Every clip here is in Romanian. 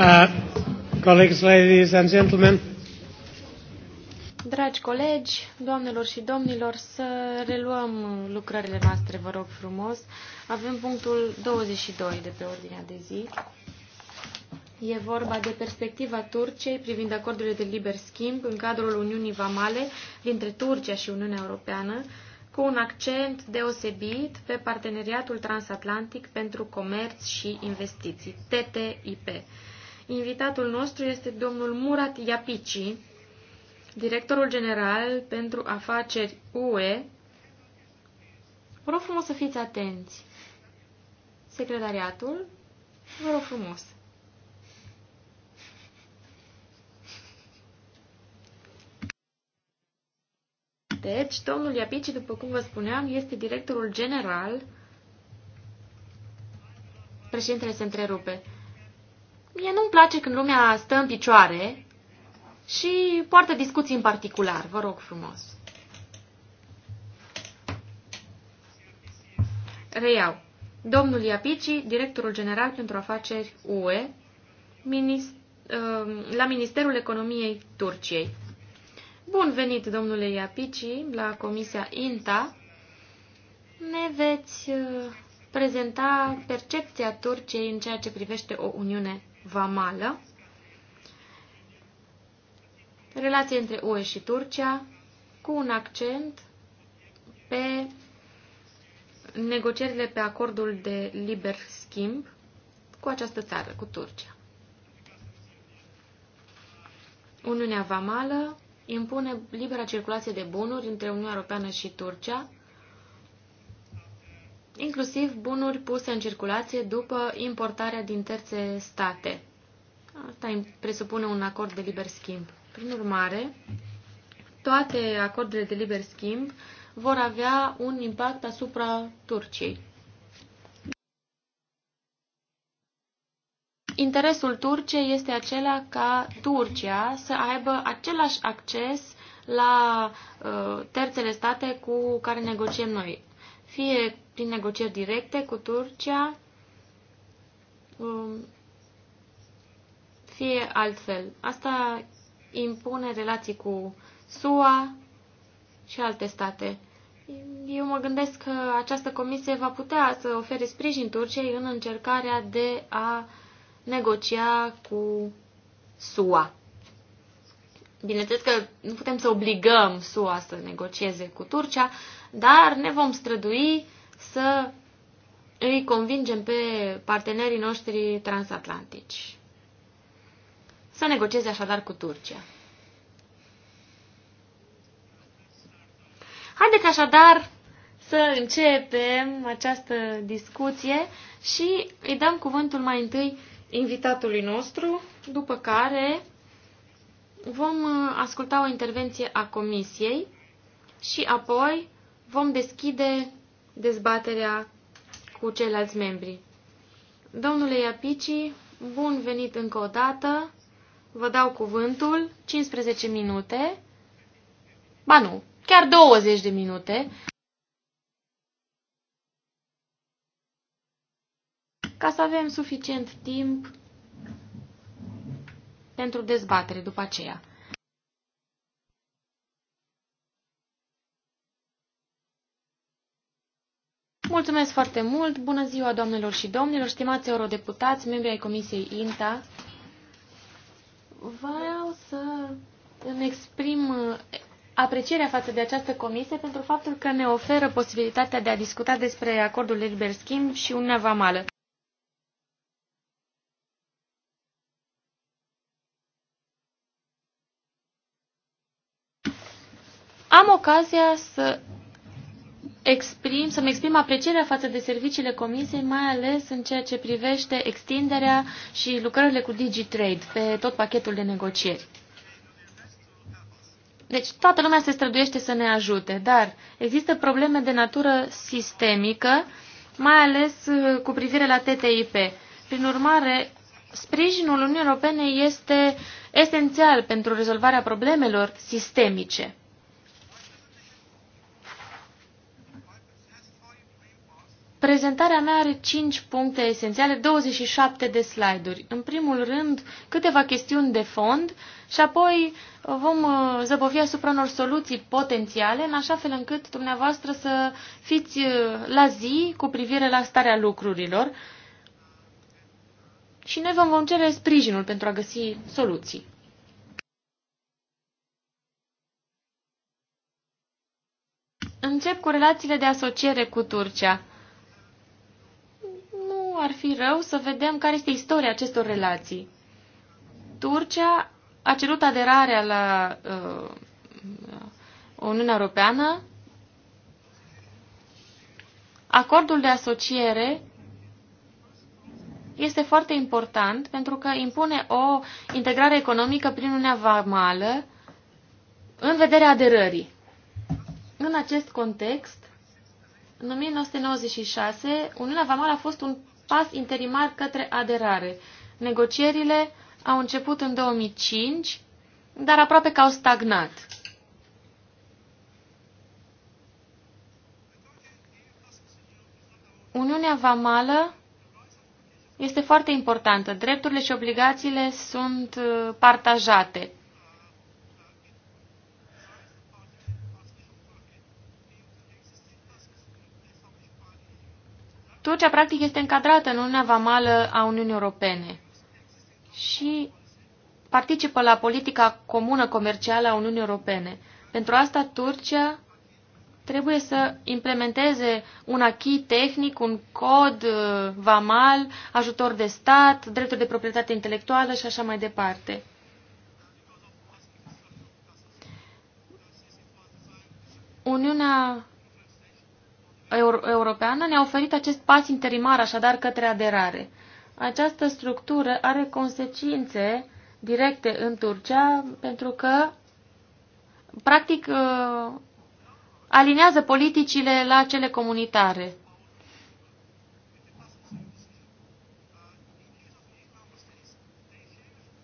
Uh, colleagues, ladies and gentlemen. Dragi colegi, doamnelor și domnilor, să reluăm lucrările noastre, vă rog frumos. Avem punctul 22 de pe ordinea de zi. E vorba de perspectiva Turciei privind acordurile de liber schimb în cadrul Uniunii Vamale dintre Turcia și Uniunea Europeană, cu un accent deosebit pe parteneriatul transatlantic pentru comerț și investiții, TTIP. Invitatul nostru este domnul Murat Iapici, directorul general pentru afaceri UE. Vă rog frumos să fiți atenți. Secretariatul, vă rog frumos. Deci, domnul Iapici, după cum vă spuneam, este directorul general. Președintele se întrerupe. Mie nu-mi place când lumea stă în picioare și poartă discuții în particular. Vă rog frumos. Reiau. Domnul Iapici, directorul general pentru afaceri UE, minist uh, la Ministerul Economiei Turciei. Bun venit, domnule Iapici, la Comisia INTA. Ne veți uh, prezenta percepția Turciei în ceea ce privește o Uniune vamală, Relație între UE și Turcia, cu un accent pe negocierile pe acordul de liber schimb cu această țară, cu Turcia. Uniunea Vamală impune libera circulație de bunuri între Uniunea Europeană și Turcia, inclusiv bunuri puse în circulație după importarea din terțe state. Asta presupune un acord de liber schimb. Prin urmare, toate acordurile de liber schimb vor avea un impact asupra Turciei. Interesul Turciei este acela ca Turcia să aibă același acces la uh, terțele state cu care negociem noi, fie prin negocieri directe cu Turcia, um, fie altfel. Asta impune relații cu SUA și alte state. Eu mă gândesc că această comisie va putea să ofere sprijin Turciei în încercarea de a negocia cu SUA. Bineînțeles că nu putem să obligăm SUA să negocieze cu Turcia, dar ne vom strădui să îi convingem pe partenerii noștri transatlantici să negocieze așadar cu Turcia. Haideți așadar să începem această discuție și îi dăm cuvântul mai întâi invitatului nostru, după care vom asculta o intervenție a comisiei și apoi vom deschide dezbaterea cu ceilalți membri. Domnule Iapici, bun venit încă o dată. Vă dau cuvântul, 15 minute. Ba nu, chiar 20 de minute. Ca să avem suficient timp pentru dezbatere după aceea. Mulțumesc foarte mult! Bună ziua, doamnelor și domnilor, stimați eurodeputați, membri ai Comisiei INTA. Vreau să îmi exprim uh, aprecierea față de această comisie pentru faptul că ne oferă posibilitatea de a discuta despre acordul de liber schimb și Uniunea Vamală. Am ocazia să exprim, să-mi exprim aprecierea față de serviciile comisiei, mai ales în ceea ce privește extinderea și lucrările cu DigiTrade pe tot pachetul de negocieri. Deci toată lumea se străduiește să ne ajute, dar există probleme de natură sistemică, mai ales uh, cu privire la TTIP. Prin urmare, sprijinul Uniunii Europene este esențial pentru rezolvarea problemelor sistemice. Prezentarea mea are 5 puncte esențiale, 27 de slide-uri. În primul rând, câteva chestiuni de fond și apoi uh, vom uh, zăbovi asupra unor soluții potențiale, în așa fel încât dumneavoastră să fiți uh, la zi cu privire la starea lucrurilor și noi vom vom cere sprijinul pentru a găsi soluții. Încep cu relațiile de asociere cu Turcia ar fi rău să vedem care este istoria acestor relații. Turcia a cerut aderarea la uh, Uniunea Europeană. Acordul de asociere este foarte important pentru că impune o integrare economică prin Uniunea Vamală în vederea aderării. În acest context, în 1996, Uniunea Vamală a fost un pas interimar către aderare. Negocierile au început în 2005, dar aproape că au stagnat. Uniunea Vamală este foarte importantă. Drepturile și obligațiile sunt uh, partajate. Turcia, practic, este încadrată în Uniunea Vamală a Uniunii Europene și participă la politica comună comercială a Uniunii Europene. Pentru asta, Turcia trebuie să implementeze un achi tehnic, un cod uh, vamal, ajutor de stat, drepturi de proprietate intelectuală și așa mai departe. Uniunea europeană ne-a oferit acest pas interimar, așadar, către aderare. Această structură are consecințe directe în Turcia pentru că, practic, ă, alinează politicile la cele comunitare.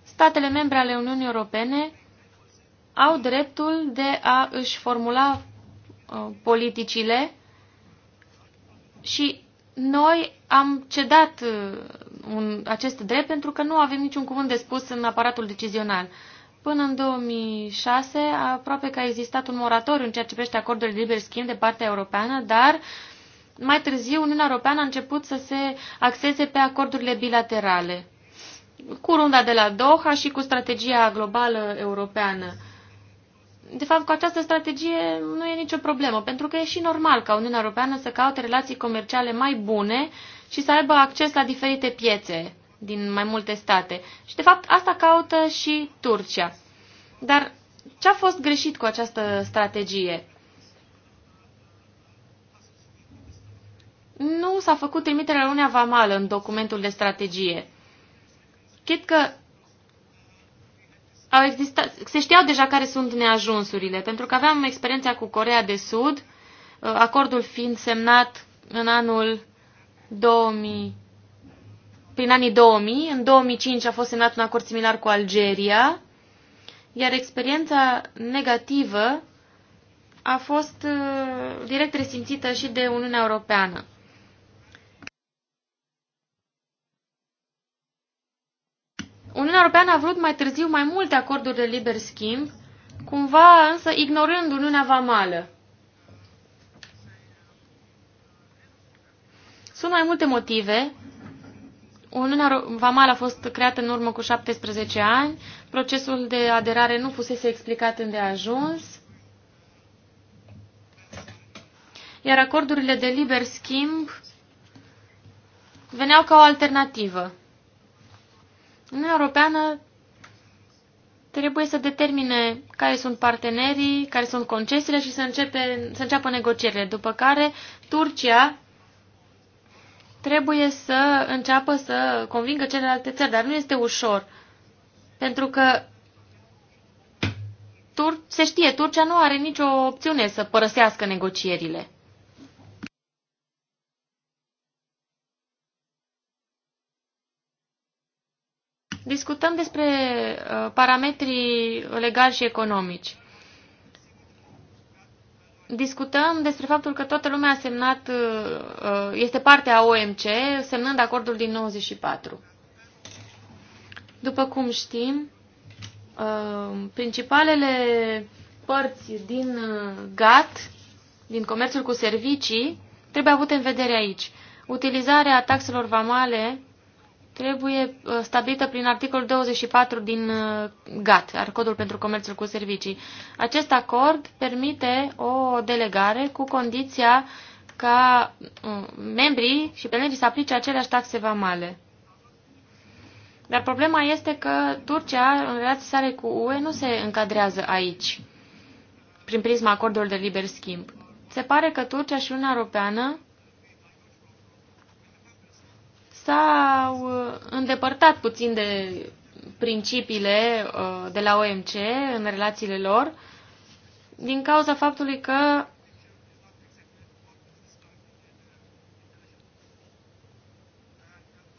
Statele membre ale Uniunii Europene au dreptul de a își formula ă, politicile și noi am cedat uh, un, acest drept pentru că nu avem niciun cuvânt de spus în aparatul decizional. Până în 2006, aproape că a existat un moratoriu în ceea ce privește acordurile de liber schimb de partea europeană, dar mai târziu Uniunea Europeană a început să se axeze pe acordurile bilaterale, cu runda de la Doha și cu strategia globală europeană de fapt, cu această strategie nu e nicio problemă, pentru că e și normal ca Uniunea Europeană să caute relații comerciale mai bune și să aibă acces la diferite piețe din mai multe state. Și, de fapt, asta caută și Turcia. Dar ce a fost greșit cu această strategie? Nu s-a făcut trimiterea la Uniunea Vamală în documentul de strategie. Chit că au existat, se știau deja care sunt neajunsurile, pentru că aveam experiența cu Corea de Sud, uh, acordul fiind semnat în anul 2000, prin anii 2000. În 2005 a fost semnat un acord similar cu Algeria, iar experiența negativă a fost uh, direct resimțită și de Uniunea Europeană. Uniunea Europeană a vrut mai târziu mai multe acorduri de liber schimb, cumva însă ignorând Uniunea Vamală. Sunt mai multe motive. Uniunea Vamală a fost creată în urmă cu 17 ani, procesul de aderare nu fusese explicat îndeajuns, iar acordurile de liber schimb veneau ca o alternativă. Uniunea Europeană trebuie să determine care sunt partenerii, care sunt concesiile și să, începe, să înceapă negocierile, după care Turcia trebuie să înceapă să convingă celelalte țări, dar nu este ușor, pentru că Tur- se știe, Turcia nu are nicio opțiune să părăsească negocierile. Discutăm despre uh, parametrii legali și economici. Discutăm despre faptul că toată lumea a semnat, uh, uh, este parte a OMC, semnând acordul din 94. După cum știm, principalele părți din GATT, din comerțul cu servicii, trebuie avut în vedere aici. Utilizarea taxelor vamale trebuie uh, stabilită prin articolul 24 din uh, GATT, Codul pentru Comerțul cu Servicii. Acest acord permite o delegare cu condiția ca uh, membrii și plenerii să aplice aceleași taxe vamale. Dar problema este că Turcia, în relație sale cu UE, nu se încadrează aici, prin prisma acordurilor de liber schimb. Se pare că Turcia și Uniunea Europeană s-au uh, îndepărtat puțin de principiile uh, de la OMC în relațiile lor din cauza faptului că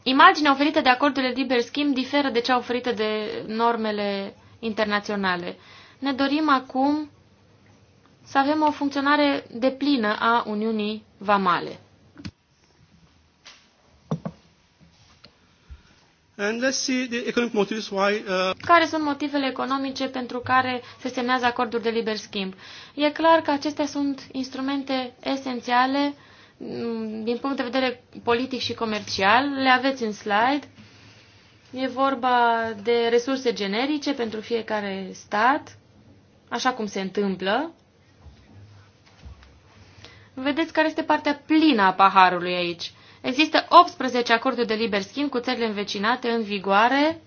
imaginea oferită de acordurile liber schimb diferă de cea oferită de normele internaționale. Ne dorim acum să avem o funcționare deplină a Uniunii Vamale. And let's see the economic motives why, uh... Care sunt motivele economice pentru care se semnează acorduri de liber schimb? E clar că acestea sunt instrumente esențiale mm, din punct de vedere politic și comercial. Le aveți în slide. E vorba de resurse generice pentru fiecare stat, așa cum se întâmplă. Vedeți care este partea plină a paharului aici. Există 18 acorduri de liber schimb cu țările învecinate în vigoare.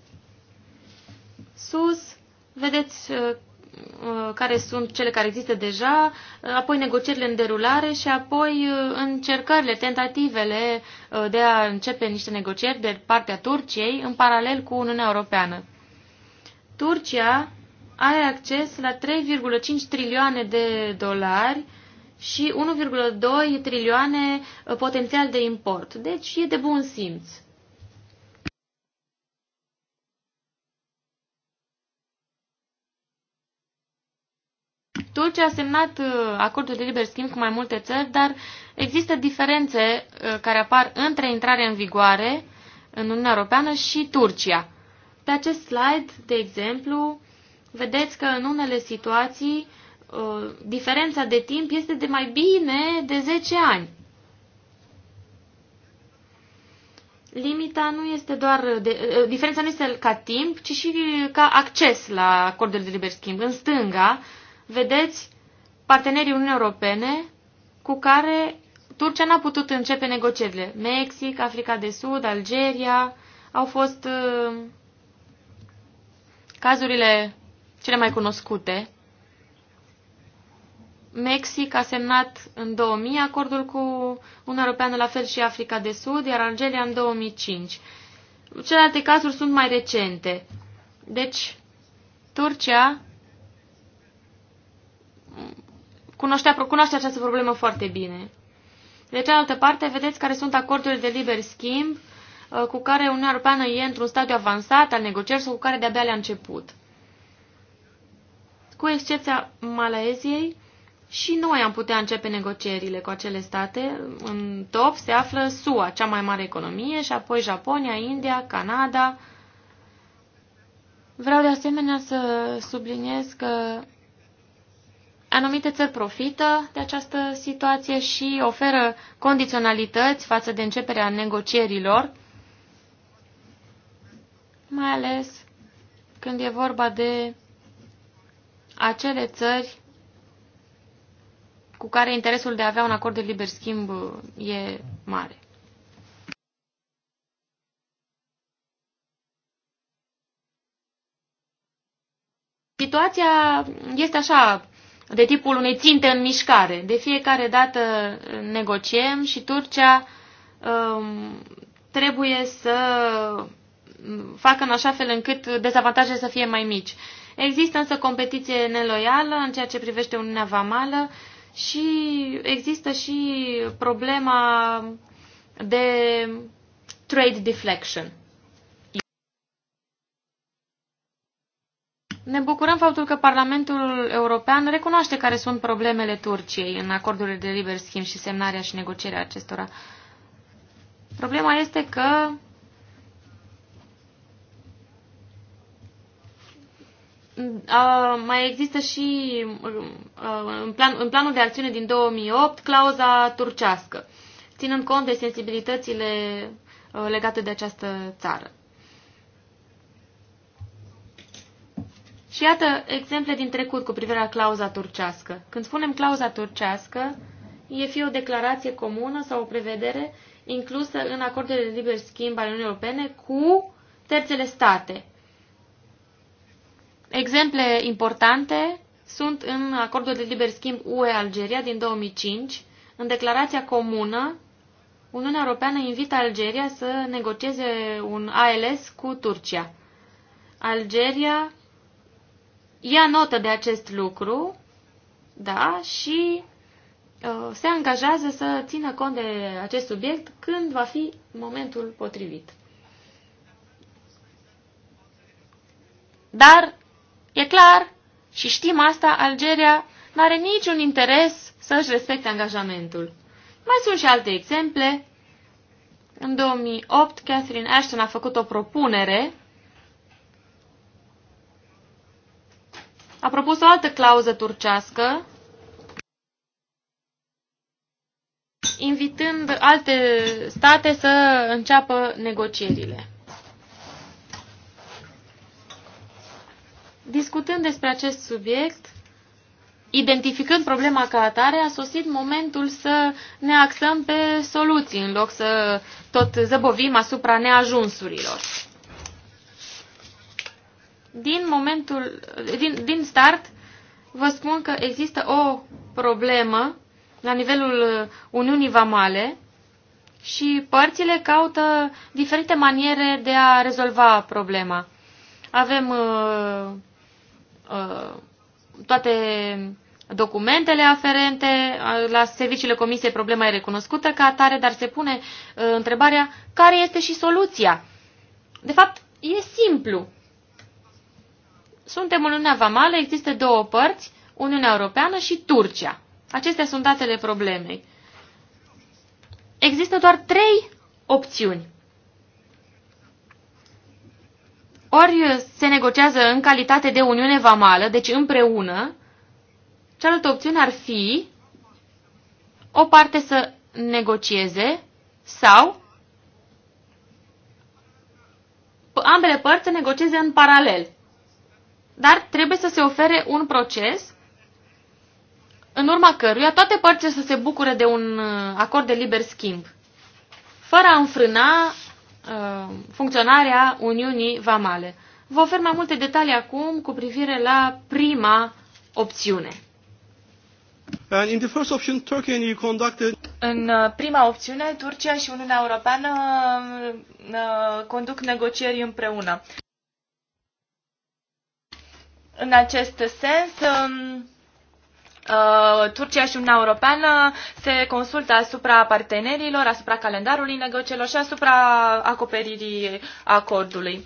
Sus, vedeți uh, uh, care sunt cele care există deja, uh, apoi negocierile în derulare și apoi încercările, tentativele de a începe niște negocieri de partea Turciei în paralel cu Uniunea Europeană. Turcia are acces la 3,5 trilioane de dolari și 1,2 trilioane uh, potențial de import. Deci e de bun simț. Turcia a semnat uh, acordul de liber schimb cu mai multe țări, dar există diferențe uh, care apar între intrarea în vigoare în Uniunea Europeană și Turcia. Pe acest slide, de exemplu, vedeți că în unele situații uh, Uh, diferența de timp este de mai bine de 10 ani. Limita nu este doar, de, uh, diferența nu este ca timp, ci și ca acces la acordul de liber schimb. În stânga vedeți partenerii Uniunii Europene cu care Turcia n-a putut începe negocierile. Mexic, Africa de Sud, Algeria au fost uh, cazurile cele mai cunoscute Mexic a semnat în 2000 acordul cu Uniunea Europeană, la fel și Africa de Sud, iar Argelia în 2005. Celelalte cazuri sunt mai recente. Deci, Turcia cunoștea, cunoaște această problemă foarte bine. De cealaltă parte, vedeți care sunt acordurile de liber schimb uh, cu care Uniunea Europeană e într-un stadiu avansat al negocierilor sau cu care de-abia le-a început. Cu excepția Malaeziei, și noi am putea începe negocierile cu acele state. În top se află SUA, cea mai mare economie, și apoi Japonia, India, Canada. Vreau de asemenea să subliniez că anumite țări profită de această situație și oferă condiționalități față de începerea negocierilor, mai ales când e vorba de acele țări cu care interesul de a avea un acord de liber schimb uh, e mare. Situația este așa, de tipul unei ținte în mișcare. De fiecare dată uh, negociem și Turcia um, trebuie să mm, facă în așa fel încât dezavantajele să fie mai mici. Există însă competiție neloială în ceea ce privește Uniunea Vamală și există și problema de trade deflection. Ne bucurăm faptul că Parlamentul European recunoaște care sunt problemele Turciei în acordurile de liber schimb și semnarea și negocierea acestora. Problema este că Uh, mai există și uh, în, plan, în planul de acțiune din 2008 clauza turcească, ținând cont de sensibilitățile uh, legate de această țară. Și iată exemple din trecut cu privire la clauza turcească. Când spunem clauza turcească, e fie o declarație comună sau o prevedere inclusă în acordurile de liber schimb ale Uniunii Europene cu terțele state, Exemple importante sunt în acordul de liber schimb UE-Algeria din 2005. În declarația comună, Uniunea Europeană invită Algeria să negocieze un ALS cu Turcia. Algeria ia notă de acest lucru, da, și uh, se angajează să țină cont de acest subiect când va fi momentul potrivit. Dar E clar, și știm asta, Algeria n-are niciun interes să-și respecte angajamentul. Mai sunt și alte exemple. În 2008, Catherine Ashton a făcut o propunere. A propus o altă clauză turcească, invitând alte state să înceapă negocierile. discutând despre acest subiect, identificând problema ca atare, a sosit momentul să ne axăm pe soluții, în loc să tot zăbovim asupra neajunsurilor. Din momentul, din, din start, vă spun că există o problemă la nivelul Uniunii Vamale și părțile caută diferite maniere de a rezolva problema. Avem uh, Uh, toate documentele aferente. Uh, la serviciile comisiei problema e recunoscută ca atare, dar se pune uh, întrebarea care este și soluția. De fapt, e simplu. Suntem în Uniunea Vamală, există două părți, Uniunea Europeană și Turcia. Acestea sunt datele problemei. Există doar trei opțiuni Ori se negociază în calitate de Uniune Vamală, deci împreună, cealaltă opțiune ar fi o parte să negocieze sau ambele părți să negocieze în paralel. Dar trebuie să se ofere un proces în urma căruia toate părțile să se bucure de un uh, acord de liber schimb, fără a înfrâna Uh, funcționarea Uniunii Vamale. Vă ofer mai multe detalii acum cu privire la prima opțiune. And uh, in the first option, Turkey and EU conducted... În uh, prima opțiune, Turcia și Uniunea Europeană conduc negocieri împreună. În acest sens, um, Uh, Turcia și Uniunea Europeană se consultă asupra partenerilor, asupra calendarului negocierilor și asupra acoperirii acordului.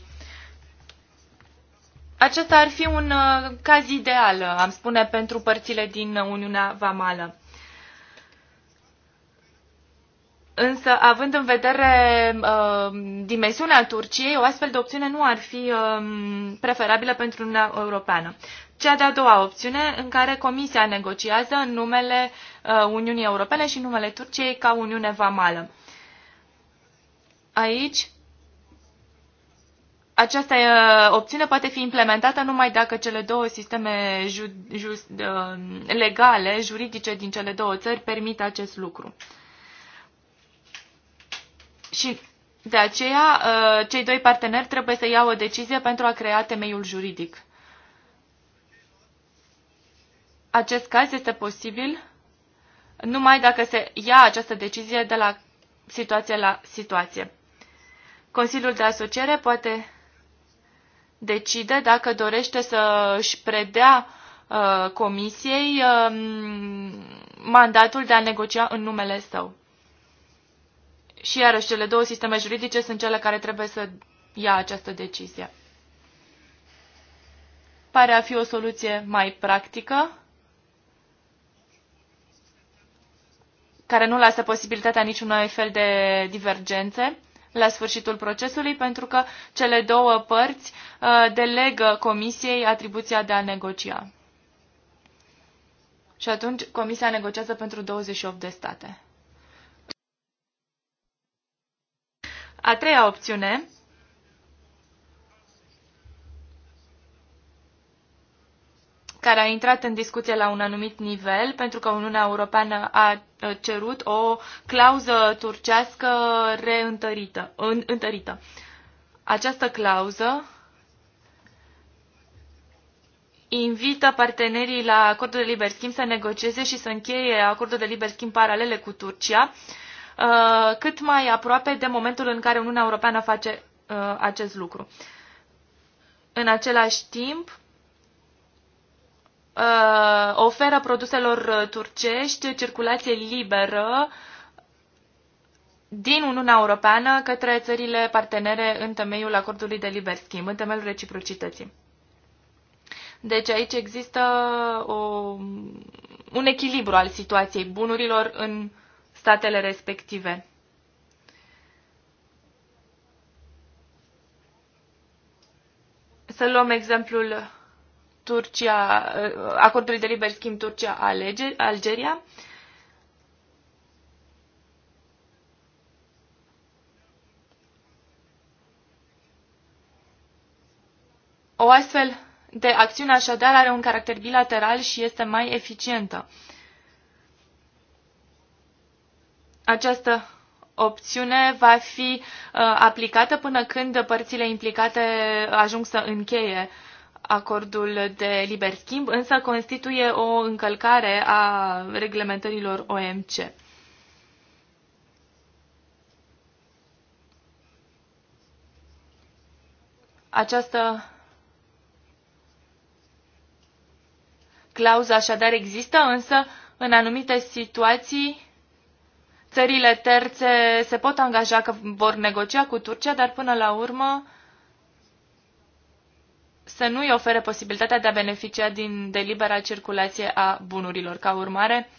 Acesta ar fi un uh, caz ideal, uh, am spune, pentru părțile din Uniunea Vamală. Însă, având în vedere uh, dimensiunea Turciei, o astfel de opțiune nu ar fi uh, preferabilă pentru Uniunea Europeană. Cea de-a doua opțiune, în care Comisia negociază în numele uh, Uniunii Europene și în numele Turciei ca Uniune Vamală. Aici, această uh, opțiune poate fi implementată numai dacă cele două sisteme ju, ju, uh, legale, juridice din cele două țări permit acest lucru. Și de aceea, cei doi parteneri trebuie să iau o decizie pentru a crea temeiul juridic. acest caz este posibil numai dacă se ia această decizie de la situație la situație. Consiliul de asociere poate decide dacă dorește să își predea uh, comisiei uh, mandatul de a negocia în numele său. Și iarăși, cele două sisteme juridice sunt cele care trebuie să ia această decizie. Pare a fi o soluție mai practică care nu lasă posibilitatea niciunui fel de divergențe la sfârșitul procesului, pentru că cele două părți uh, delegă comisiei atribuția de a negocia. Și atunci comisia negociază pentru 28 de state. A treia opțiune care a intrat în discuție la un anumit nivel, pentru că Uniunea Europeană a cerut o clauză turcească reîntărită. În, întărită. Această clauză invită partenerii la acordul de liber schimb să negocieze și să încheie acordul de liber schimb paralele cu Turcia, uh, cât mai aproape de momentul în care Uniunea Europeană face uh, acest lucru. În același timp, uh, oferă produselor uh, turcești circulație liberă din Uniunea Europeană către țările partenere în temeiul acordului de liber schimb, în temeiul reciprocității. Deci aici există o, un echilibru al situației bunurilor în statele respective. Să luăm exemplul Turcia, uh, acordului de liber schimb Turcia-Algeria. O astfel de acțiune așadar are un caracter bilateral și este mai eficientă. Această opțiune va fi uh, aplicată până când părțile implicate ajung să încheie acordul de liber schimb, însă constituie o încălcare a reglementărilor OMC. Această clauză așadar există, însă în anumite situații țările terțe se pot angaja că vor negocia cu Turcia, dar până la urmă să nu îi ofere posibilitatea de a beneficia din, delibera circulație a bunurilor. Ca urmare,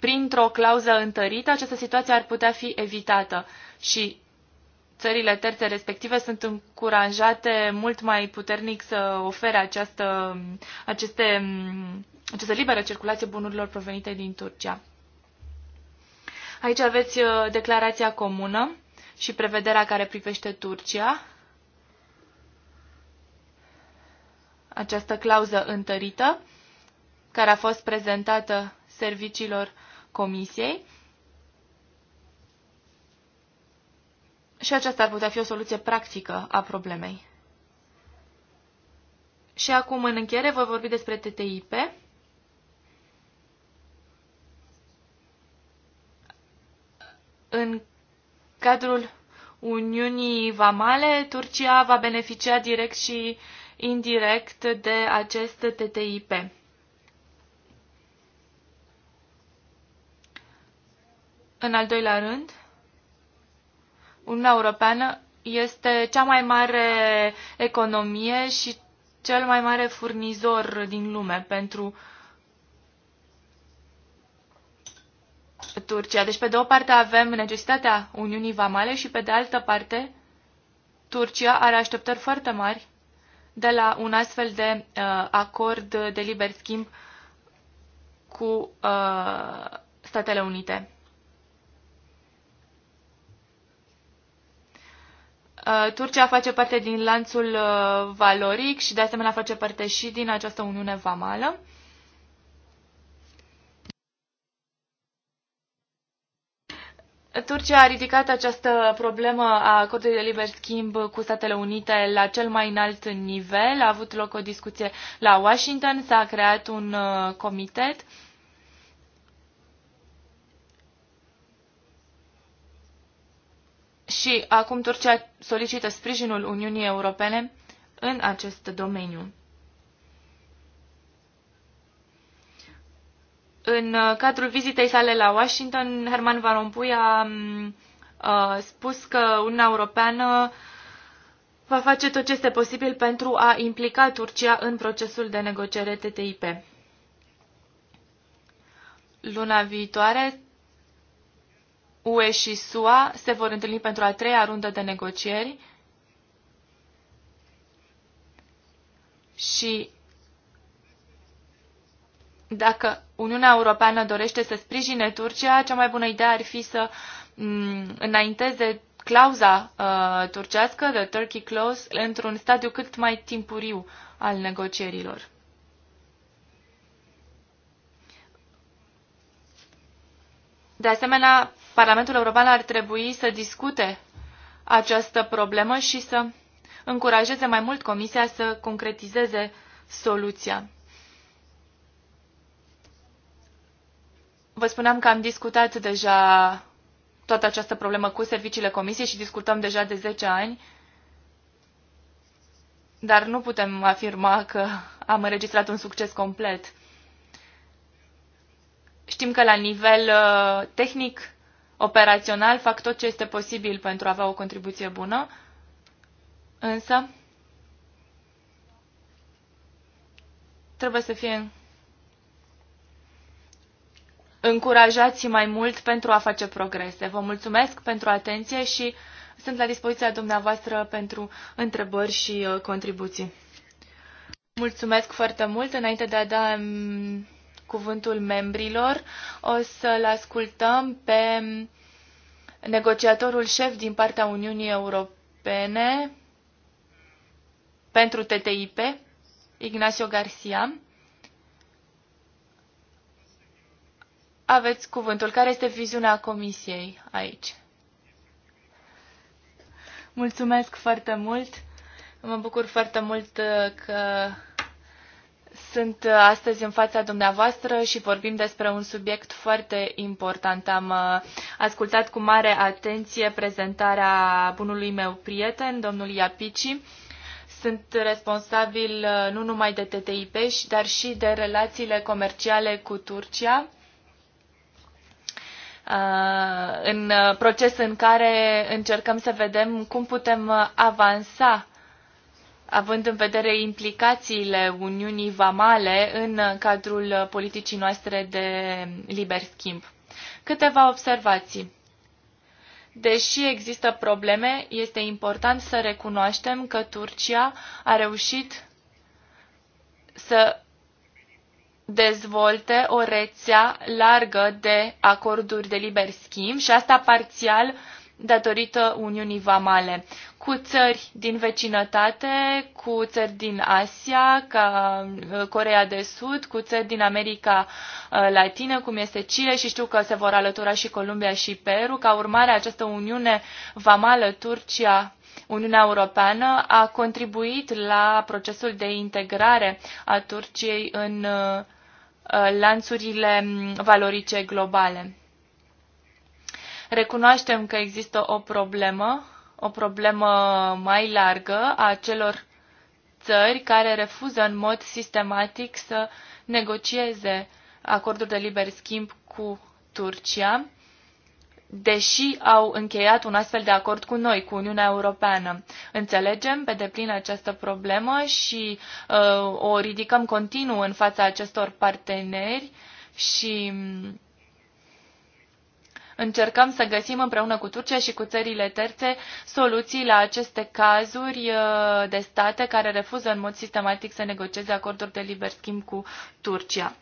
printr-o clauză întărită, această situație ar putea fi evitată și țările terțe respective sunt încurajate mult mai puternic să ofere această, aceste, această liberă circulație bunurilor provenite din Turcia. Aici aveți uh, declarația comună și prevederea care privește Turcia. această clauză întărită care a fost prezentată serviciilor comisiei. Și aceasta ar putea fi o soluție practică a problemei. Și acum, în încheiere, voi vorbi despre TTIP. În cadrul Uniunii Vamale, Turcia va beneficia direct și uh, indirect de acest TTIP. În al doilea rând, Uniunea Europeană este cea mai mare economie și cel mai mare furnizor din lume pentru Turcia. Deci, pe de o parte avem necesitatea Uniunii Vamale și pe de altă parte Turcia are așteptări foarte mari de la un astfel de uh, acord de liber schimb cu uh, Statele Unite. Uh, Turcia face parte din lanțul uh, valoric și de asemenea face parte și din această Uniune Vamală. Turcia a ridicat această problemă a acordului de liber schimb cu Statele Unite la cel mai înalt nivel. A avut loc o discuție la Washington, s-a creat un uh, comitet. Și acum Turcia solicită sprijinul Uniunii Europene în acest domeniu. În uh, cadrul vizitei sale la Washington, Herman Van Rompuy a, a mm, uh, spus că Uniunea Europeană va face tot ce este posibil pentru a implica Turcia în procesul de negociere TTIP. Luna viitoare, UE și SUA se vor întâlni pentru a treia rundă de negocieri și dacă Uniunea Europeană dorește să sprijine Turcia, cea mai bună idee ar fi să mm, înainteze clauza uh, turcească, the Turkey Clause, într-un stadiu cât mai timpuriu al negocierilor. De asemenea, Parlamentul European ar trebui să discute această problemă și să încurajeze mai mult Comisia să concretizeze soluția. Vă spuneam că am discutat deja toată această problemă cu serviciile comisiei și discutăm deja de 10 ani, dar nu putem afirma că am înregistrat un succes complet. Știm că la nivel uh, tehnic, operațional, fac tot ce este posibil pentru a avea o contribuție bună, însă trebuie să fie încurajați mai mult pentru a face progrese. Vă mulțumesc pentru atenție și sunt la dispoziția dumneavoastră pentru întrebări și uh, contribuții. Mulțumesc foarte mult. Înainte de a da mm, cuvântul membrilor, o să-l ascultăm pe negociatorul șef din partea Uniunii Europene pentru TTIP, Ignacio Garcia. aveți cuvântul. Care este viziunea Comisiei aici? Mulțumesc foarte mult. Mă bucur foarte mult uh, că sunt uh, astăzi în fața dumneavoastră și vorbim despre un subiect foarte important. Am uh, ascultat cu mare atenție prezentarea bunului meu prieten, domnul Iapici. Sunt responsabil nu numai de TTIP, dar și de relațiile comerciale cu Turcia Uh, în uh, proces în care încercăm să vedem cum putem uh, avansa având în vedere implicațiile Uniunii Vamale în cadrul politicii noastre de liber schimb. Câteva observații. Deși există probleme, este important să recunoaștem că Turcia a reușit să dezvolte o rețea largă de acorduri de liber schimb și asta parțial datorită Uniunii Vamale, cu țări din vecinătate, cu țări din Asia, ca uh, Corea de Sud, cu țări din America uh, Latină, cum este Chile și știu că se vor alătura și Columbia și Peru. Ca urmare, această Uniune Vamală Turcia Uniunea Europeană a contribuit la procesul de integrare a Turciei în uh, Uh, lanțurile mm, valorice globale. Recunoaștem că există o problemă, o problemă mai largă a celor țări care refuză în mod sistematic să negocieze acorduri de liber schimb cu Turcia deși au încheiat un astfel de acord cu noi, cu Uniunea Europeană. Înțelegem pe deplin această problemă și uh, o ridicăm continuu în fața acestor parteneri și mm, încercăm să găsim împreună cu Turcia și cu țările terțe soluții la aceste cazuri uh, de state care refuză în mod sistematic să negocieze acorduri de liber schimb cu Turcia.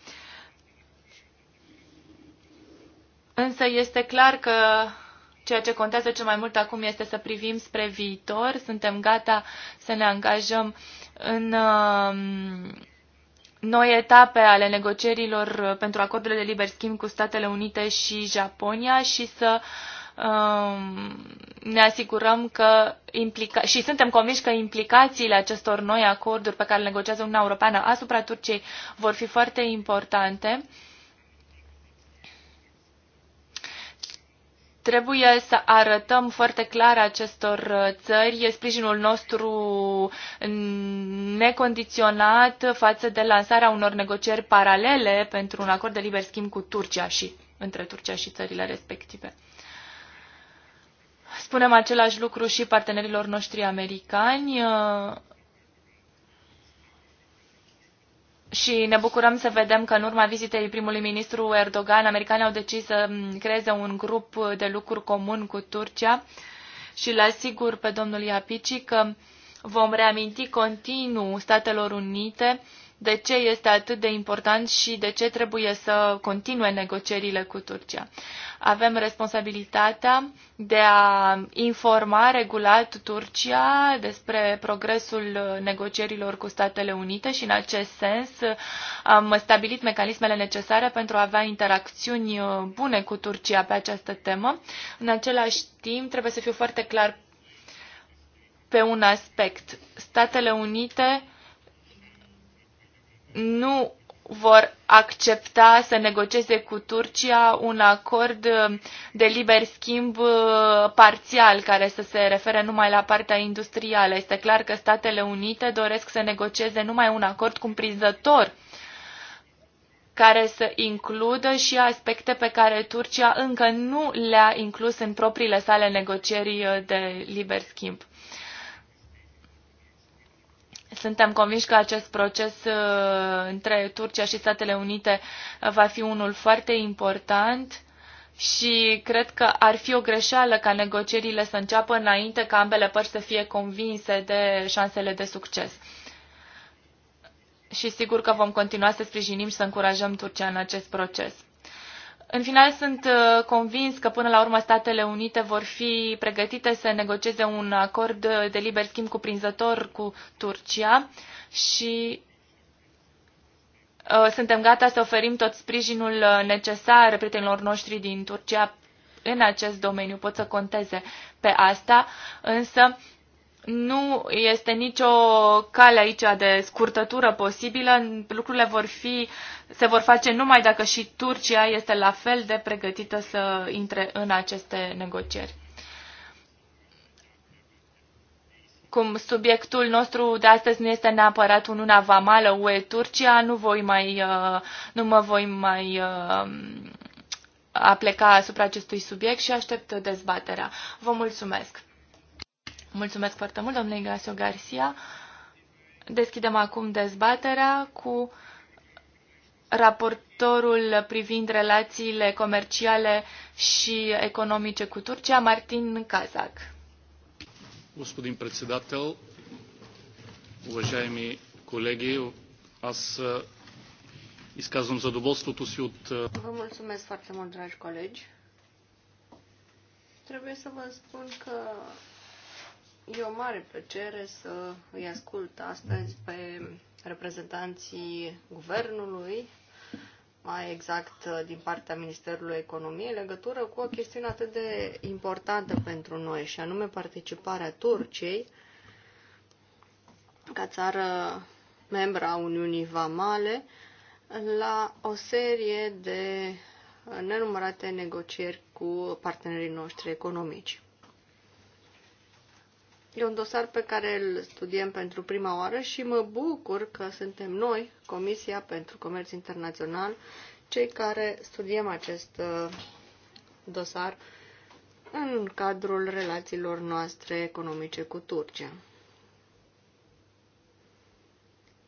Însă este clar că ceea ce contează cel mai mult acum este să privim spre viitor. Suntem gata să ne angajăm în um, noi etape ale negocierilor pentru acordurile de liber schimb cu Statele Unite și Japonia și să um, ne asigurăm că implica- și suntem convinși că implicațiile acestor noi acorduri pe care le negociază Uniunea Europeană asupra Turciei vor fi foarte importante. Uh, Trebuie să arătăm foarte clar acestor uh, țări sprijinul nostru mm, necondiționat față de lansarea unor negocieri paralele pentru un acord de liber schimb cu Turcia și între Turcia și țările respective. Spunem același lucru și partenerilor noștri americani. Uh, și ne bucurăm să vedem că în urma vizitei primului ministru Erdogan, americanii au decis să mm, creeze un grup de lucru comun cu Turcia și la sigur pe domnul Iapici că vom reaminti continuu Statelor Unite de ce este atât de important și de ce trebuie să continue negocierile cu Turcia. Avem responsabilitatea de a informa regulat Turcia despre progresul negocierilor cu Statele Unite și în acest sens am stabilit mecanismele necesare pentru a avea interacțiuni bune cu Turcia pe această temă. În același timp trebuie să fiu foarte clar pe un aspect. Statele Unite nu vor accepta să negocieze cu Turcia un acord de liber schimb uh, parțial care să se refere numai la partea industrială. Este clar că Statele Unite doresc să negocieze numai un acord cumprinzător care să includă și aspecte pe care Turcia încă nu le-a inclus în propriile sale negocieri uh, de liber schimb. Suntem convinși că acest proces uh, între Turcia și Statele Unite uh, va fi unul foarte important și cred că ar fi o greșeală ca negocierile să înceapă înainte ca ambele părți să fie convinse de șansele de succes. Și sigur că vom continua să sprijinim și să încurajăm Turcia în acest proces. În final, sunt uh, convins că până la urmă Statele Unite vor fi pregătite să negocieze un acord de liber schimb cuprinzător cu Turcia și uh, suntem gata să oferim tot sprijinul uh, necesar prietenilor noștri din Turcia în acest domeniu. Pot să conteze pe asta, însă nu este nicio cale aici de scurtătură posibilă. Lucrurile vor fi, se vor face numai dacă și Turcia este la fel de pregătită să intre în aceste negocieri. Cum subiectul nostru de astăzi nu este neapărat una Vamală UE-Turcia, nu, voi mai, uh, nu mă voi mai uh, apleca asupra acestui subiect și aștept dezbaterea. Vă mulțumesc! Mulțumesc foarte mult, domnule Ignacio Garcia. Deschidem acum dezbaterea cu raportorul privind relațiile comerciale și economice cu Turcia, Martin Kazak. Господин председател, уважаеми колеги, аз изказвам задоволството си от... Vă mulțumesc foarte mult, dragi colegi. Trebuie să vă spun că E o mare plăcere să îi ascult astăzi pe reprezentanții guvernului, mai exact uh, din partea Ministerului Economiei, în legătură cu o chestiune atât de importantă pentru noi, și anume participarea Turciei ca țară membra a Uniunii Vamale la o serie de nenumărate negocieri cu partenerii noștri economici. E un dosar pe care îl studiem pentru prima oară și mă bucur că suntem noi, Comisia pentru Comerț Internațional, cei care studiem acest uh, dosar în cadrul relațiilor noastre economice cu Turcia.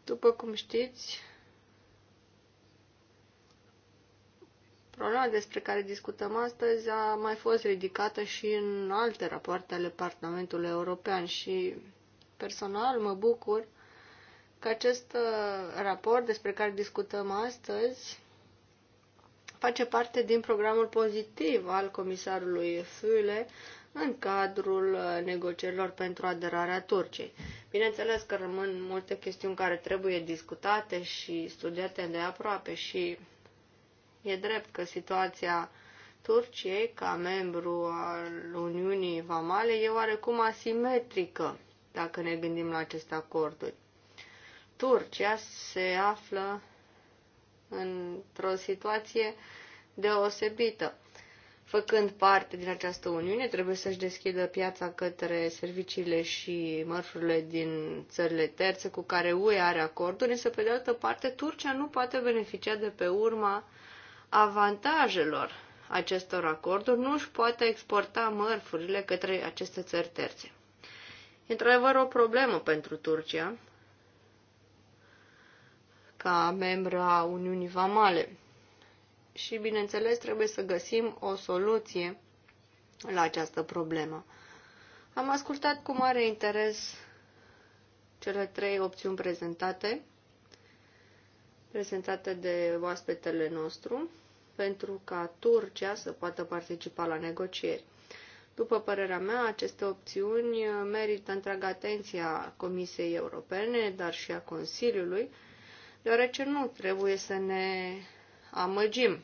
După cum știți, Problema despre care discutăm astăzi a mai fost ridicată și în alte rapoarte ale Parlamentului European și personal mă bucur că acest uh, raport despre care discutăm astăzi face parte din programul pozitiv al comisarului Füle în cadrul uh, negocierilor pentru aderarea Turciei. Bineînțeles că rămân multe chestiuni care trebuie discutate și studiate de aproape și E drept că situația Turciei, ca membru al Uniunii Vamale, e oarecum asimetrică, dacă ne gândim la aceste acorduri. Turcia se află într-o situație deosebită. Făcând parte din această uniune, trebuie să-și deschidă piața către serviciile și mărfurile din țările terțe cu care UE are acorduri, însă pe de altă parte Turcia nu poate beneficia de pe urma avantajelor acestor acorduri, nu își poate exporta mărfurile către aceste țări terțe. Într-adevăr, o problemă pentru Turcia, ca a Uniunii Vamale. Și, bineînțeles, trebuie să găsim o soluție la această problemă. Am ascultat cu mare interes cele trei opțiuni prezentate prezentată de oaspetele nostru pentru ca Turcia să poată participa la negocieri. După părerea mea, aceste opțiuni merită întreaga atenția Comisiei Europene, dar și a Consiliului, deoarece nu trebuie să ne amăgim.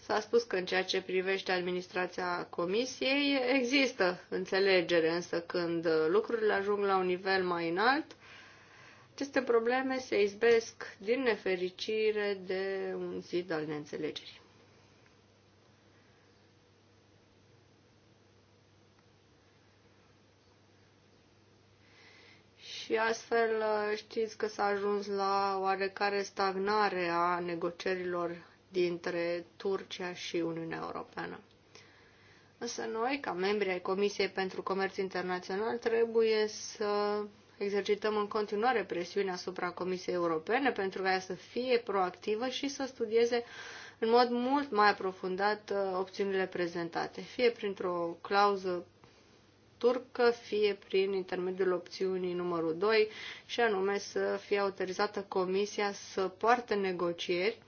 S-a spus că în ceea ce privește administrația Comisiei există înțelegere, însă când lucrurile ajung la un nivel mai înalt, aceste probleme se izbesc din nefericire de un zid al neînțelegerii. și astfel știți că s-a ajuns la oarecare stagnare a negocierilor dintre Turcia și Uniunea Europeană. Însă noi, ca membri ai Comisiei pentru Comerț Internațional, trebuie să exercităm în continuare presiunea asupra Comisiei Europene pentru ca ea să fie proactivă și să studieze în mod mult mai aprofundat uh, opțiunile prezentate, fie printr-o clauză turcă, fie prin intermediul opțiunii numărul 2, și anume să fie autorizată Comisia să poartă negocieri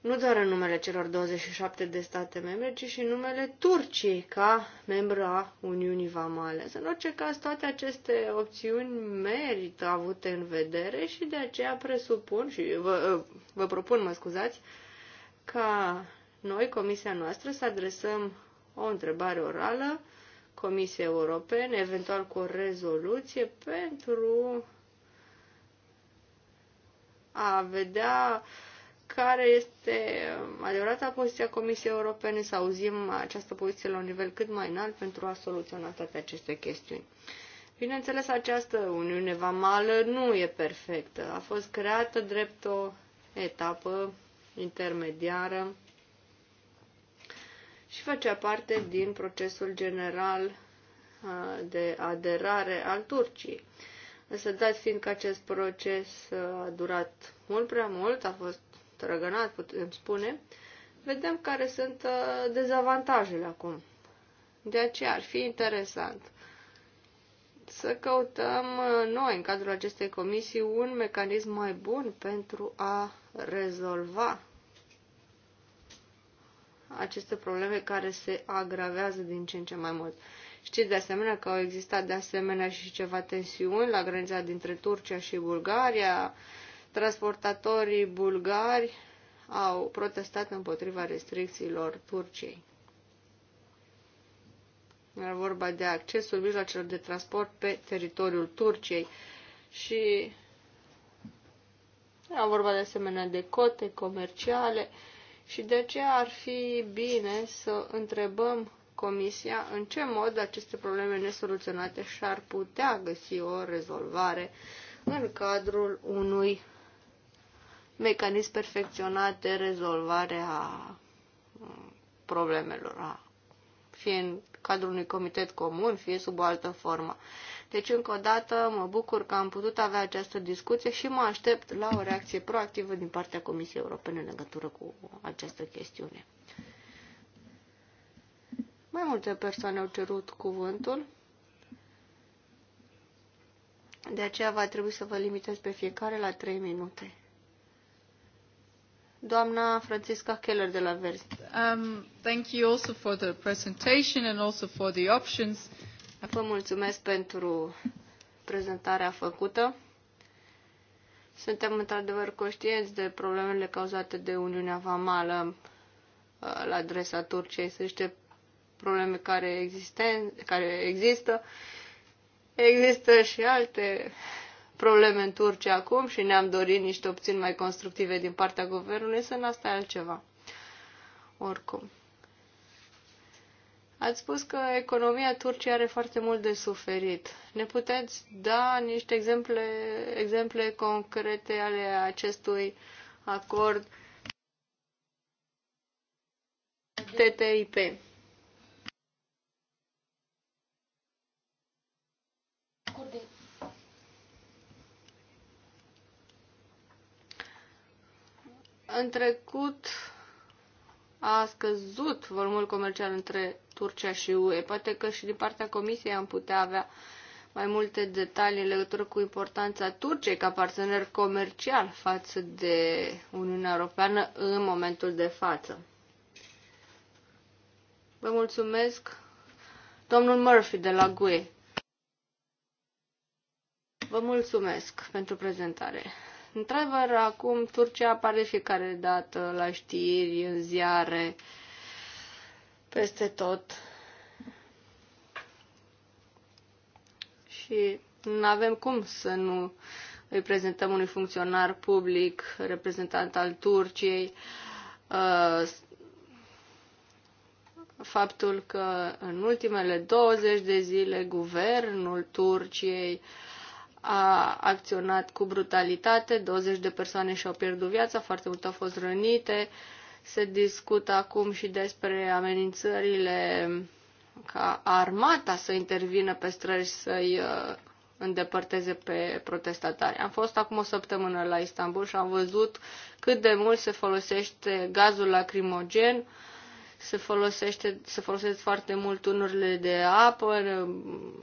nu doar în numele celor 27 de state membre, ci și în numele Turciei ca membru a Uniunii Vamale. În orice caz, toate aceste opțiuni merită avute în vedere și de aceea presupun și vă, vă propun, mă scuzați, ca noi, comisia noastră, să adresăm o întrebare orală Comisiei Europene, eventual cu o rezoluție pentru a vedea uh, care este adevărata poziția Comisiei Europene, să auzim această poziție la un nivel cât mai înalt pentru a soluționa toate aceste chestiuni. Bineînțeles, această Uniune Vamală nu e perfectă. A fost creată drept o etapă intermediară și făcea parte din procesul general de aderare al Turciei. Însă, dat fiind că acest proces a durat mult prea mult, a fost trăgănat, putem spune, vedem care sunt uh, dezavantajele acum. De aceea ar fi interesant să căutăm uh, noi, în cadrul acestei comisii, un mecanism mai bun pentru a rezolva aceste probleme care se agravează din ce în ce mai mult. Știți de asemenea că au existat de asemenea și ceva tensiuni la granița dintre Turcia și Bulgaria, Transportatorii bulgari au protestat împotriva restricțiilor Turciei. Era vorba de accesul mijloacelor de transport pe teritoriul Turciei și era vorba de asemenea de cote comerciale și de ce ar fi bine să întrebăm Comisia în ce mod aceste probleme nesoluționate și-ar putea găsi o rezolvare în cadrul unui mecanism perfecționat de rezolvare a problemelor, a, fie în cadrul unui comitet comun, fie sub o altă formă. Deci, încă o dată, mă bucur că am putut avea această discuție și mă aștept la o reacție proactivă din partea Comisiei Europene în legătură cu această chestiune. Mai multe persoane au cerut cuvântul. De aceea va trebui să vă limitați pe fiecare la 3 minute. Doamna Francisca Keller de la Verzi. Um, thank you also for the presentation and also for the options. Vă mulțumesc pentru prezentarea făcută. Suntem într-adevăr conștienți de problemele cauzate de Uniunea Vamală uh, la adresa Turciei. Sunt niște probleme care, existen, care există. Există și alte probleme în Turcia acum și ne-am dorit niște opțiuni mai constructive din partea guvernului, să în asta e altceva. Oricum. Ați spus că economia Turciei are foarte mult de suferit. Ne puteți da niște exemple, exemple concrete ale acestui acord TTIP? Acord de În trecut a scăzut volumul comercial între Turcia și UE. Poate că și din partea Comisiei am putea avea mai multe detalii în legătură cu importanța Turciei ca partener comercial față de Uniunea Europeană în momentul de față. Vă mulțumesc, domnul Murphy de la GUE. Vă mulțumesc pentru prezentare. Într-adevăr, acum Turcia apare de fiecare dată la știri, în ziare, peste tot. Și nu avem cum să nu îi prezentăm unui funcționar public, reprezentant al Turciei, uh, faptul că în ultimele 20 de zile guvernul Turciei uh, a acționat cu brutalitate, 20 de persoane și-au pierdut viața, foarte multe au fost rănite. Se discută acum și despre amenințările ca armata să intervină pe străzi să-i uh, îndepărteze pe protestatari. Am fost acum o săptămână la Istanbul și am văzut cât de mult se folosește gazul lacrimogen uh, se, folosește, se folosesc foarte mult tunurile de apă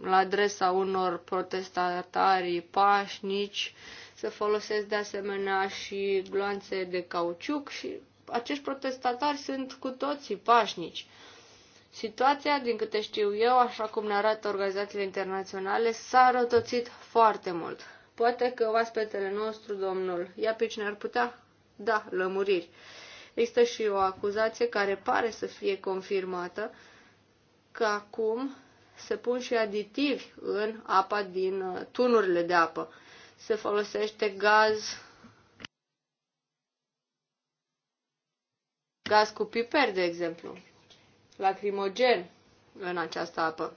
la adresa unor protestatari pașnici, se folosesc de asemenea și gloanțe de cauciuc și acești protestatari sunt cu toții pașnici. Situația, din câte știu eu, așa cum ne arată organizațiile internaționale, s-a rătoțit foarte mult. Poate că oaspetele nostru, domnul Iapici, ne-ar putea da lămuriri. Există și o acuzație care pare să fie confirmată că acum se pun și aditivi în apa din uh, tunurile de apă. Se folosește gaz gaz cu piper, de exemplu, lacrimogen în această apă.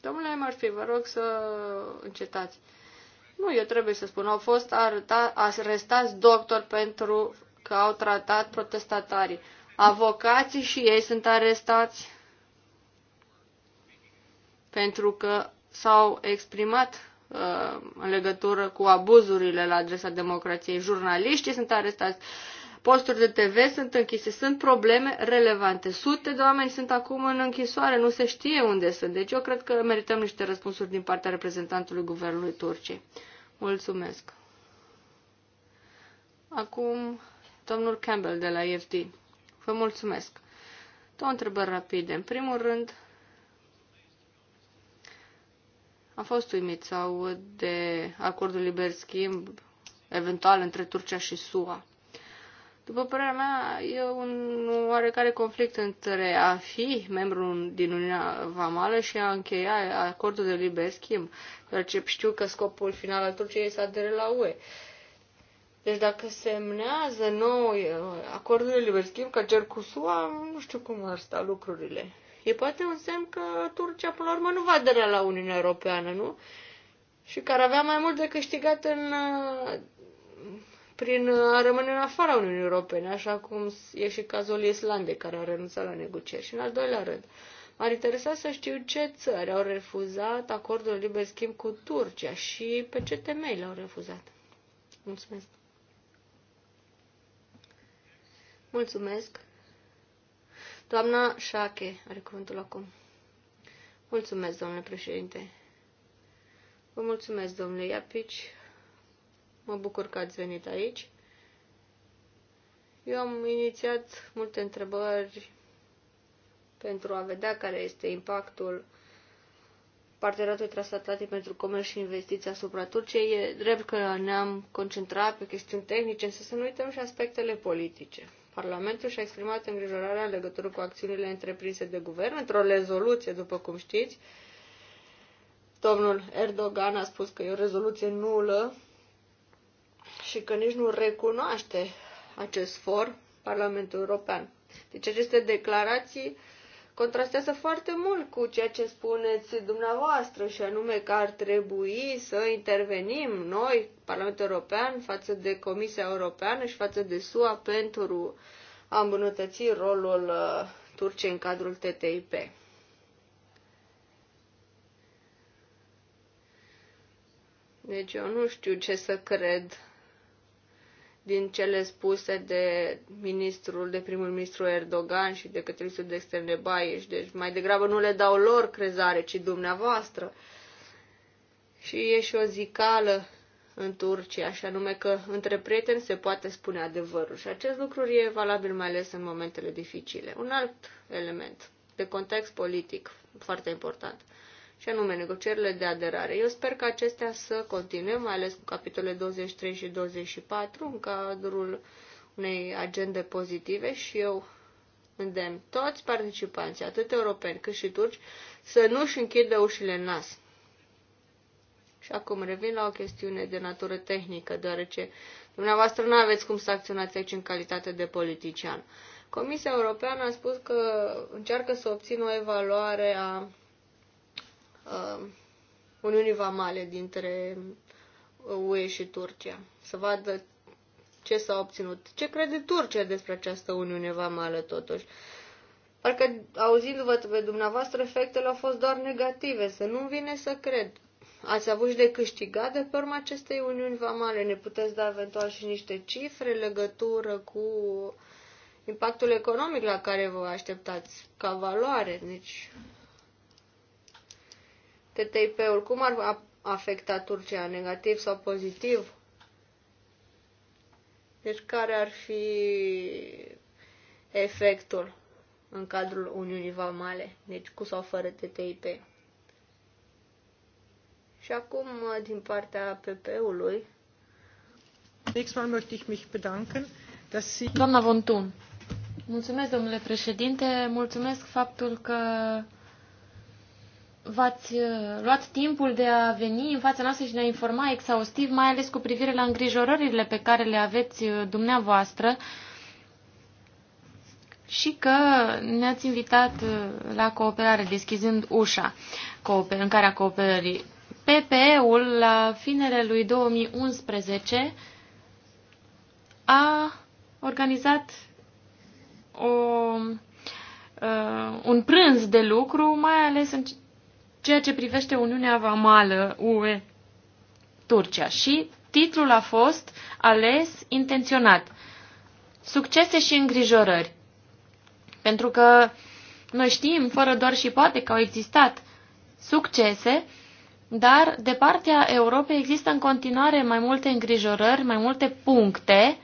Domnule Murphy, vă rog să încetați. Nu, eu trebuie să spun, au fost arăta, arestați doctori pentru că au tratat protestatarii. Avocații și ei sunt arestați pentru că s-au exprimat uh, în legătură cu abuzurile la adresa democrației. Jurnaliștii sunt arestați, posturi de TV sunt închise, sunt probleme relevante. Sute de oameni sunt acum în închisoare, nu se știe unde sunt. Deci eu cred că merităm niște răspunsuri din partea reprezentantului guvernului Turciei. Mulțumesc. Acum, domnul Campbell de la IFD. Vă mulțumesc. Două întrebări rapide. În primul rând, a fost uimit sau de acordul liber schimb eventual între Turcia și SUA. După părerea mea, e un oarecare conflict între a fi membru din Uniunea Vamală și a încheia acordul de liber schimb, deoarece știu că scopul final al Turciei este să adere la UE. Deci dacă semnează noi uh, acordul de liber schimb ca cer cu SUA, nu știu cum ar sta lucrurile. E poate un semn că Turcia, până la urmă, nu va adera la Uniunea Europeană, nu? Și care avea mai mult de câștigat în uh, prin a uh, rămâne în afara Uniunii Europene, așa cum e și cazul Islandei, care a renunțat la negocieri. Și în al doilea rând, m-ar interesa să știu ce țări au refuzat acordul liber schimb cu Turcia și pe ce temei l-au refuzat. Mulțumesc. Mulțumesc. Doamna Șache are cuvântul acum. Mulțumesc, domnule președinte. Vă mulțumesc, domnule Iapici. Mă bucur că ați venit aici. Eu am inițiat multe întrebări pentru a vedea care este impactul parteneriatului transatlantic pentru comerț și investiții asupra Turciei. E drept că ne-am concentrat pe chestiuni tehnice, însă să nu uităm și aspectele politice. Parlamentul și-a exprimat îngrijorarea în legătură cu acțiunile întreprinse de guvern într-o rezoluție, după cum știți. Domnul Erdogan a spus că e o rezoluție nulă și că nici nu recunoaște acest for, Parlamentul European. Deci aceste declarații contrastează foarte mult cu ceea ce spuneți dumneavoastră și anume că ar trebui să intervenim noi, Parlamentul European, față de Comisia Europeană și față de SUA pentru a îmbunătăți rolul uh, Turciei în cadrul TTIP. Deci eu nu știu ce să cred din cele spuse de ministrul, de primul ministru Erdogan și de către ministrul de externe Baieș. Deci mai degrabă nu le dau lor crezare, ci dumneavoastră. Și e și o zicală în Turcia, așa nume că între prieteni se poate spune adevărul. Și acest lucru e valabil mai ales în momentele dificile. Un alt element de context politic foarte important și anume negocierile de aderare. Eu sper că acestea să continue, mai ales cu capitolele 23 și 24, în cadrul unei agende pozitive și eu îndemn toți participanții, atât europeni cât și turci, să nu își închidă ușile în nas. Și acum revin la o chestiune de natură tehnică, deoarece dumneavoastră nu aveți cum să acționați aici în calitate de politician. Comisia Europeană a spus că încearcă să obțină o evaluare a uh, Uniunii Vamale dintre UE uh, și Turcia, să vadă ce s-a obținut. Ce crede Turcia despre această Uniune Vamală, totuși? Parcă, auzindu-vă pe dumneavoastră, efectele au fost doar negative, să nu vine să cred. Ați avut și de câștigat de pe urma acestei Uniuni Vamale. Ne puteți da eventual și niște cifre legătură cu impactul economic la care vă așteptați ca valoare. Deci, TTIP-ul cum ar afecta Turcia, negativ sau pozitiv? Deci care ar fi efectul în cadrul Uniunii Vamale, deci cu sau fără TTIP? Și acum, din partea PP-ului. Doamna Vontun, mulțumesc, domnule președinte, mulțumesc faptul că v-ați uh, luat timpul de a veni în fața noastră și ne-a informa exhaustiv, mai ales cu privire la îngrijorările pe care le aveți uh, dumneavoastră și că ne-ați invitat uh, la cooperare, deschizând ușa în care a cooperării. PPE-ul, la finele lui 2011, a organizat o, uh, un prânz de lucru, mai ales în ceea ce privește Uniunea Vamală UE Turcia și titlul a fost ales intenționat. Succese și îngrijorări. Pentru că noi știm, fără doar și poate, că au existat succese, dar de partea Europei există în continuare mai multe îngrijorări, mai multe puncte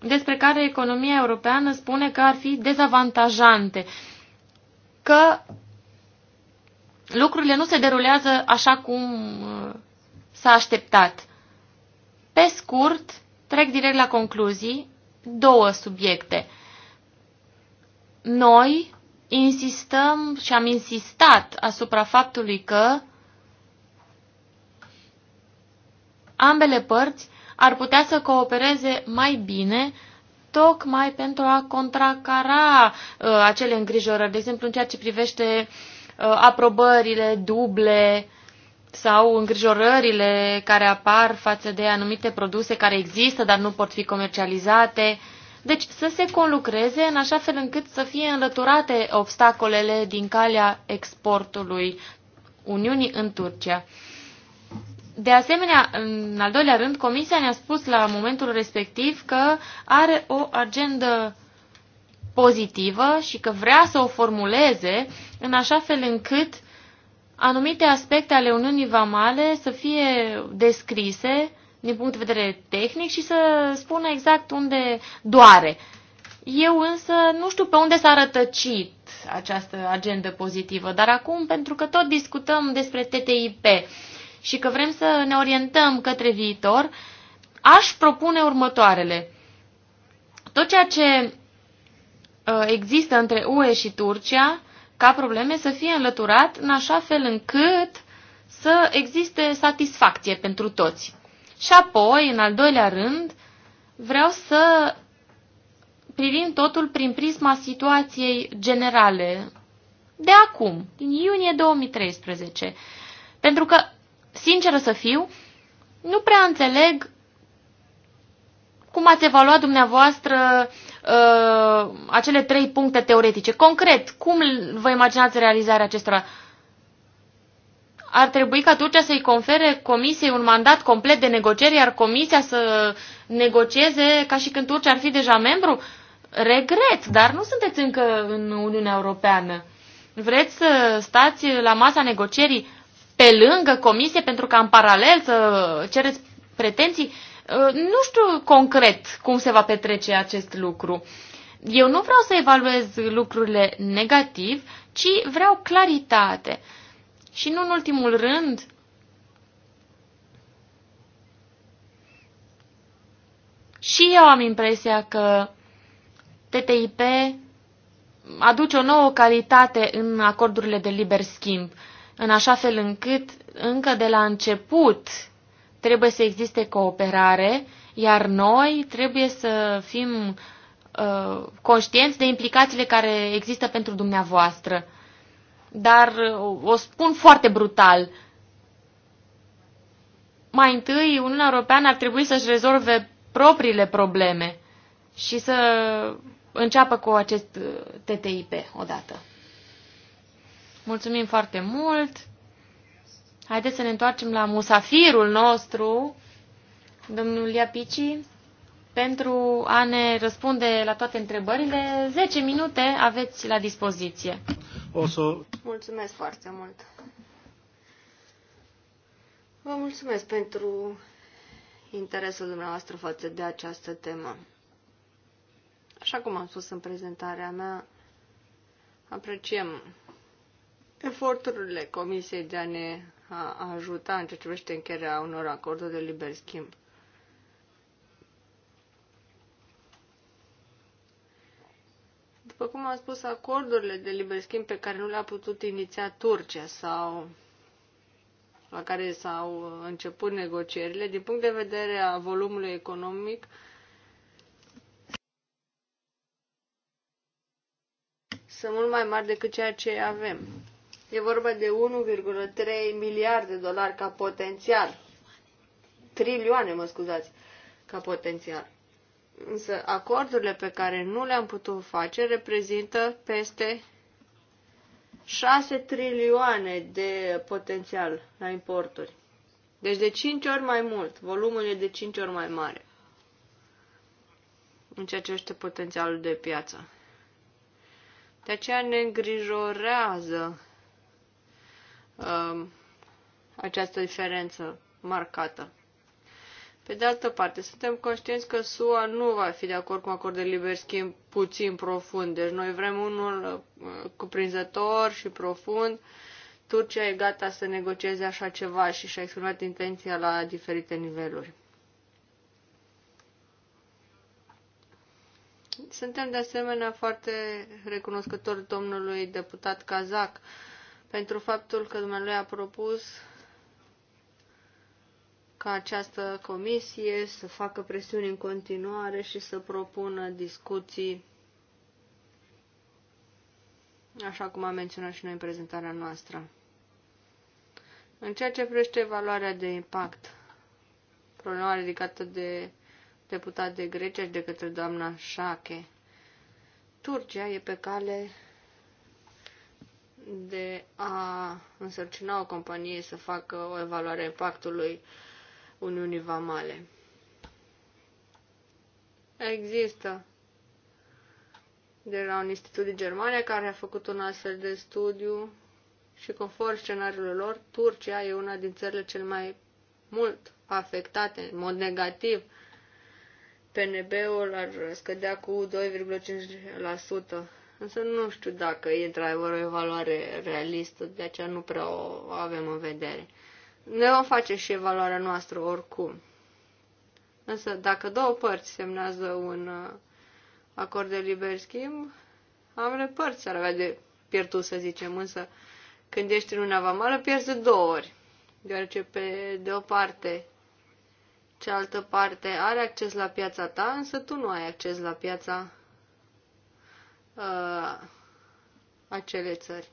despre care economia europeană spune că ar fi dezavantajante că lucrurile nu se derulează așa cum uh, s-a așteptat. Pe scurt, trec direct la concluzii, două subiecte. Noi insistăm și am insistat asupra faptului că ambele părți ar putea să coopereze mai bine tocmai pentru a contracara uh, acele îngrijorări, de exemplu în ceea ce privește uh, aprobările duble sau îngrijorările care apar față de anumite produse care există, dar nu pot fi comercializate. Deci să se conlucreze în așa fel încât să fie înlăturate obstacolele din calea exportului Uniunii în Turcia. De asemenea, în al doilea rând, Comisia ne-a spus la momentul respectiv că are o agendă pozitivă și că vrea să o formuleze în așa fel încât anumite aspecte ale Uniunii Vamale să fie descrise din punct de vedere tehnic și să spună exact unde doare. Eu însă nu știu pe unde s-a rătăcit această agendă pozitivă, dar acum, pentru că tot discutăm despre TTIP, și că vrem să ne orientăm către viitor, aș propune următoarele. Tot ceea ce uh, există între UE și Turcia ca probleme să fie înlăturat în așa fel încât să existe satisfacție pentru toți. Și apoi, în al doilea rând, vreau să privim totul prin prisma situației generale de acum, din iunie 2013. Pentru că sinceră să fiu, nu prea înțeleg cum ați evaluat dumneavoastră uh, acele trei puncte teoretice. Concret, cum vă imaginați realizarea acestora? Ar trebui ca Turcia să-i confere Comisiei un mandat complet de negocieri, iar Comisia să negocieze ca și când Turcia ar fi deja membru? Regret, dar nu sunteți încă în Uniunea Europeană. Vreți să stați la masa negocierii pe lângă comisie pentru ca în paralel să cereți pretenții. Uh, nu știu concret cum se va petrece acest lucru. Eu nu vreau să evaluez lucrurile negativ, ci vreau claritate. Și nu în ultimul rând, și eu am impresia că TTIP aduce o nouă calitate în acordurile de liber schimb în așa fel încât încă de la început trebuie să existe cooperare, iar noi trebuie să fim uh, conștienți de implicațiile care există pentru dumneavoastră. Dar uh, o spun foarte brutal. Mai întâi, Uniunea Europeană ar trebui să-și rezolve propriile probleme și să înceapă cu acest uh, TTIP odată. Mulțumim foarte mult. Haideți să ne întoarcem la musafirul nostru, domnul Iapici, pentru a ne răspunde la toate întrebările. 10 minute aveți la dispoziție. O să... Mulțumesc foarte mult. Vă mulțumesc pentru interesul dumneavoastră față de această temă. Așa cum am spus în prezentarea mea, apreciem eforturile Comisiei de a ne a ajuta în ce privește încheierea unor acorduri de liber schimb. După cum am spus, acordurile de liber schimb pe care nu le-a putut iniția Turcia sau la care s-au început negocierile, din punct de vedere a volumului economic, sunt mult mai mari decât ceea ce avem. E vorba de 1,3 miliarde de dolari ca potențial. Trilioane, mă scuzați, ca potențial. Însă acordurile pe care nu le-am putut face reprezintă peste 6 trilioane de potențial la importuri. Deci de 5 ori mai mult, volumul e de 5 ori mai mare în ceea ce este potențialul de piață. De aceea ne îngrijorează Um, această diferență marcată. Pe de altă parte, suntem conștienți că SUA nu va fi de acord cu un acord de liber schimb puțin profund. Deci noi vrem unul uh, cuprinzător și profund. Turcia e gata să negocieze așa ceva și și-a exprimat intenția la diferite niveluri. Suntem de asemenea foarte recunoscători domnului deputat Kazak, pentru faptul că dumnealui a propus ca această comisie să facă presiuni în continuare și să propună discuții, așa cum am menționat și noi în prezentarea noastră. În ceea ce privește evaluarea de impact, problema ridicată de deputat de Grecia și de către doamna Șache, Turcia e pe cale de a însărcina o companie să facă o evaluare a impactului Uniunii Vamale. Există de la un institut din Germania care a făcut un astfel de studiu și conform scenariului lor, Turcia e una din țările cel mai mult afectate în mod negativ. PNB-ul ar scădea cu 2,5% Însă nu știu dacă e într-adevăr o evaluare realistă, de aceea nu prea o avem în vedere. Ne vom face și evaluarea noastră oricum. Însă dacă două părți semnează un uh, acord de liber schimb, ambele părți ar avea de pierdut, să zicem, însă când ești în una vamală, pierzi de două ori. Deoarece pe de o parte cealaltă parte are acces la piața ta, însă tu nu ai acces la piața uh, acele țări.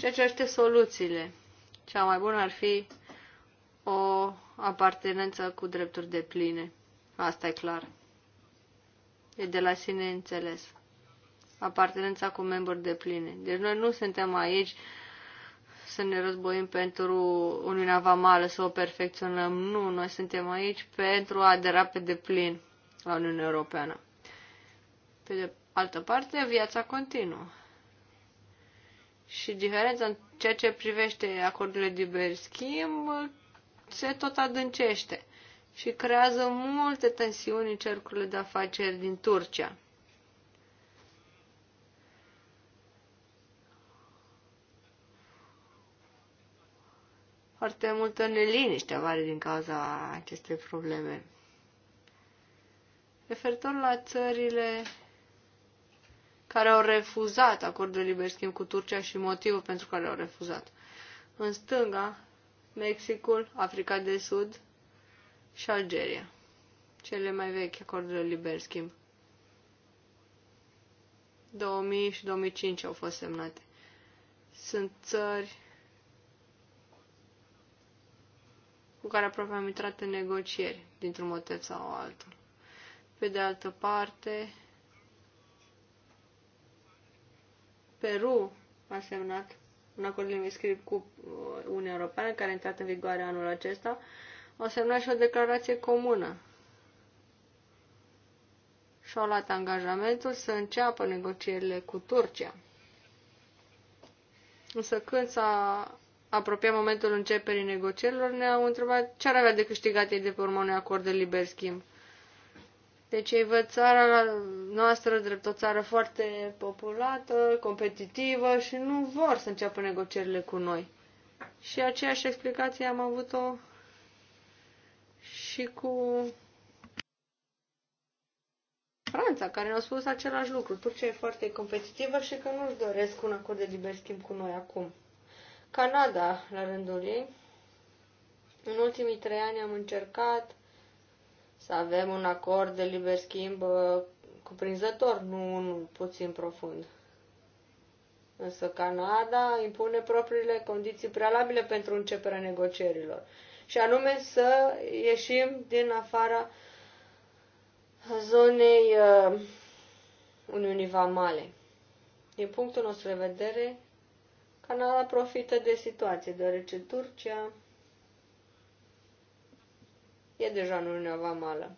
Ceea ce aștept soluțiile. Cea mai bună ar fi o apartenență cu drepturi de pline. Asta e clar. E de la sine înțeles. Apartenența cu membru de pline. Deci noi nu suntem aici uh, să ne războim pentru Uniunea Vamală, să o perfecționăm. Nu, noi suntem aici pentru a adera pe deplin la Uniunea Europeană. Pe de altă parte, viața continuă. Și diferența în ceea ce privește acordurile de liber schimb se tot adâncește și creează multe tensiuni în cercurile de afaceri din Turcia. foarte multă neliniște apare din cauza acestei probleme. Referitor la țările care au refuzat acordul de liber schimb cu Turcia și motivul pentru care au refuzat. În stânga, Mexicul, Africa de Sud și Algeria. Cele mai vechi acorduri de liber schimb. 2000 și 2005 au fost semnate. Sunt țări cu care aproape am intrat în negocieri, dintr-un motiv sau altul. Pe de altă parte, Peru a semnat un acord limischript cu uh, Uniunea Europeană, care a intrat în vigoare anul acesta, a semnat și o declarație comună. Și-au luat angajamentul să înceapă negocierile cu Turcia. Însă când s-a apropia momentul începerii negocierilor, ne-au întrebat ce ar avea de câștigat ei de pe urma unui acord de liber schimb. Deci ei văd țara noastră drept o țară foarte populată, competitivă și nu vor să înceapă negocierile cu noi. Și aceeași explicație am avut-o și cu Franța, care ne-au spus același lucru. Turcia e foarte competitivă și că nu-și doresc un acord de liber schimb cu noi acum. Canada, la rândul ei, în ultimii trei ani am încercat să avem un acord de liber schimb uh, cuprinzător, nu unul puțin profund. Însă Canada impune propriile condiții prealabile pentru începerea negocierilor, și anume să ieșim din afara zonei uh, Uniunii Vamale. Din punctul nostru de vedere, Canada profită de situație, deoarece Turcia e deja în Uniunea Vamală.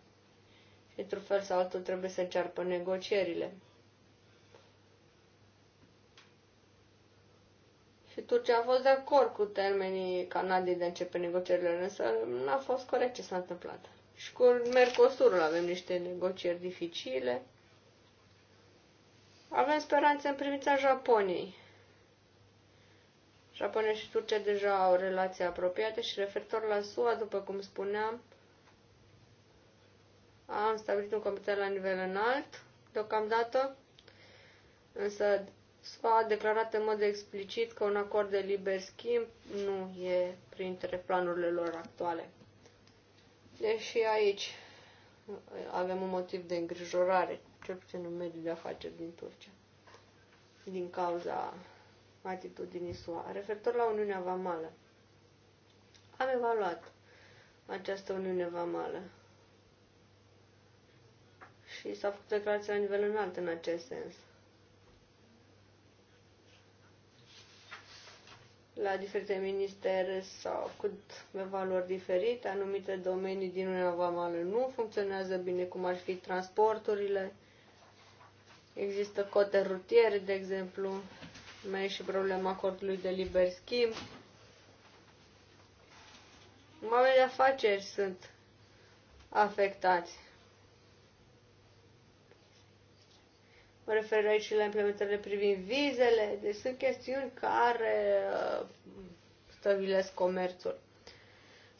Și într-un fel sau altul trebuie să încearcă negocierile. Și Turcia a fost de acord cu termenii Canadei de a începe negocierile, însă n-a fost corect ce s-a întâmplat. Și cu Mercosurul avem niște negocieri dificile. Avem speranțe în privința Japoniei. Japonia și Turcia deja au relații apropiate și referitor la SUA, după cum spuneam, am stabilit un comitet la nivel înalt, deocamdată, însă SUA a declarat în mod explicit că un acord de liber schimb nu e printre planurile lor actuale. Deși aici avem un motiv de îngrijorare, cel puțin în mediul de afaceri din Turcia, din cauza atitudinii SUA. Referitor la Uniunea Vamală, am evaluat această Uniune Vamală și s-a făcut declarația la nivel înalt în acest sens. La diferite ministere s-au făcut evaluări diferite, anumite domenii din Uniunea Vamală nu funcționează bine, cum ar fi transporturile, există cote rutiere, de exemplu, mai e și problema acordului de liber schimb. Oamenii de afaceri sunt afectați. Mă refer aici și la implementările privind vizele. Deci sunt chestiuni care uh, stabilesc comerțul.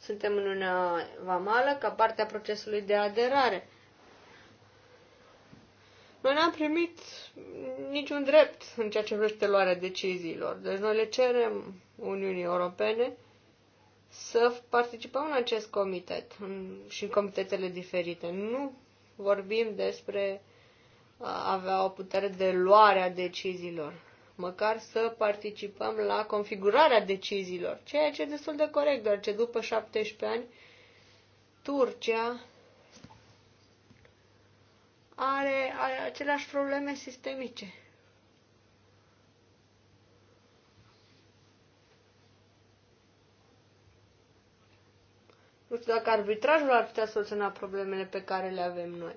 Suntem în Uniunea Vamală ca parte a procesului de aderare. Noi n-am primit niciun drept în ceea ce vrește luarea deciziilor. Deci noi le cerem Uniunii Europene să participăm în acest comitet în, și în comitetele diferite. Nu vorbim despre a avea o putere de luare a deciziilor, măcar să participăm la configurarea deciziilor, ceea ce e destul de corect, doar ce după 17 ani Turcia are, are aceleași probleme sistemice. Nu știu dacă arbitrajul ar putea soluționa problemele pe care le avem noi.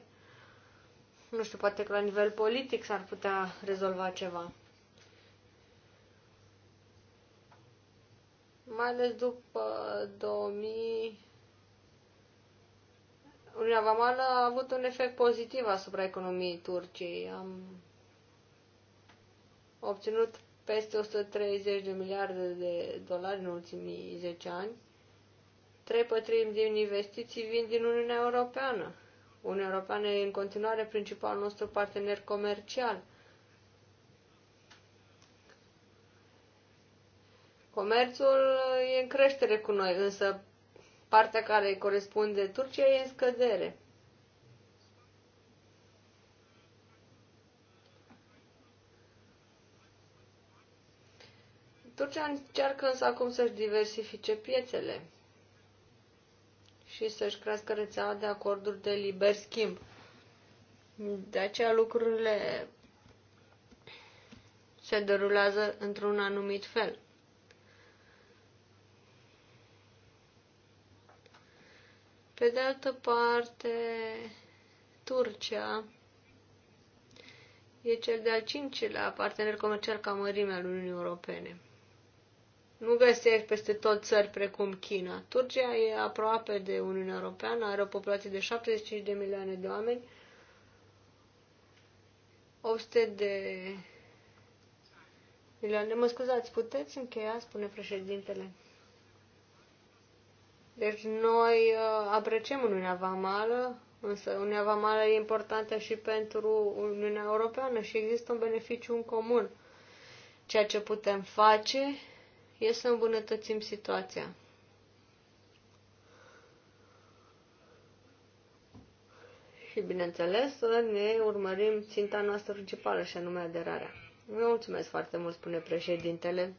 Nu știu, poate că la nivel politic s-ar putea rezolva ceva. Mai ales după 2000, Uniunea Vamală a avut un efect pozitiv asupra economiei Turciei. Am obținut peste 130 de miliarde de dolari în ultimii 10 ani Trei pătrimi din investiții vin din Uniunea Europeană. Uniunea Europeană e în continuare principalul nostru partener comercial. Comerțul e în creștere cu noi, însă partea care îi corespunde Turcia e în scădere. Turcia încearcă însă acum să-și diversifice piețele și să-și crească rețeaua de acorduri de liber schimb. De aceea lucrurile se derulează într-un anumit fel. Pe de altă parte, Turcia e cel de-al cincilea partener comercial ca mărime al Uniunii Europene. Nu găsești peste tot țări precum China. Turcia e aproape de Uniunea Europeană, are o populație de 75 de milioane de oameni, 800 de milioane. Mă scuzați, puteți încheia, spune președintele. Deci noi uh, apreciem Uniunea Vamală, însă Uniunea Vamală e importantă și pentru Uniunea Europeană și există un beneficiu în comun. Ceea ce putem face e să îmbunătățim situația. Și, bineînțeles, să ne urmărim ținta noastră principală, și anume aderarea. Vă mulțumesc foarte mult, spune președintele.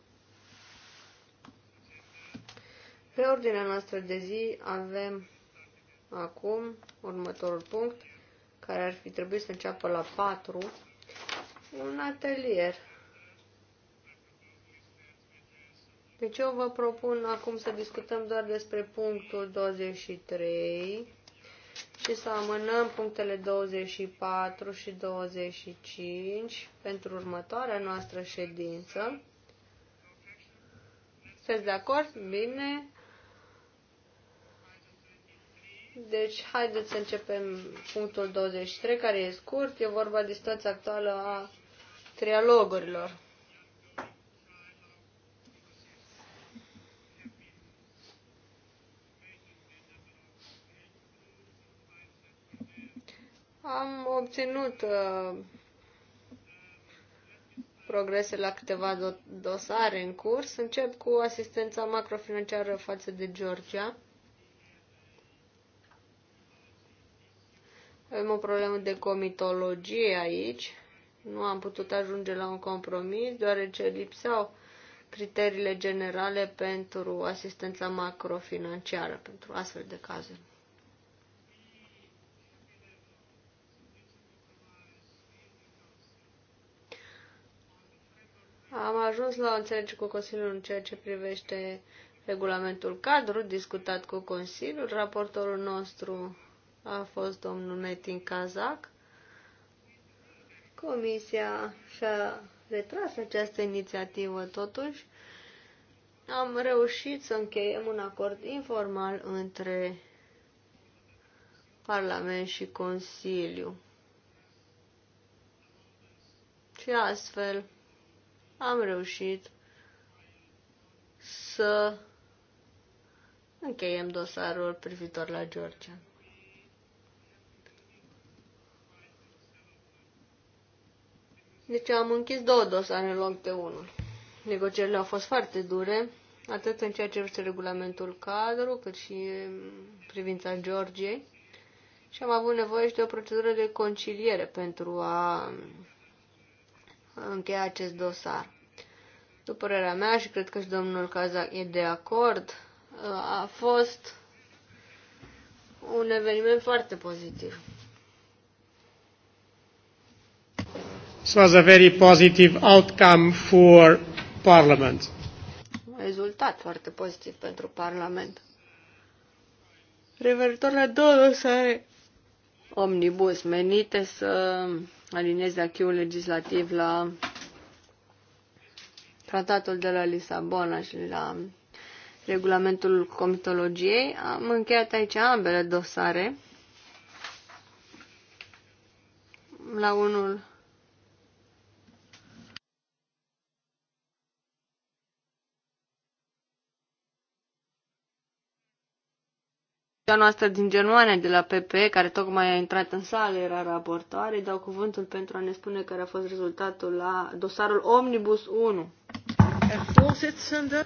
Pe ordinea noastră de zi avem acum următorul punct, care ar fi trebuit să înceapă la 4, un atelier Deci eu vă propun acum să discutăm doar despre punctul 23 și să amânăm punctele 24 și 25 pentru următoarea noastră ședință. Sunteți de acord? Bine. Deci, haideți să începem punctul 23, care e scurt. E vorba de situația actuală a trialogurilor. Am obținut uh, progrese la câteva dosare în curs. Încep cu asistența macrofinanciară față de Georgia. Avem o problemă de comitologie aici. Nu am putut ajunge la un compromis, deoarece lipseau criteriile generale pentru asistența macrofinanciară, pentru astfel de cazuri. Am ajuns la o înțelegere cu Consiliul în ceea ce privește regulamentul cadru discutat cu Consiliul. Raportorul nostru a fost domnul Metin Kazak. Comisia și-a retras această inițiativă totuși. Am reușit să încheiem un acord informal între Parlament și Consiliu. Și astfel, am reușit să încheiem dosarul privitor la Georgia. Deci am închis două dosare în loc de unul. Negocierile au fost foarte dure, atât în ceea ce privește regulamentul cadru, cât și în privința Georgiei. Și am avut nevoie și de o procedură de conciliere pentru a încheia acest dosar după părerea mea, și cred că și domnul Cazac e de acord, a fost un eveniment foarte pozitiv. This was a very positive outcome for Parliament. Un rezultat foarte pozitiv pentru Parlament. Referitor la două dosare omnibus menite să alineze acquis legislativ la tratatul de la Lisabona și la regulamentul comitologiei. Am încheiat aici ambele dosare. La unul Cea noastră din Germania, de la PP, care tocmai a intrat în sală, era raportoare, dau cuvântul pentru a ne spune care a fost rezultatul la dosarul Omnibus 1.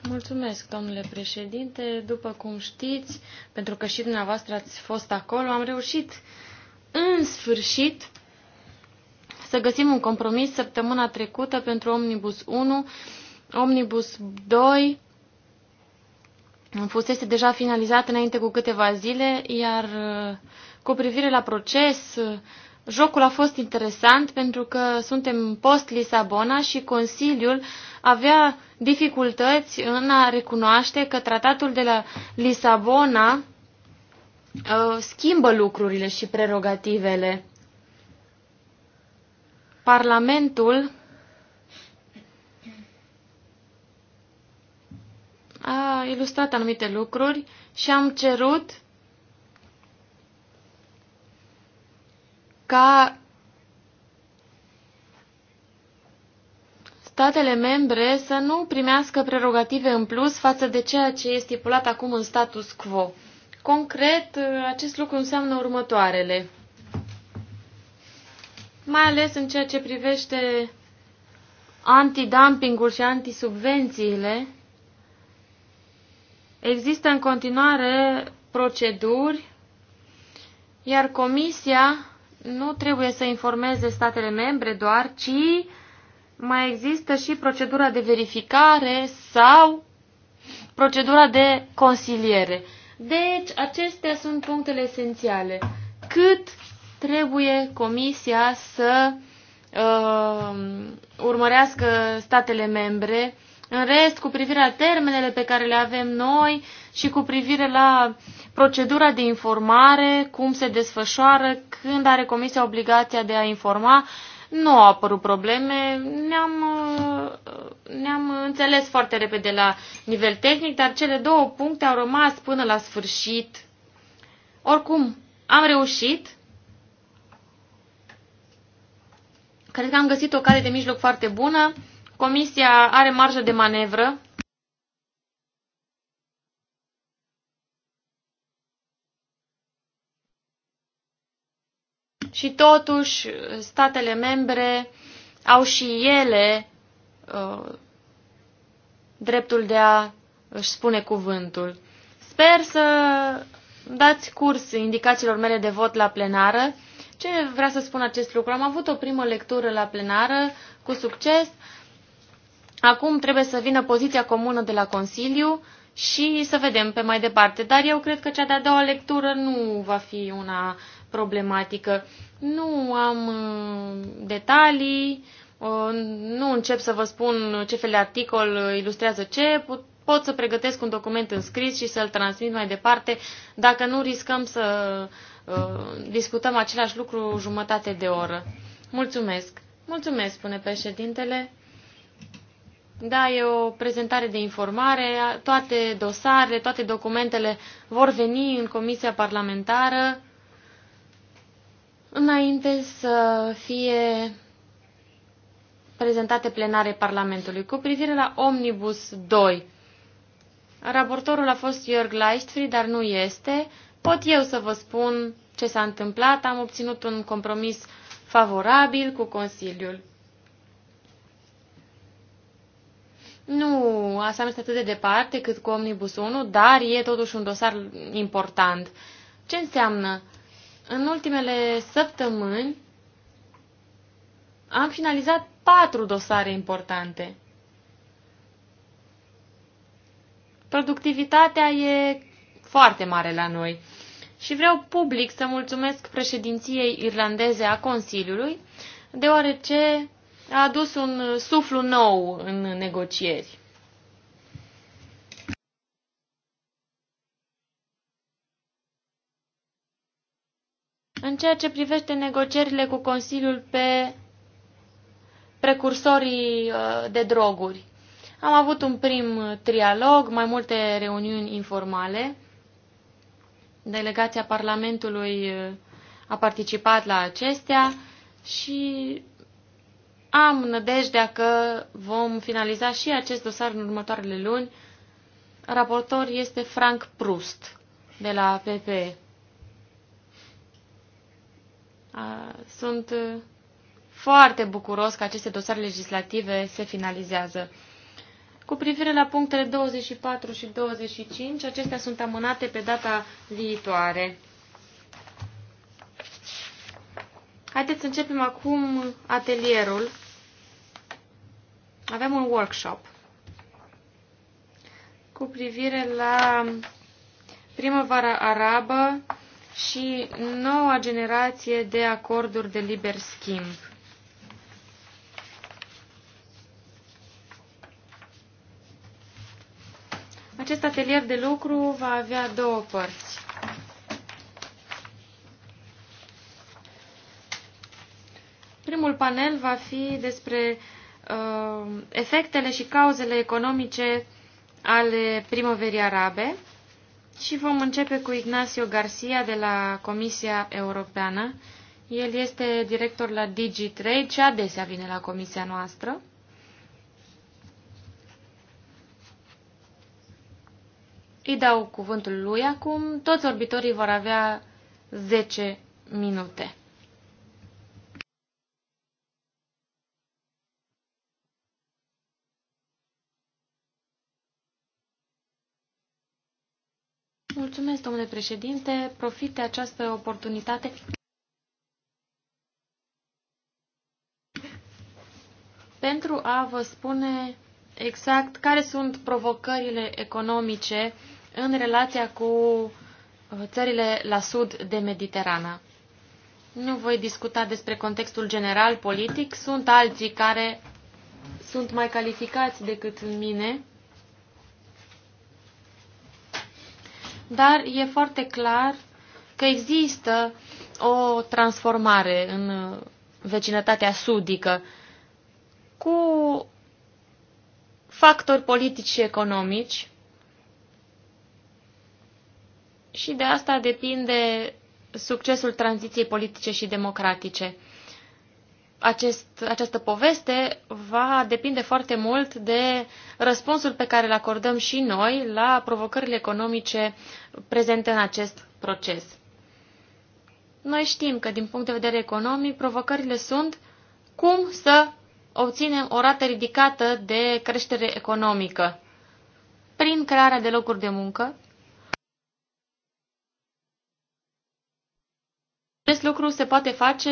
Mulțumesc, domnule președinte. După cum știți, pentru că și dumneavoastră ați fost acolo, am reușit în sfârșit să găsim un compromis săptămâna trecută pentru Omnibus 1, Omnibus 2, fusese deja finalizat înainte cu câteva zile, iar uh, cu privire la proces, uh, jocul a fost interesant pentru că suntem post-Lisabona și Consiliul avea dificultăți în a recunoaște că tratatul de la Lisabona uh, schimbă lucrurile și prerogativele. Parlamentul a ilustrat anumite lucruri și am cerut ca statele membre să nu primească prerogative în plus față de ceea ce este stipulat acum în status quo. Concret, acest lucru înseamnă următoarele. Mai ales în ceea ce privește antidumpingul și antisubvențiile, Există în continuare proceduri, iar Comisia nu trebuie să informeze statele membre doar, ci mai există și procedura de verificare sau procedura de consiliere. Deci, acestea sunt punctele esențiale. Cât trebuie Comisia să uh, urmărească statele membre în rest, cu privire la termenele pe care le avem noi și cu privire la procedura de informare, cum se desfășoară, când are comisia obligația de a informa, nu au apărut probleme, ne-am, uh, ne-am înțeles foarte repede la nivel tehnic, dar cele două puncte au rămas până la sfârșit. Oricum, am reușit. Cred că am găsit o cale de mijloc foarte bună. Comisia are marjă de manevră. Și totuși, statele membre au și ele uh, dreptul de a își spune cuvântul. Sper să dați curs indicațiilor mele de vot la plenară. Ce vrea să spun acest lucru? Am avut o primă lectură la plenară cu succes. Acum trebuie să vină poziția comună de la Consiliu și să vedem pe mai departe. Dar eu cred că cea de-a doua lectură nu va fi una problematică. Nu am uh, detalii, uh, nu încep să vă spun ce fel de articol uh, ilustrează ce, pot să pregătesc un document în scris și să-l transmit mai departe, dacă nu riscăm să discutăm același lucru jumătate de oră. Mulțumesc! Mulțumesc, spune președintele. Da, e o prezentare de informare, toate dosarele, toate documentele vor veni în comisia parlamentară înainte să fie prezentate plenare Parlamentului. Cu privire la Omnibus 2, raportorul a fost Jörg Leichtfried, dar nu este. Pot eu să vă spun ce s-a întâmplat. Am obținut un compromis favorabil cu Consiliul. Nu, asta nu este atât de departe cât cu Omnibus 1, dar e totuși un dosar important. Ce înseamnă? În ultimele săptămâni am finalizat patru dosare importante. Productivitatea e foarte mare la noi și vreau public să mulțumesc președinției irlandeze a Consiliului, deoarece a adus un uh, suflu nou în negocieri. În ceea ce privește negocierile cu Consiliul pe precursorii uh, de droguri, am avut un prim uh, trialog, mai multe reuniuni informale. Delegația Parlamentului a participat la acestea și am nădejdea că vom finaliza și acest dosar în următoarele luni. Raportor este Frank Prust de la PPE. Sunt uh, foarte bucuros că aceste dosare legislative se finalizează. Cu privire la punctele 24 și 25, acestea sunt amânate pe data viitoare. Haideți să începem acum atelierul. Avem un workshop cu privire la primăvara arabă și noua generație de acorduri de liber schimb. Acest atelier de lucru va avea două părți. Primul panel va fi despre uh, efectele și cauzele economice ale primăverii arabe și vom începe cu Ignacio Garcia de la Comisia Europeană. El este director la DigiTrade și adesea vine la comisia noastră. Îi dau cuvântul lui acum. Toți orbitorii vor avea 10 minute. Mulțumesc, domnule președinte. Profit de această oportunitate. Pentru a vă spune exact care sunt provocările economice în relația cu uh, țările la sud de Mediterana. Nu voi discuta despre contextul general politic, sunt alții care sunt mai calificați decât mine dar e foarte clar că există o transformare în vecinătatea sudică cu factori politici și economici și de asta depinde succesul tranziției politice și democratice acest, această poveste va depinde foarte mult de răspunsul pe care îl acordăm și noi la provocările economice prezente în acest proces. Noi știm că, din punct de vedere economic, provocările sunt cum să obținem o rată ridicată de creștere economică prin crearea de locuri de muncă, Acest lucru se poate face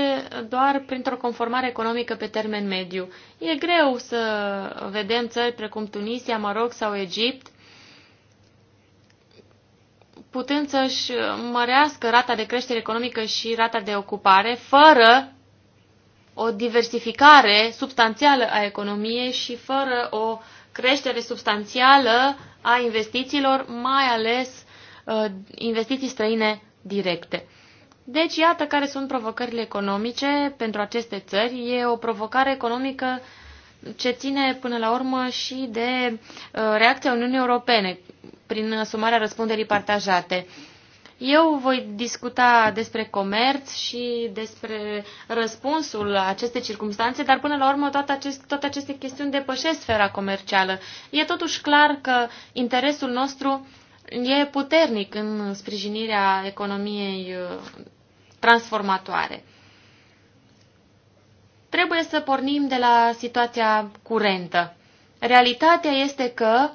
doar printr-o conformare economică pe termen mediu. E greu să vedem țări precum Tunisia, Maroc sau Egipt putând să-și mărească rata de creștere economică și rata de ocupare fără o diversificare substanțială a economiei și fără o creștere substanțială a investițiilor, mai ales uh, investiții străine directe. Deci, iată care sunt provocările economice pentru aceste țări. E o provocare economică ce ține până la urmă și de uh, reacția Uniunii Europene prin sumarea răspunderii partajate. Eu voi discuta despre comerț și despre răspunsul la aceste circunstanțe, dar până la urmă toate, acest, toate aceste chestiuni depășesc sfera comercială. E totuși clar că interesul nostru e puternic în sprijinirea economiei uh, transformatoare. Trebuie să pornim de la situația curentă. Realitatea este că,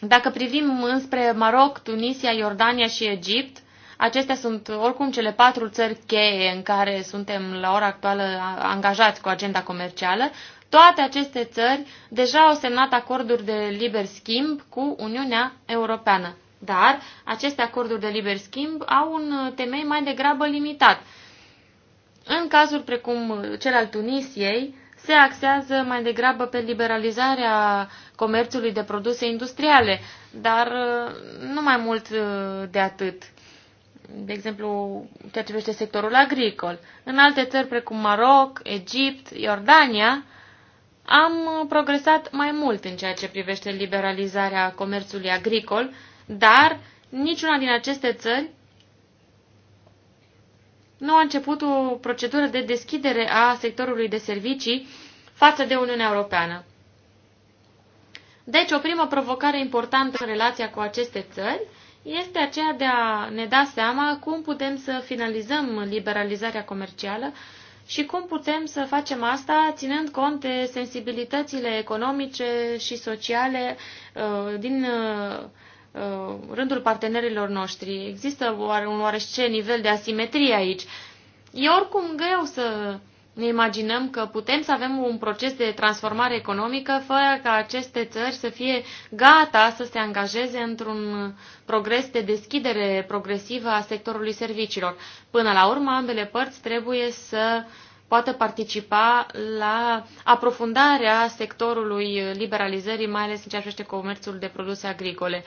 dacă privim înspre Maroc, Tunisia, Iordania și Egipt, acestea sunt oricum cele patru țări cheie în care suntem la ora actuală angajați cu agenda comercială, toate aceste țări deja au semnat acorduri de liber schimb cu Uniunea Europeană. Dar aceste acorduri de liber schimb au un temei mai degrabă limitat. În cazuri precum cel al Tunisiei, se axează mai degrabă pe liberalizarea comerțului de produse industriale, dar uh, nu mai mult uh, de atât. De exemplu, ceea ce privește sectorul agricol. În alte țări precum Maroc, Egipt, Iordania, am uh, progresat mai mult în ceea ce privește liberalizarea comerțului agricol, dar niciuna din aceste țări nu a început o procedură de deschidere a sectorului de servicii față de Uniunea Europeană. Deci, o primă provocare importantă în relația cu aceste țări este aceea de a ne da seama cum putem să finalizăm liberalizarea comercială și cum putem să facem asta ținând cont de sensibilitățile economice și sociale uh, din uh, Uh, rândul partenerilor noștri. Există un oarește nivel de asimetrie aici. E oricum greu să ne imaginăm că putem să avem un proces de transformare economică fără ca aceste țări să fie gata să se angajeze într-un progres de deschidere progresivă a sectorului serviciilor. Până la urmă, ambele părți trebuie să poată participa la aprofundarea sectorului liberalizării, mai ales în ceea ce privește comerțul de produse agricole.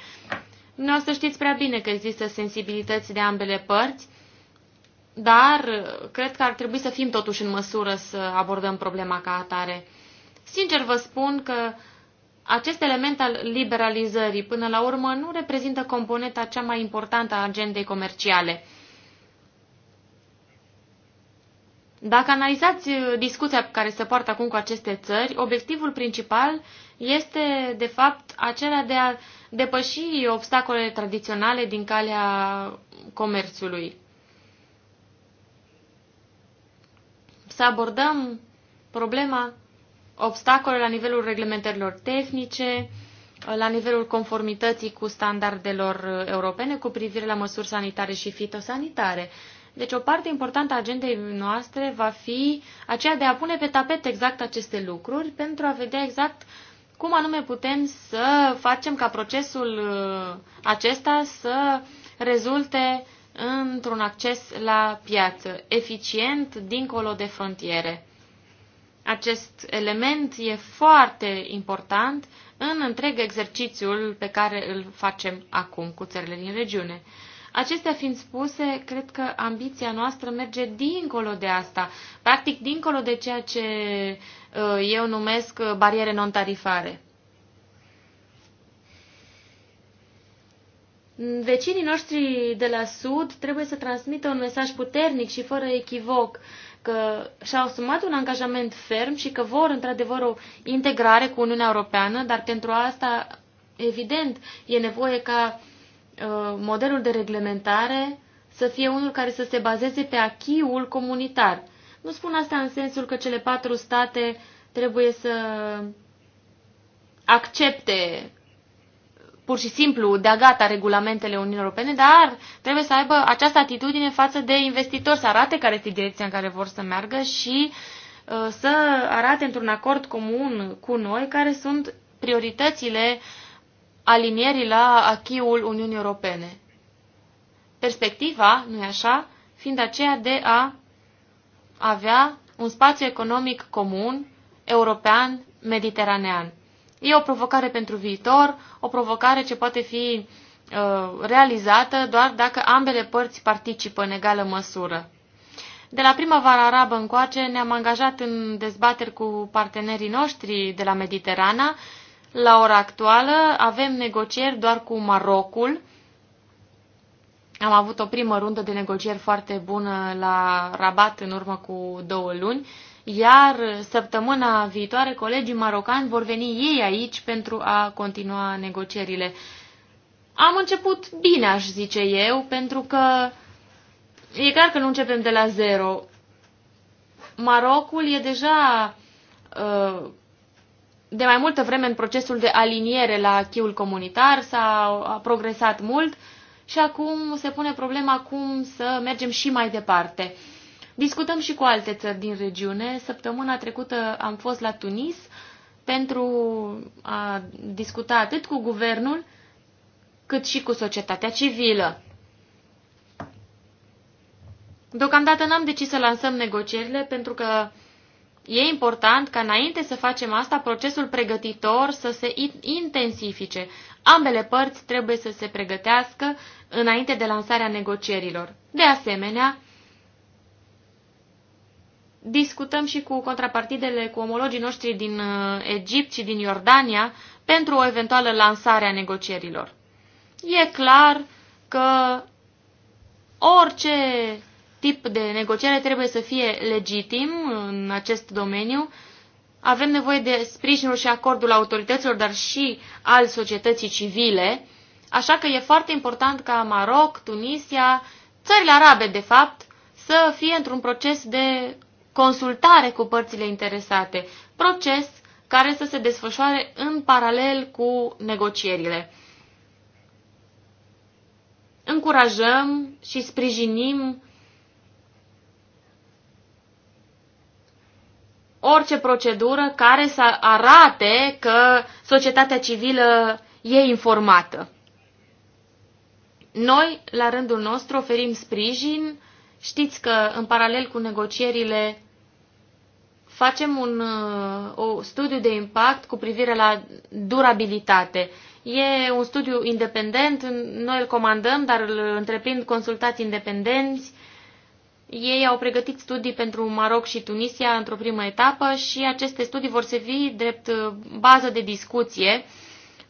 să știți prea bine că există sensibilități de ambele părți, dar cred că ar trebui să fim totuși în măsură să abordăm problema ca atare. Sincer vă spun că acest element al liberalizării, până la urmă, nu reprezintă componenta cea mai importantă a agendei comerciale – Dacă analizați uh, discuția care se poartă acum cu aceste țări, obiectivul principal este, de fapt, acela de a depăși obstacolele tradiționale din calea comerțului. Să abordăm problema obstacole la nivelul reglementărilor tehnice, la nivelul conformității cu standardelor uh, europene cu privire la măsuri sanitare și fitosanitare. Deci o parte importantă a agendei noastre va fi aceea de a pune pe tapet exact aceste lucruri pentru a vedea exact cum anume putem să facem ca procesul uh, acesta să rezulte într-un acces la piață eficient dincolo de frontiere. Acest element e foarte important în întreg exercițiul pe care îl facem acum cu țările din regiune. Acestea fiind spuse, cred că ambiția noastră merge dincolo de asta, practic dincolo de ceea ce uh, eu numesc uh, bariere non-tarifare. Vecinii noștri de la Sud trebuie să transmită un mesaj puternic și fără echivoc că și-au asumat un angajament ferm și că vor într-adevăr o integrare cu Uniunea Europeană, dar pentru asta, evident, e nevoie ca Uh, modelul de reglementare să fie unul care să se bazeze pe achiul comunitar. Nu spun asta în sensul că cele patru state trebuie să accepte pur și simplu de-a gata regulamentele Uniunii Europene, dar trebuie să aibă această atitudine față de investitori, să arate care este direcția în care vor să meargă și uh, să arate într-un acord comun cu noi care sunt prioritățile alinierii la achiul Uniunii Europene. Perspectiva, nu-i așa, fiind aceea de a avea un spațiu economic comun, european, mediteranean. E o provocare pentru viitor, o provocare ce poate fi uh, realizată doar dacă ambele părți participă în egală măsură. De la primăvara arabă încoace ne-am angajat în dezbateri cu partenerii noștri de la Mediterana la ora actuală avem negocieri doar cu Marocul. Am avut o primă rundă de negocieri foarte bună la Rabat în urmă cu două luni, iar săptămâna viitoare colegii marocani vor veni ei aici pentru a continua negocierile. Am început bine, aș zice eu, pentru că e clar că nu începem de la zero. Marocul e deja uh, de mai multă vreme în procesul de aliniere la chiul comunitar, s-a progresat mult și acum se pune problema cum să mergem și mai departe. Discutăm și cu alte țări din regiune. Săptămâna trecută am fost la Tunis pentru a discuta atât cu guvernul cât și cu societatea civilă. Deocamdată n-am decis să lansăm negocierile pentru că E important ca înainte să facem asta, procesul pregătitor să se intensifice. Ambele părți trebuie să se pregătească înainte de lansarea negocierilor. De asemenea, discutăm și cu contrapartidele, cu omologii noștri din uh, Egipt și din Iordania pentru o eventuală lansare a negocierilor. E clar că orice tip de negociere trebuie să fie legitim în acest domeniu. Avem nevoie de sprijinul și acordul autorităților, dar și al societății civile. Așa că e foarte important ca Maroc, Tunisia, țările arabe, de fapt, să fie într-un proces de consultare cu părțile interesate, proces care să se desfășoare în paralel cu negocierile. Încurajăm și sprijinim orice procedură care să arate că societatea civilă e informată. Noi, la rândul nostru, oferim sprijin. Știți că, în paralel cu negocierile, facem un uh, o studiu de impact cu privire la durabilitate. E un studiu independent, noi îl comandăm, dar îl întreprind consultați independenți ei au pregătit studii pentru Maroc și Tunisia într-o primă etapă și aceste studii vor servi drept uh, bază de discuție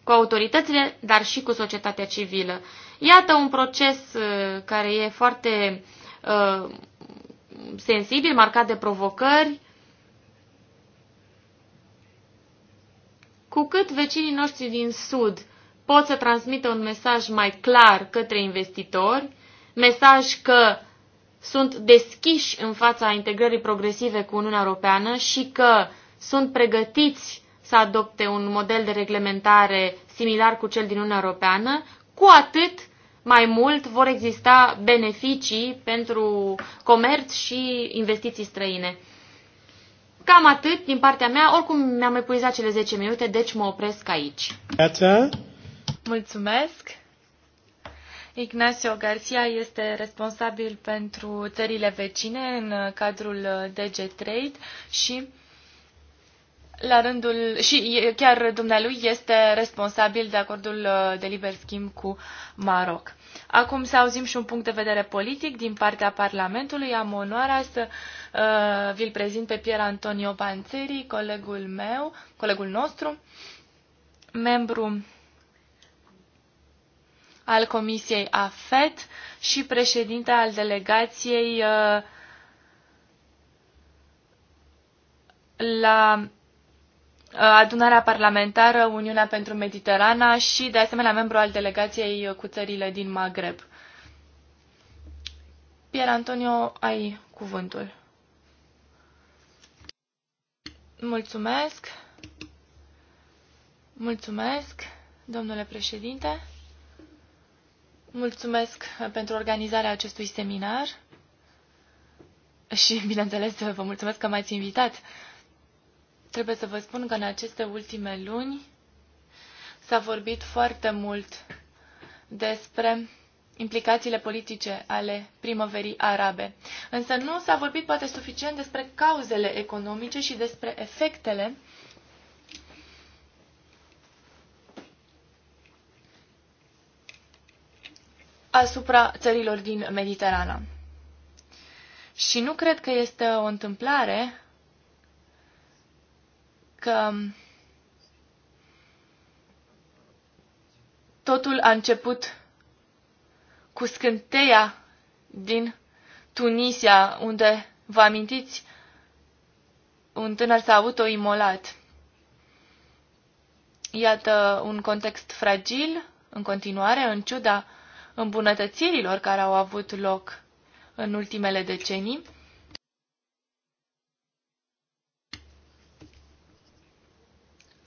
cu autoritățile, dar și cu societatea civilă. Iată un proces uh, care e foarte uh, sensibil, marcat de provocări. Cu cât vecinii noștri din Sud pot să transmită un mesaj mai clar către investitori, mesaj că sunt deschiși în fața integrării progresive cu Uniunea Europeană și că sunt pregătiți să adopte un model de reglementare similar cu cel din Uniunea Europeană, cu atât mai mult vor exista beneficii pentru comerț și investiții străine. Cam atât din partea mea. Oricum mi-am epuizat cele 10 minute, deci mă opresc aici. Mulțumesc! Ignacio Garcia este responsabil pentru țările vecine în cadrul DG Trade și la rândul și chiar dumnealui este responsabil de acordul uh, de liber schimb cu Maroc. Acum să auzim și un punct de vedere politic din partea Parlamentului. Am onoarea să uh, vi-l prezint pe Pier Antonio Banțeri, colegul meu, colegul nostru, membru al Comisiei AFET și președinte al delegației uh, la uh, adunarea parlamentară Uniunea pentru Mediterana și, de asemenea, membru al delegației cu țările din Maghreb. Pier Antonio, ai cuvântul. Mulțumesc. Mulțumesc, domnule președinte. Mulțumesc uh, pentru organizarea acestui seminar și, bineînțeles, uh, vă mulțumesc că m-ați invitat. Trebuie să vă spun că în aceste ultime luni s-a vorbit foarte mult despre implicațiile politice ale primăverii arabe. Însă nu s-a vorbit poate suficient despre cauzele economice și despre efectele asupra țărilor din Mediterana. Și nu cred că este o întâmplare că totul a început cu scânteia din Tunisia, unde, vă amintiți, un tânăr s-a avut o imolat. Iată un context fragil, în continuare, în ciuda îmbunătățirilor care au avut loc în ultimele decenii.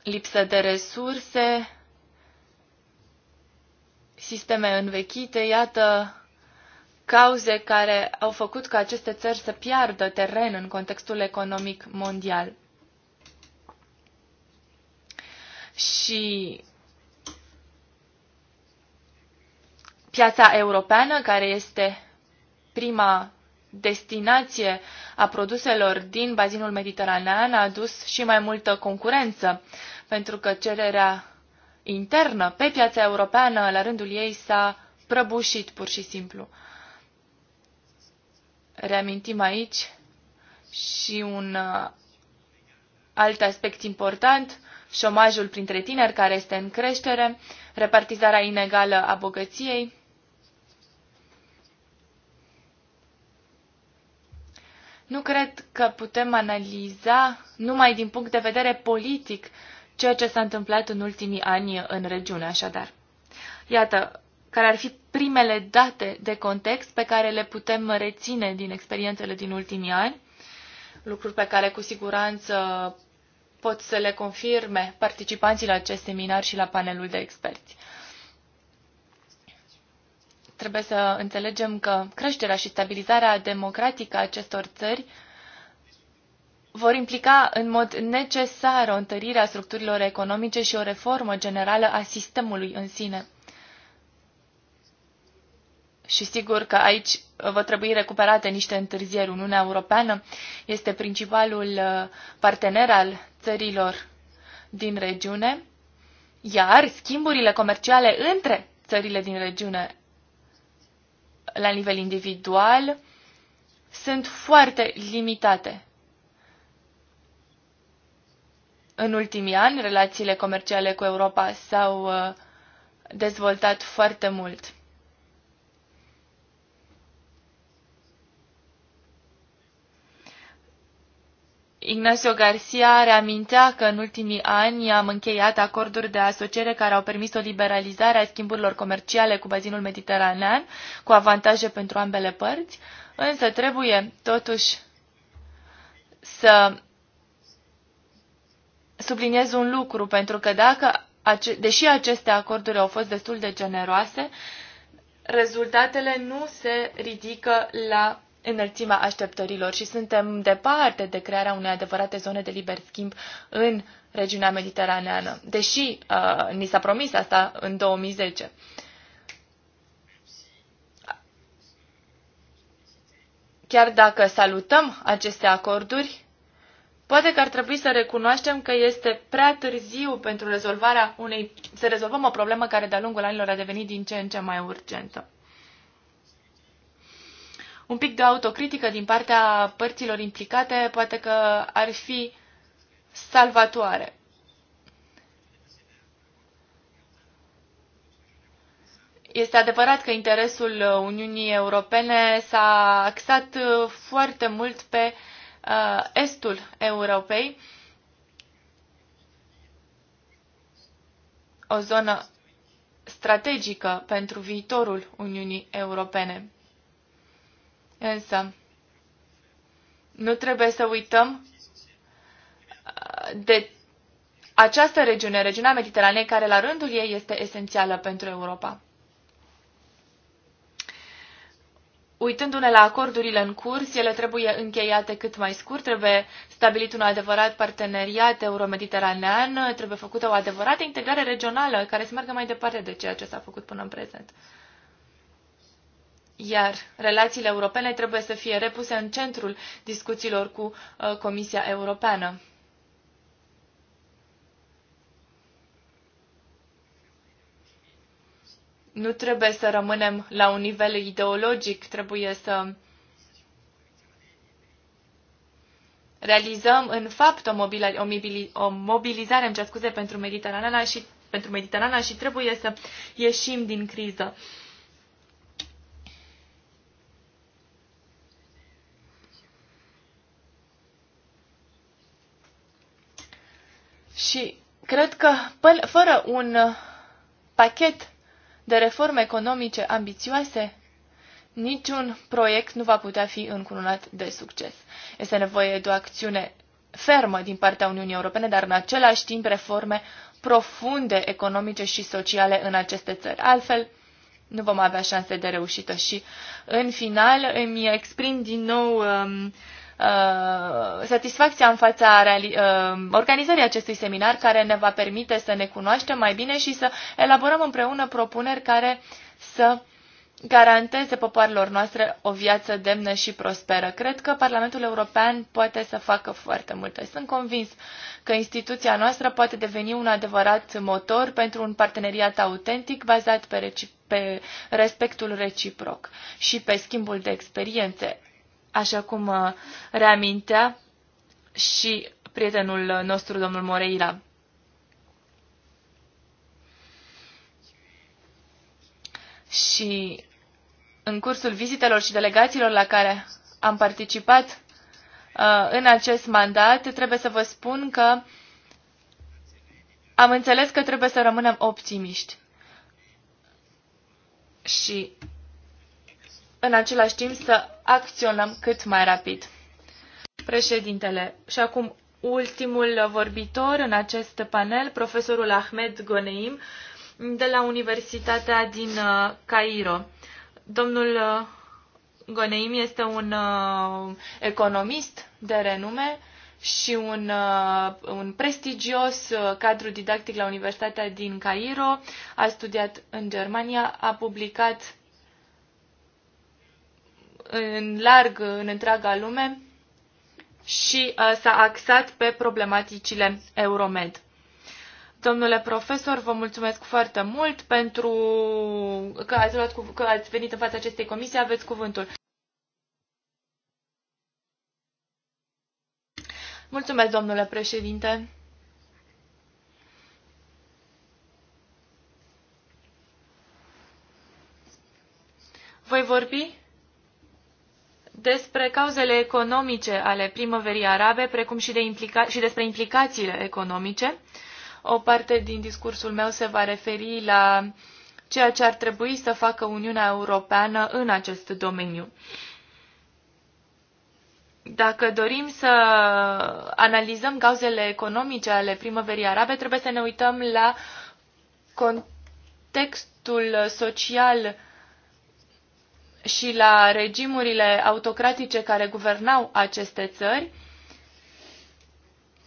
Lipsă de resurse, sisteme învechite, iată cauze care au făcut ca aceste țări să piardă teren în contextul economic mondial. Și piața europeană, care este prima destinație a produselor din bazinul mediteranean, a adus și mai multă concurență, pentru că cererea internă pe piața europeană, la rândul ei, s-a prăbușit pur și simplu. Reamintim aici și un uh, alt aspect important, șomajul printre tineri care este în creștere, repartizarea inegală a bogăției, Nu cred că putem analiza numai din punct de vedere politic ceea ce s-a întâmplat în ultimii ani în regiune, așadar. Iată, care ar fi primele date de context pe care le putem reține din experiențele din ultimii ani, lucruri pe care cu siguranță pot să le confirme participanții la acest seminar și la panelul de experți. Trebuie să înțelegem că creșterea și stabilizarea democratică a acestor țări vor implica în mod necesar o întărire a structurilor economice și o reformă generală a sistemului în sine. Și sigur că aici vă trebui recuperate niște întârzieri. Uniunea Europeană este principalul uh, partener al țărilor din regiune, iar schimburile comerciale între țările din regiune la nivel individual sunt foarte limitate. În ultimii ani, relațiile comerciale cu Europa s-au uh, dezvoltat foarte mult. Ignacio Garcia reamintea că în ultimii ani am încheiat acorduri de asociere care au permis o liberalizare a schimburilor comerciale cu bazinul mediteranean, cu avantaje pentru ambele părți, însă trebuie totuși să subliniez un lucru, pentru că dacă, deși aceste acorduri au fost destul de generoase, rezultatele nu se ridică la înălțimea așteptărilor și suntem departe de crearea unei adevărate zone de liber schimb în regiunea mediteraneană, deși uh, ni s-a promis asta în 2010. Chiar dacă salutăm aceste acorduri, poate că ar trebui să recunoaștem că este prea târziu pentru rezolvarea unei, să rezolvăm o problemă care de-a lungul anilor a devenit din ce în ce mai urgentă un pic de autocritică din partea părților implicate poate că ar fi salvatoare. Este adevărat că interesul Uniunii Europene s-a axat foarte mult pe uh, estul Europei, o zonă strategică pentru viitorul Uniunii Europene. Însă, nu trebuie să uităm uh, de această regiune, regiunea Mediteranei, care la rândul ei este esențială pentru Europa. Uitându-ne la acordurile în curs, ele trebuie încheiate cât mai scurt, trebuie stabilit un adevărat parteneriat euromediteranean, trebuie făcută o adevărată integrare regională care să meargă mai departe de ceea ce s-a făcut până în prezent. Iar relațiile europene trebuie să fie repuse în centrul discuțiilor cu uh, Comisia Europeană. Nu trebuie să rămânem la un nivel ideologic, trebuie să realizăm în fapt o, o mobilizare, îmi cer scuze, pentru Mediterana și pentru Mediterana și trebuie să ieșim din criză. Și cred că fără un uh, pachet de reforme economice ambițioase, niciun proiect nu va putea fi încununat de succes. Este nevoie de o acțiune fermă din partea Uniunii Europene, dar în același timp reforme profunde economice și sociale în aceste țări. Altfel, nu vom avea șanse de reușită și în final îmi exprim din nou um, Uh, satisfacția în fața uh, organizării acestui seminar care ne va permite să ne cunoaștem mai bine și să elaborăm împreună propuneri care să garanteze popoarelor noastre o viață demnă și prosperă. Cred că Parlamentul European poate să facă foarte multe. Sunt convins că instituția noastră poate deveni un adevărat motor pentru un parteneriat autentic bazat pe, reci- pe respectul reciproc și pe schimbul de experiențe așa cum uh, reamintea și prietenul nostru, domnul Moreira. Și în cursul vizitelor și delegațiilor la care am participat uh, în acest mandat, trebuie să vă spun că am înțeles că trebuie să rămânem optimiști. Și în același timp să acționăm cât mai rapid. Președintele, și acum ultimul vorbitor în acest panel, profesorul Ahmed Goneim, de la Universitatea din uh, Cairo. Domnul uh, Goneim este un uh, economist de renume și un, un prestigios cadru didactic la Universitatea din Cairo. A studiat în Germania, a publicat în larg în întreaga lume și uh, s-a axat pe problematicile Euromed. Domnule profesor, vă mulțumesc foarte mult pentru că ați, luat, că ați venit în fața acestei comisii. Aveți cuvântul. Mulțumesc, domnule președinte. Voi vorbi despre cauzele economice ale primăverii arabe, precum și, de implica- și despre implicațiile economice. O parte din discursul meu se va referi la ceea ce ar trebui să facă Uniunea Europeană în acest domeniu. Dacă dorim să analizăm cauzele economice ale primăverii arabe, trebuie să ne uităm la contextul social și la regimurile autocratice care guvernau aceste țări,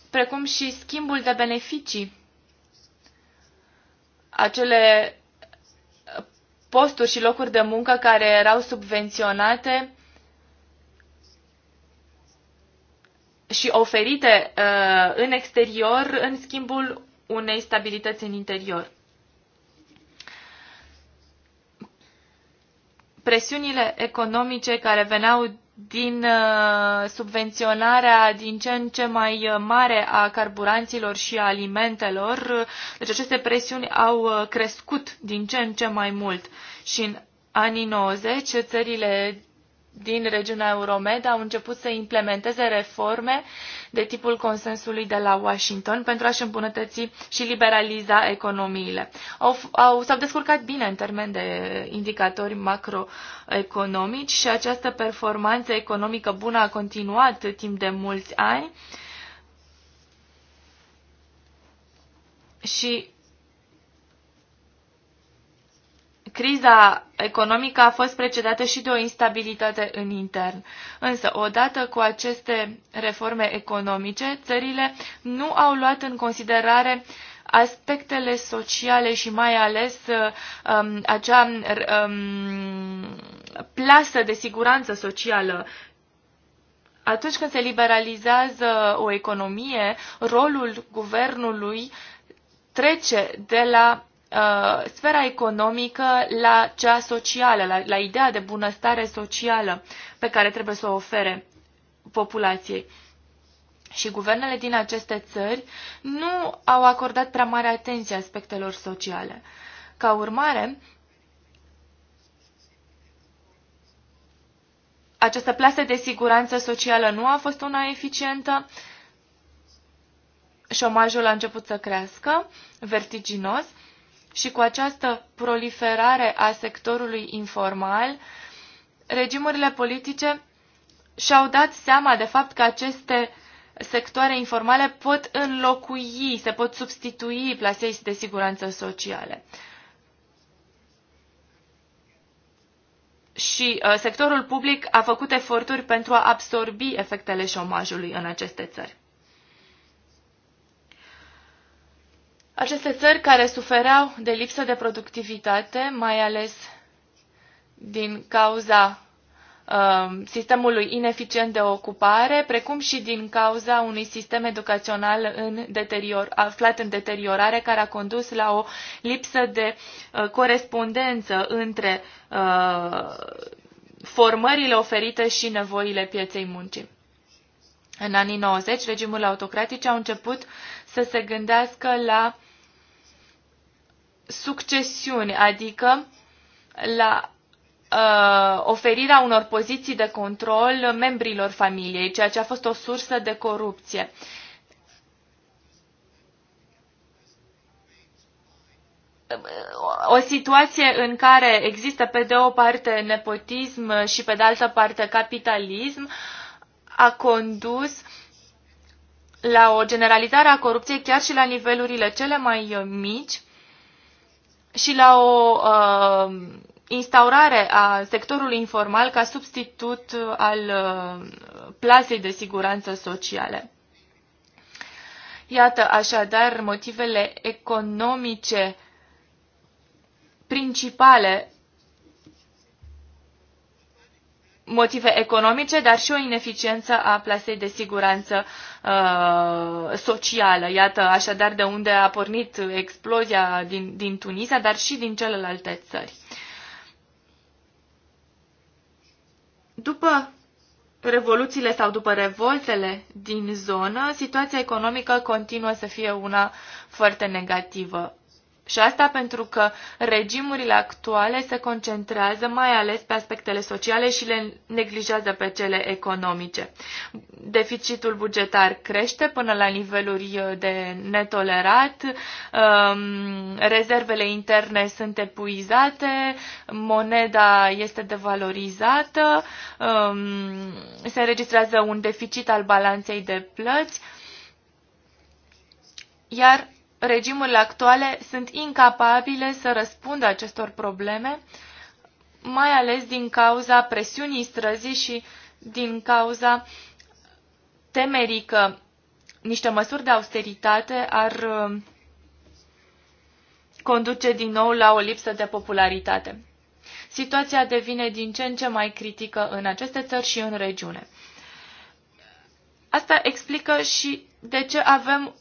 precum și schimbul de beneficii. Acele posturi și locuri de muncă care erau subvenționate și oferite uh, în exterior în schimbul unei stabilități în interior. presiunile economice care veneau din uh, subvenționarea din ce în ce mai uh, mare a carburanților și alimentelor. Uh, deci aceste presiuni au crescut din ce în ce mai mult și în anii 90 țările din regiunea Euromed au început să implementeze reforme de tipul consensului de la Washington pentru a-și îmbunătăți și liberaliza economiile. Au, au, s-au descurcat bine în termen de indicatori macroeconomici și această performanță economică bună a continuat timp de mulți ani. Și Criza economică a fost precedată și de o instabilitate în intern. Însă, odată cu aceste reforme economice, țările nu au luat în considerare aspectele sociale și mai ales uh, um, acea um, plasă de siguranță socială atunci când se liberalizează o economie, rolul guvernului trece de la Uh, sfera economică la cea socială, la, la ideea de bunăstare socială pe care trebuie să o ofere populației. Și guvernele din aceste țări nu au acordat prea mare atenție aspectelor sociale. Ca urmare, această plasă de siguranță socială nu a fost una eficientă, șomajul a început să crească vertiginos și cu această proliferare a sectorului informal, regimurile politice și-au dat seama de fapt că aceste sectoare informale pot înlocui, se pot substitui plasei de siguranță sociale. Și uh, sectorul public a făcut eforturi pentru a absorbi efectele șomajului în aceste țări. Aceste țări care sufereau de lipsă de productivitate, mai ales din cauza um, sistemului ineficient de ocupare, precum și din cauza unui sistem educațional în deterior, aflat în deteriorare, care a condus la o lipsă de uh, corespondență între uh, formările oferite și nevoile pieței muncii. În anii 90, regimurile autocratice au început să se gândească la succesiuni, adică la uh, oferirea unor poziții de control membrilor familiei, ceea ce a fost o sursă de corupție. O situație în care există pe de o parte nepotism și pe de altă parte capitalism a condus la o generalizare a corupției chiar și la nivelurile cele mai mici și la o uh, instaurare a sectorului informal ca substitut al uh, plasei de siguranță sociale. Iată așadar motivele economice principale motive economice, dar și o ineficiență a plasei de siguranță uh, socială. Iată așadar de unde a pornit explozia din, din Tunisia, dar și din celelalte țări. După revoluțiile sau după revoltele din zonă, situația economică continuă să fie una foarte negativă. Și asta pentru că regimurile actuale se concentrează mai ales pe aspectele sociale și le neglijează pe cele economice. Deficitul bugetar crește până la niveluri uh, de netolerat, um, rezervele interne sunt epuizate, moneda este devalorizată, um, se înregistrează un deficit al balanței de plăți, iar regimurile actuale sunt incapabile să răspundă acestor probleme, mai ales din cauza presiunii străzii și din cauza temerii că niște măsuri de austeritate ar uh, conduce din nou la o lipsă de popularitate. Situația devine din ce în ce mai critică în aceste țări și în regiune. Asta explică și de ce avem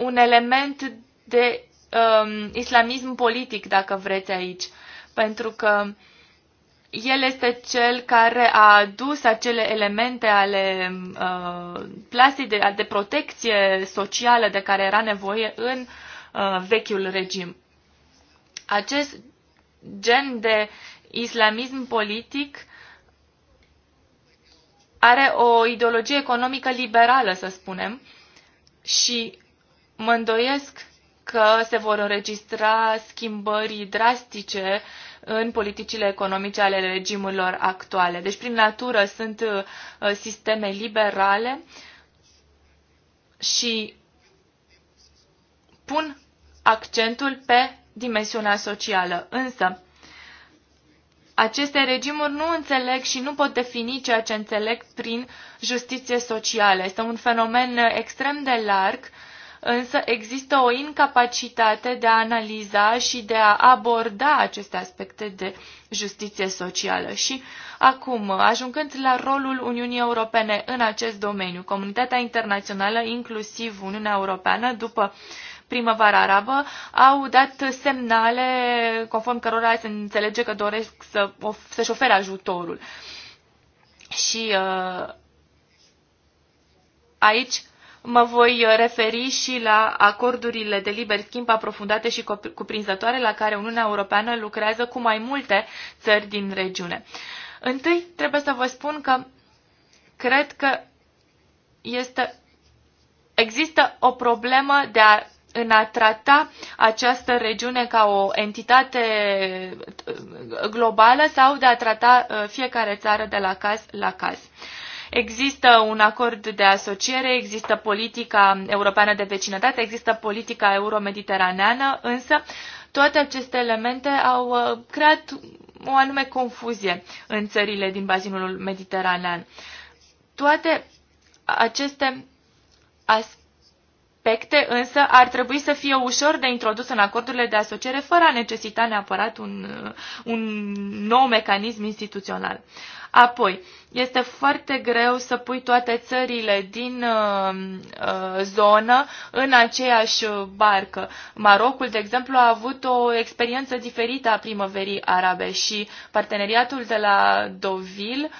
un element de um, islamism politic, dacă vreți, aici. Pentru că el este cel care a adus acele elemente ale uh, plasei de, de protecție socială de care era nevoie în uh, vechiul regim. Acest gen de islamism politic are o ideologie economică liberală, să spunem, și mă îndoiesc că se vor înregistra schimbări drastice în politicile economice ale regimurilor actuale. Deci, prin natură, sunt uh, sisteme liberale și pun accentul pe dimensiunea socială. Însă, aceste regimuri nu înțeleg și nu pot defini ceea ce înțeleg prin justiție socială. Este un fenomen extrem de larg însă există o incapacitate de a analiza și de a aborda aceste aspecte de justiție socială. Și acum, ajungând la rolul Uniunii Europene în acest domeniu, comunitatea internațională, inclusiv Uniunea Europeană, după primăvara arabă, au dat semnale conform cărora se înțelege că doresc să, să-și ofere ajutorul. Și uh, aici mă voi uh, referi și la acordurile de liber schimb aprofundate și cuprinzătoare la care Uniunea Europeană lucrează cu mai multe țări din regiune. Întâi, trebuie să vă spun că cred că este, există o problemă de a, în a trata această regiune ca o entitate uh, globală sau de a trata uh, fiecare țară de la caz la caz. Există un acord de asociere, există politica europeană de vecinătate, există politica euromediteraneană, însă toate aceste elemente au uh, creat o anume confuzie în țările din bazinul mediteranean. Toate aceste aspecte aspecte însă ar trebui să fie ușor de introdus în acordurile de asociere fără a necesita neapărat un, uh, un nou mecanism instituțional. Apoi, este foarte greu să pui toate țările din uh, uh, zonă în aceeași barcă. Marocul, de exemplu, a avut o experiență diferită a primăverii arabe și parteneriatul de la Deauville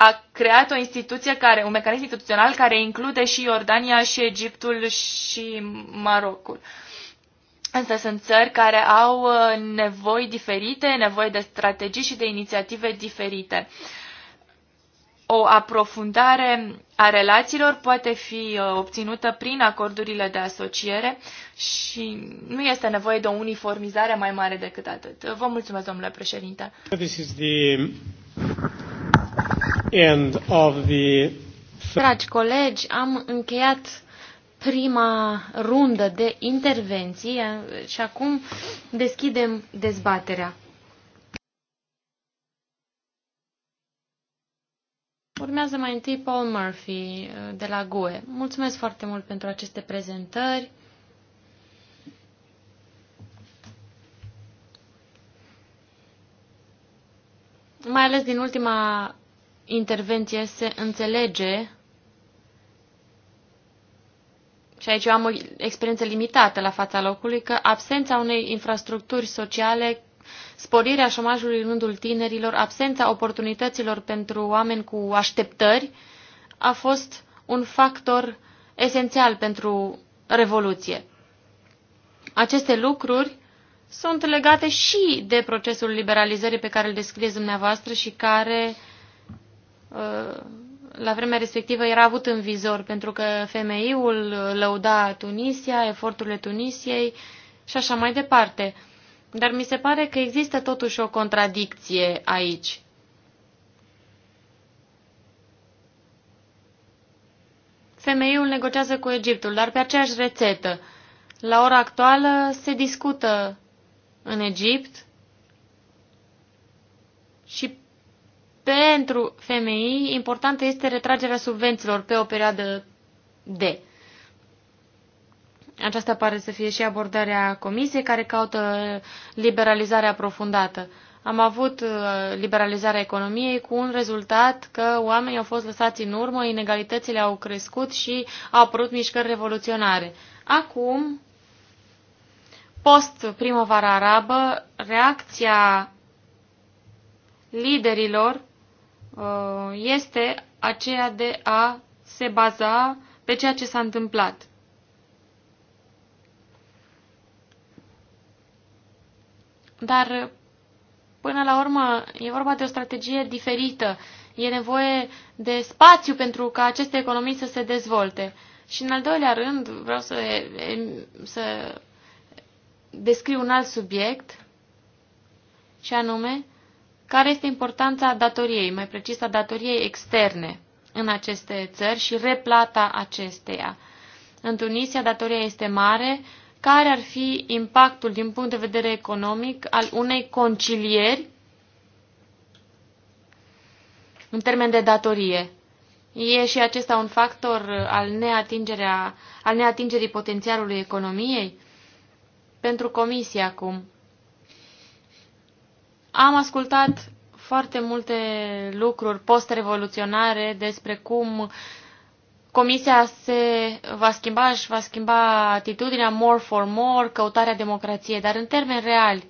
a creat o instituție care, un mecanism instituțional care include și Iordania și Egiptul și Marocul. Însă sunt țări care au uh, nevoi diferite, nevoi de strategii și de inițiative diferite. O aprofundare a relațiilor poate fi uh, obținută prin acordurile de asociere și nu este nevoie de o uniformizare mai mare decât atât. Vă mulțumesc, domnule președinte. This is the end of the... Dragi colegi, am încheiat prima rundă de intervenții eh, și acum deschidem dezbaterea. Urmează mai întâi Paul Murphy eh, de la GUE. Mulțumesc foarte mult pentru aceste prezentări. Mai ales din ultima intervenție se înțelege și aici eu am o experiență limitată la fața locului, că absența unei infrastructuri sociale, sporirea șomajului în rândul tinerilor, absența oportunităților pentru oameni cu așteptări, a fost un factor esențial pentru Revoluție. Aceste lucruri sunt legate și de procesul liberalizării pe care îl descrieți dumneavoastră și care Uh, la vremea respectivă era avut în vizor, pentru că femeiul lăuda Tunisia, eforturile Tunisiei și așa mai departe. Dar mi se pare că există totuși o contradicție aici. Femeiul negociază cu Egiptul, dar pe aceeași rețetă. La ora actuală se discută în Egipt și pentru femei, importantă este retragerea subvențiilor pe o perioadă de. Aceasta pare să fie și abordarea comisiei care caută liberalizarea aprofundată. Am avut uh, liberalizarea economiei cu un rezultat că oamenii au fost lăsați în urmă, inegalitățile au crescut și au apărut mișcări revoluționare. Acum, post primăvara arabă, reacția liderilor Uh, este aceea de a se baza pe ceea ce s-a întâmplat. Dar, până la urmă, e vorba de o strategie diferită. E nevoie de spațiu pentru ca aceste economii să se dezvolte. Și, în al doilea rând, vreau să, să descriu un alt subiect, și anume care este importanța datoriei, mai precis a datoriei externe în aceste țări și replata acesteia. În Tunisia datoria este mare, care ar fi impactul din punct de vedere economic al unei concilieri în termen de datorie. E și acesta un factor al, neatingerea, al neatingerii potențialului economiei? Pentru comisie acum. Am ascultat foarte multe lucruri post-revoluționare despre cum Comisia se va schimba și va schimba atitudinea more for more, căutarea democrației, dar în termeni reali,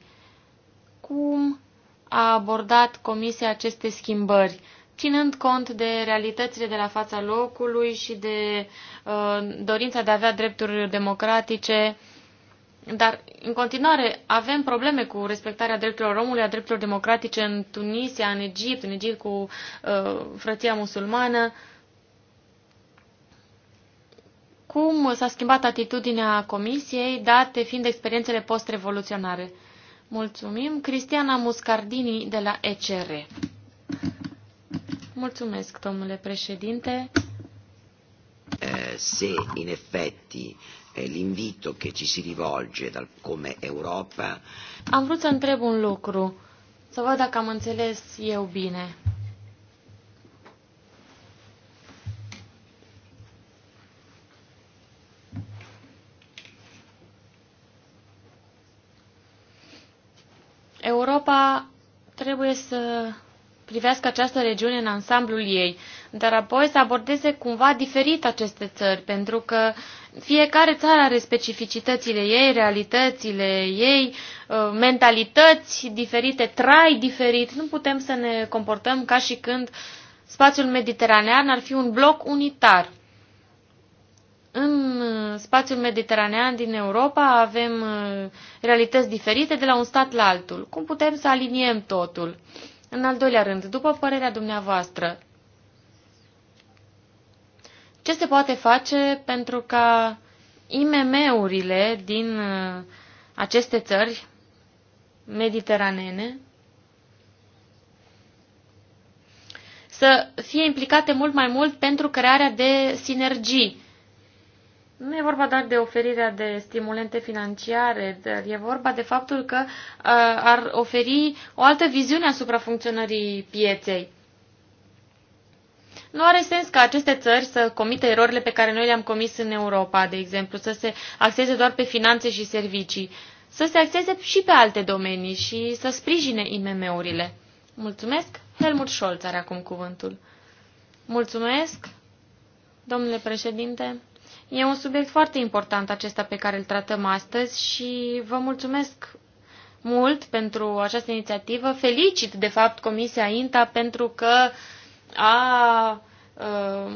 cum a abordat Comisia aceste schimbări, ținând cont de realitățile de la fața locului și de uh, dorința de a avea drepturi democratice uh, dar, în continuare, avem probleme cu respectarea drepturilor omului, a drepturilor democratice în Tunisia, în Egipt, în Egipt cu uh, frăția musulmană. Cum s-a schimbat atitudinea Comisiei, date fiind experiențele post-revoluționare? Mulțumim. Cristiana Muscardini de la ECR. Mulțumesc, domnule președinte. Eh, se, in effetti, eh, l'invito che ci si rivolge dal, come Europa. Am vrut să întreb un lucru, să văd dacă am înțeles eu bine. Europa trebuie să privească această regiune în ansamblul ei, dar apoi să abordeze cumva diferit aceste țări, pentru că fiecare țară are specificitățile ei, realitățile ei, uh, mentalități diferite, trai diferit. Nu putem să ne comportăm ca și când spațiul mediteranean ar fi un bloc unitar. În uh, spațiul mediteranean din Europa avem uh, realități diferite de la un stat la altul. Cum putem să aliniem totul? În al doilea rând, după părerea dumneavoastră, ce se poate face pentru ca IMM-urile din uh, aceste țări mediteranene să fie implicate mult mai mult pentru crearea de sinergii nu e vorba doar de oferirea de stimulente financiare, dar e vorba de faptul că uh, ar oferi o altă viziune asupra funcționării pieței. Nu are sens ca aceste țări să comită erorile pe care noi le-am comis în Europa, de exemplu, să se axeze doar pe finanțe și servicii, să se axeze și pe alte domenii și să sprijine IMM-urile. Mulțumesc. Helmut Scholz are acum cuvântul. Mulțumesc, domnule președinte. E un subiect foarte important acesta pe care îl tratăm astăzi și vă mulțumesc mult pentru această inițiativă. Felicit, de fapt, Comisia INTA pentru că a uh,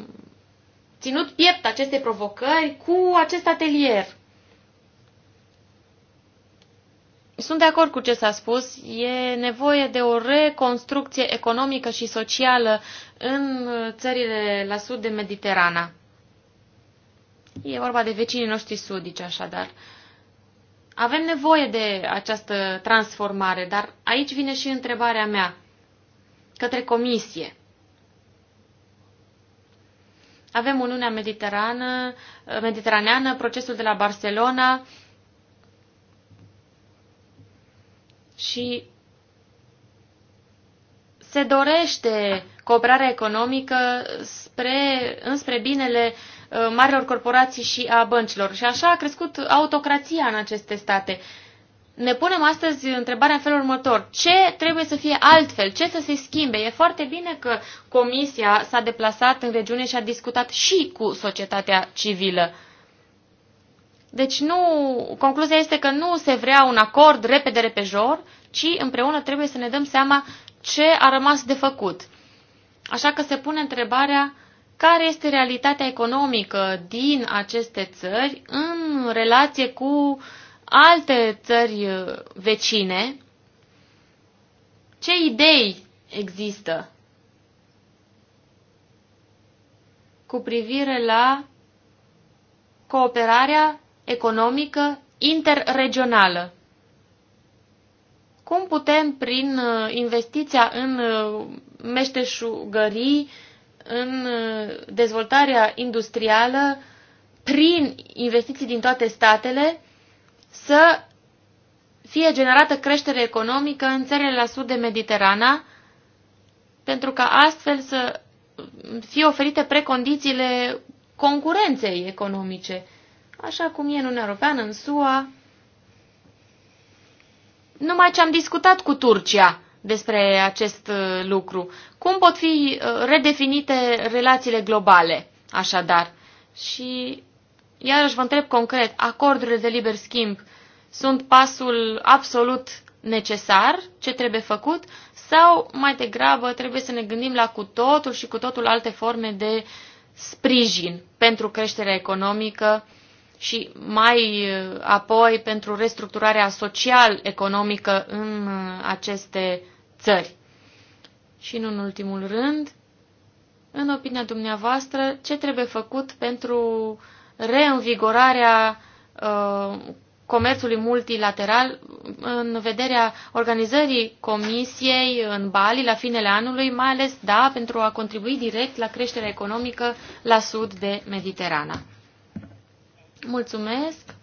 ținut piept aceste provocări cu acest atelier. Sunt de acord cu ce s-a spus. E nevoie de o reconstrucție economică și socială în țările la sud de Mediterana. E vorba de vecinii noștri sudici, așadar. Avem nevoie de această transformare, dar aici vine și întrebarea mea către comisie. Avem Uniunea Mediterană, Mediteraneană, procesul de la Barcelona și se dorește cooperarea economică spre, înspre binele uh, Uh, marilor corporații și a băncilor. Și așa a crescut autocrația în aceste state. Ne punem astăzi întrebarea în felul următor. Ce trebuie să fie altfel? Ce să se schimbe? E foarte bine că Comisia s-a deplasat în regiune și a discutat și cu societatea civilă. Deci nu, concluzia este că nu se vrea un acord repede repejor, ci împreună trebuie să ne dăm seama ce a rămas de făcut. Așa că se pune întrebarea care este realitatea economică din aceste țări în relație cu alte țări vecine, ce idei există cu privire la cooperarea economică interregională. Cum putem, prin uh, investiția în uh, meșteșugării, în uh, dezvoltarea industrială prin investiții din toate statele să fie generată creștere economică în țările la sud de Mediterana, pentru ca astfel să fie oferite precondițiile concurenței economice, așa cum e în Uniunea Europeană, în SUA. Numai ce am discutat cu Turcia – despre acest uh, lucru. Cum pot fi uh, redefinite relațiile globale, așadar? Și iarăși vă întreb concret, acordurile de liber schimb sunt pasul absolut necesar, ce trebuie făcut, sau mai degrabă trebuie să ne gândim la cu totul și cu totul alte forme de sprijin pentru creșterea economică și mai uh, apoi pentru restructurarea social-economică în aceste țări. Și nu în ultimul rând, în opinia dumneavoastră, ce trebuie făcut pentru reînvigorarea uh, comerțului multilateral în vederea organizării comisiei în Bali la finele anului, mai ales, da, pentru a contribui direct la creșterea economică la sud de Mediterana. Mulțumesc!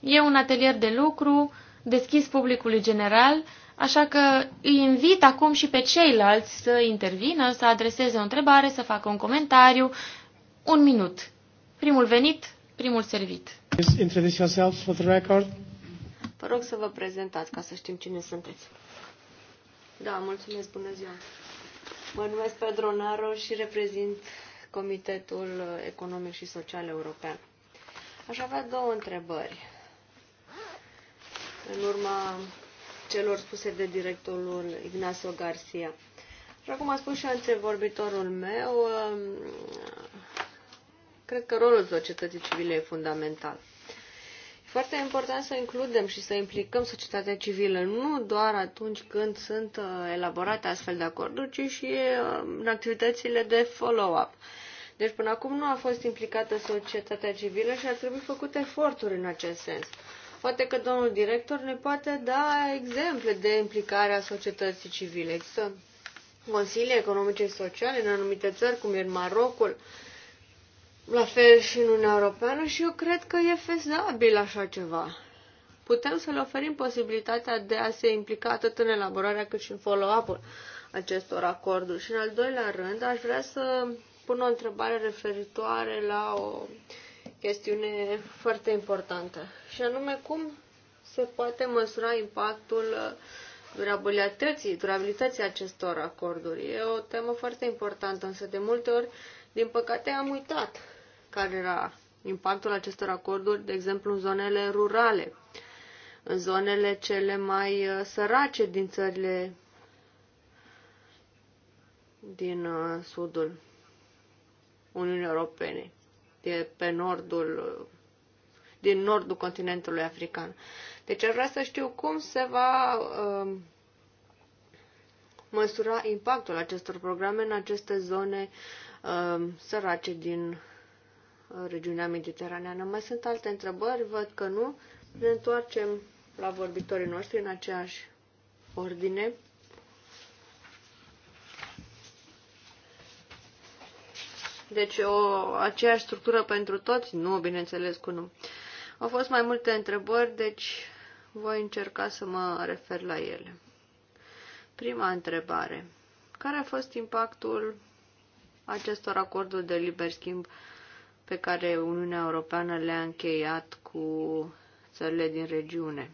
E un atelier de lucru deschis publicului general Așa că îi invit acum și pe ceilalți să intervină, să adreseze o întrebare, să facă un comentariu. Un minut. Primul venit, primul servit. Introduce yourself for the record. Vă rog să vă prezentați ca să știm cine sunteți. Da, mulțumesc, bună ziua. Mă numesc Pedro Naro și reprezint Comitetul Economic și Social European. Aș avea două întrebări. În urma celor spuse de directorul Ignacio Garcia. Așa cum a spus și antevorbitorul meu, um, cred că rolul societății civile e fundamental. E foarte important să includem și să implicăm societatea civilă, nu doar atunci când sunt uh, elaborate astfel de acorduri, ci și um, în activitățile de follow-up. Deci până acum nu a fost implicată societatea civilă și ar trebui făcut eforturi în acest sens. Poate că domnul director ne poate da exemple de implicare a societății civile. Există consilii economice și sociale în anumite țări, cum e în Marocul, la fel și în Uniunea Europeană și eu cred că e fezabil așa ceva. Putem să le oferim posibilitatea de a se implica atât în elaborarea cât și în follow-up-ul acestor acorduri. Și în al doilea rând, aș vrea să pun o întrebare referitoare la o uh, chestiune foarte importantă, și anume cum se poate măsura impactul uh, durabilității, durabilității acestor acorduri. E o temă foarte importantă, însă de multe ori, din păcate, am uitat care era impactul acestor acorduri, de exemplu, în zonele rurale, în zonele cele mai uh, sărace din țările din uh, sudul Uniunii Europene de pe nordul, din nordul continentului african. Deci ar vrea să știu cum se va uh, măsura impactul acestor programe în aceste zone uh, sărace din uh, regiunea mediteraneană. Mai sunt alte întrebări? Văd că nu. Ne întoarcem la vorbitorii noștri în aceeași ordine. Deci o aceeași structură pentru toți? Nu, bineînțeles că nu. Au fost mai multe întrebări, deci voi încerca să mă refer la ele. Prima întrebare. Care a fost impactul acestor acorduri de liber schimb pe care Uniunea Europeană le-a încheiat cu țările din regiune?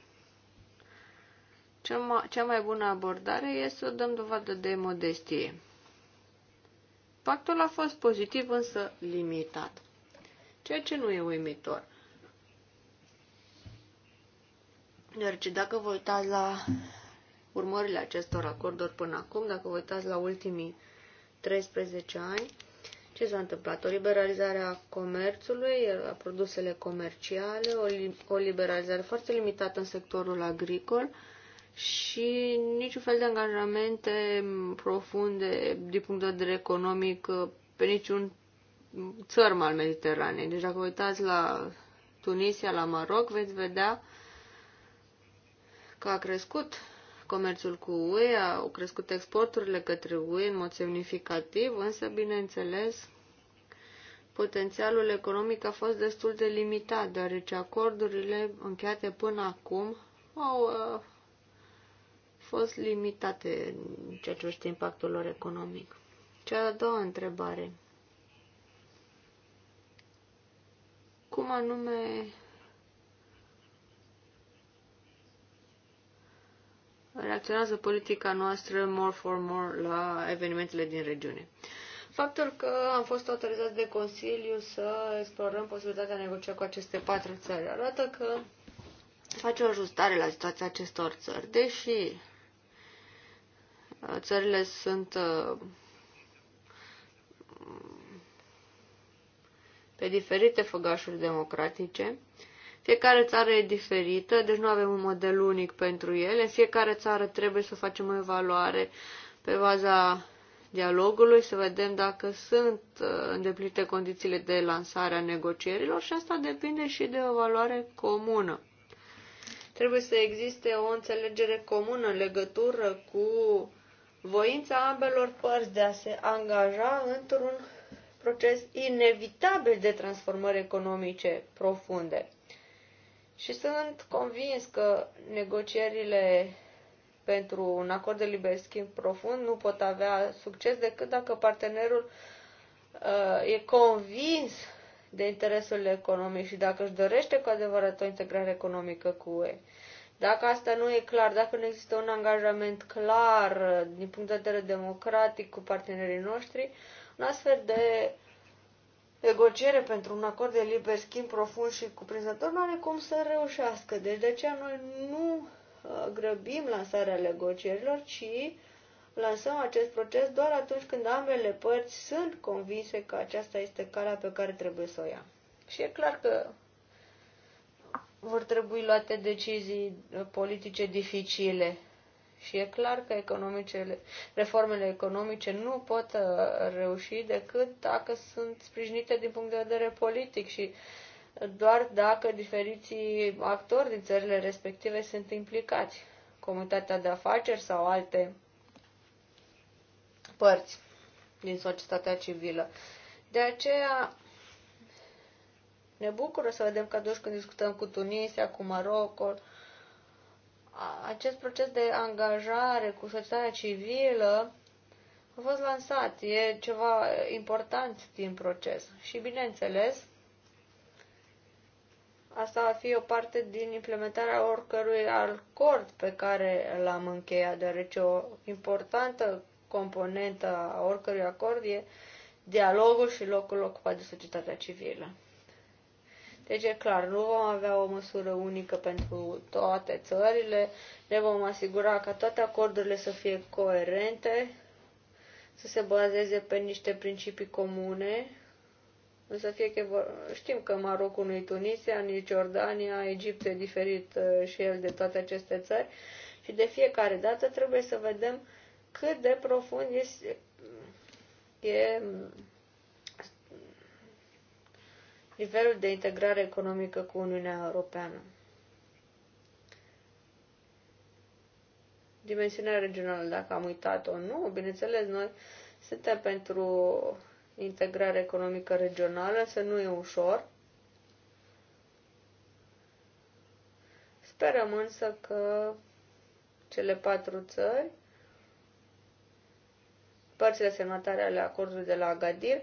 Cea mai bună abordare este să dăm dovadă de modestie. Impactul a fost pozitiv, însă limitat, ceea ce nu e uimitor. Deoarece dacă vă uitați la urmările acestor acorduri până acum, dacă vă uitați la ultimii 13 ani, ce s-a întâmplat? O liberalizare a comerțului, a produsele comerciale, o, li- o liberalizare foarte limitată în sectorul agricol, și niciun fel de angajamente profunde din punct de vedere economic pe niciun țărm al Mediteranei. Deci dacă uitați la Tunisia, la Maroc, veți vedea că a crescut comerțul cu UE, au crescut exporturile către UE în mod semnificativ, însă, bineînțeles, potențialul economic a fost destul de limitat, deoarece acordurile încheiate până acum au fost limitate în ceea ce este impactul lor economic. Cea a doua întrebare. Cum anume reacționează politica noastră more for more la evenimentele din regiune? Faptul că am fost autorizat de Consiliu să explorăm posibilitatea de a negocia cu aceste patru țări arată că face o ajustare la situația acestor țări, deși țările sunt uh, pe diferite făgașuri democratice. Fiecare țară e diferită, deci nu avem un model unic pentru ele. În fiecare țară trebuie să facem o evaluare pe baza dialogului, să vedem dacă sunt uh, îndeplinite condițiile de lansare a negocierilor și asta depinde și de o valoare comună. Trebuie să existe o înțelegere comună în legătură cu voința ambelor părți de a se angaja într-un proces inevitabil de transformări economice profunde. Și sunt convins că negocierile pentru un acord de liber schimb profund nu pot avea succes decât dacă partenerul uh, e convins de interesul economic și dacă își dorește cu adevărat o integrare economică cu UE. Dacă asta nu e clar, dacă nu există un angajament clar uh, din punct de vedere democratic cu partenerii noștri, un astfel de negociere pentru un acord de liber schimb profund și cuprinzător nu are cum să reușească. Deci de aceea noi nu uh, grăbim lansarea negocierilor, ci lansăm acest proces doar atunci când ambele părți sunt convinse că aceasta este calea pe care trebuie să o ia. Și e clar că vor trebui luate decizii uh, politice dificile. Și e clar că economicele, reformele economice nu pot uh, reuși decât dacă sunt sprijinite din punct de vedere politic și uh, doar dacă diferiții actori din țările respective sunt implicați, comunitatea de afaceri sau alte părți din societatea civilă. De aceea ne bucură să vedem că atunci când discutăm cu Tunisia, cu Marocul, acest proces de angajare cu societatea civilă a fost lansat. E ceva important din proces. Și, bineînțeles, asta va fi o parte din implementarea oricărui acord pe care l-am încheiat, deoarece o importantă componentă a oricărui acord e dialogul și locul ocupat de societatea civilă. Deci e clar, nu vom avea o măsură unică pentru toate țările, ne vom asigura ca toate acordurile să fie coerente, să se bazeze pe niște principii comune, să fie că știm că Marocul nu e Tunisia, nici Jordania, Egipt e diferit uh, și el de toate aceste țări și de fiecare dată trebuie să vedem cât de profund este, e nivelul de integrare economică cu Uniunea Europeană. Dimensiunea regională, dacă am uitat-o, nu, bineînțeles, noi suntem pentru integrare economică regională, să nu e ușor. Sperăm însă că cele patru țări, părțile semnatare ale acordului de la Agadir,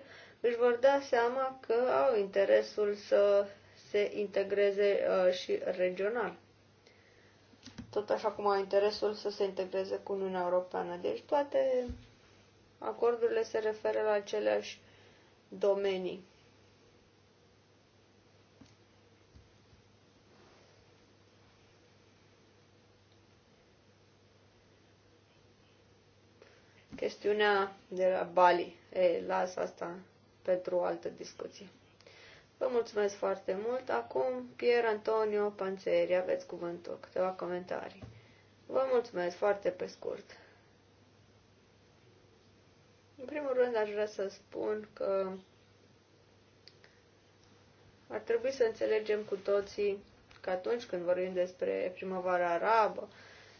își vor da seama că au interesul să se integreze uh, și regional. Tot așa cum au interesul să se integreze cu Uniunea Europeană. Deci toate acordurile se referă la aceleași domenii. Chestiunea de la Bali. Ei, las asta pentru o altă discuție. Vă mulțumesc foarte mult. Acum, Pier Antonio Panțeri, aveți cuvântul, câteva comentarii. Vă mulțumesc foarte pe scurt. În primul rând, aș vrea să spun că ar trebui să înțelegem cu toții că atunci când vorbim despre primăvara arabă,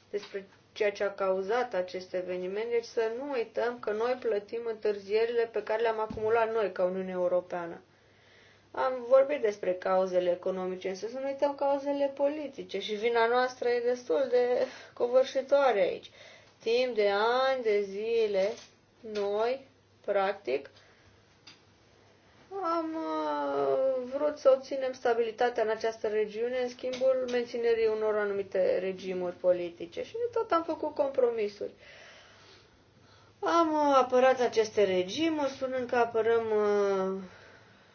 despre ceea ce a cauzat acest eveniment, deci să nu uităm că noi plătim întârzierile pe care le-am acumulat noi ca Uniune Europeană. Am vorbit despre cauzele economice, însă să nu uităm cauzele politice și vina noastră e destul de covârșitoare aici. Timp de ani, de zile, noi, practic, am uh, vrut să obținem stabilitatea în această regiune în schimbul menținerii unor anumite regimuri politice și tot am făcut compromisuri. Am uh, apărat aceste regimuri spunând că apărăm uh,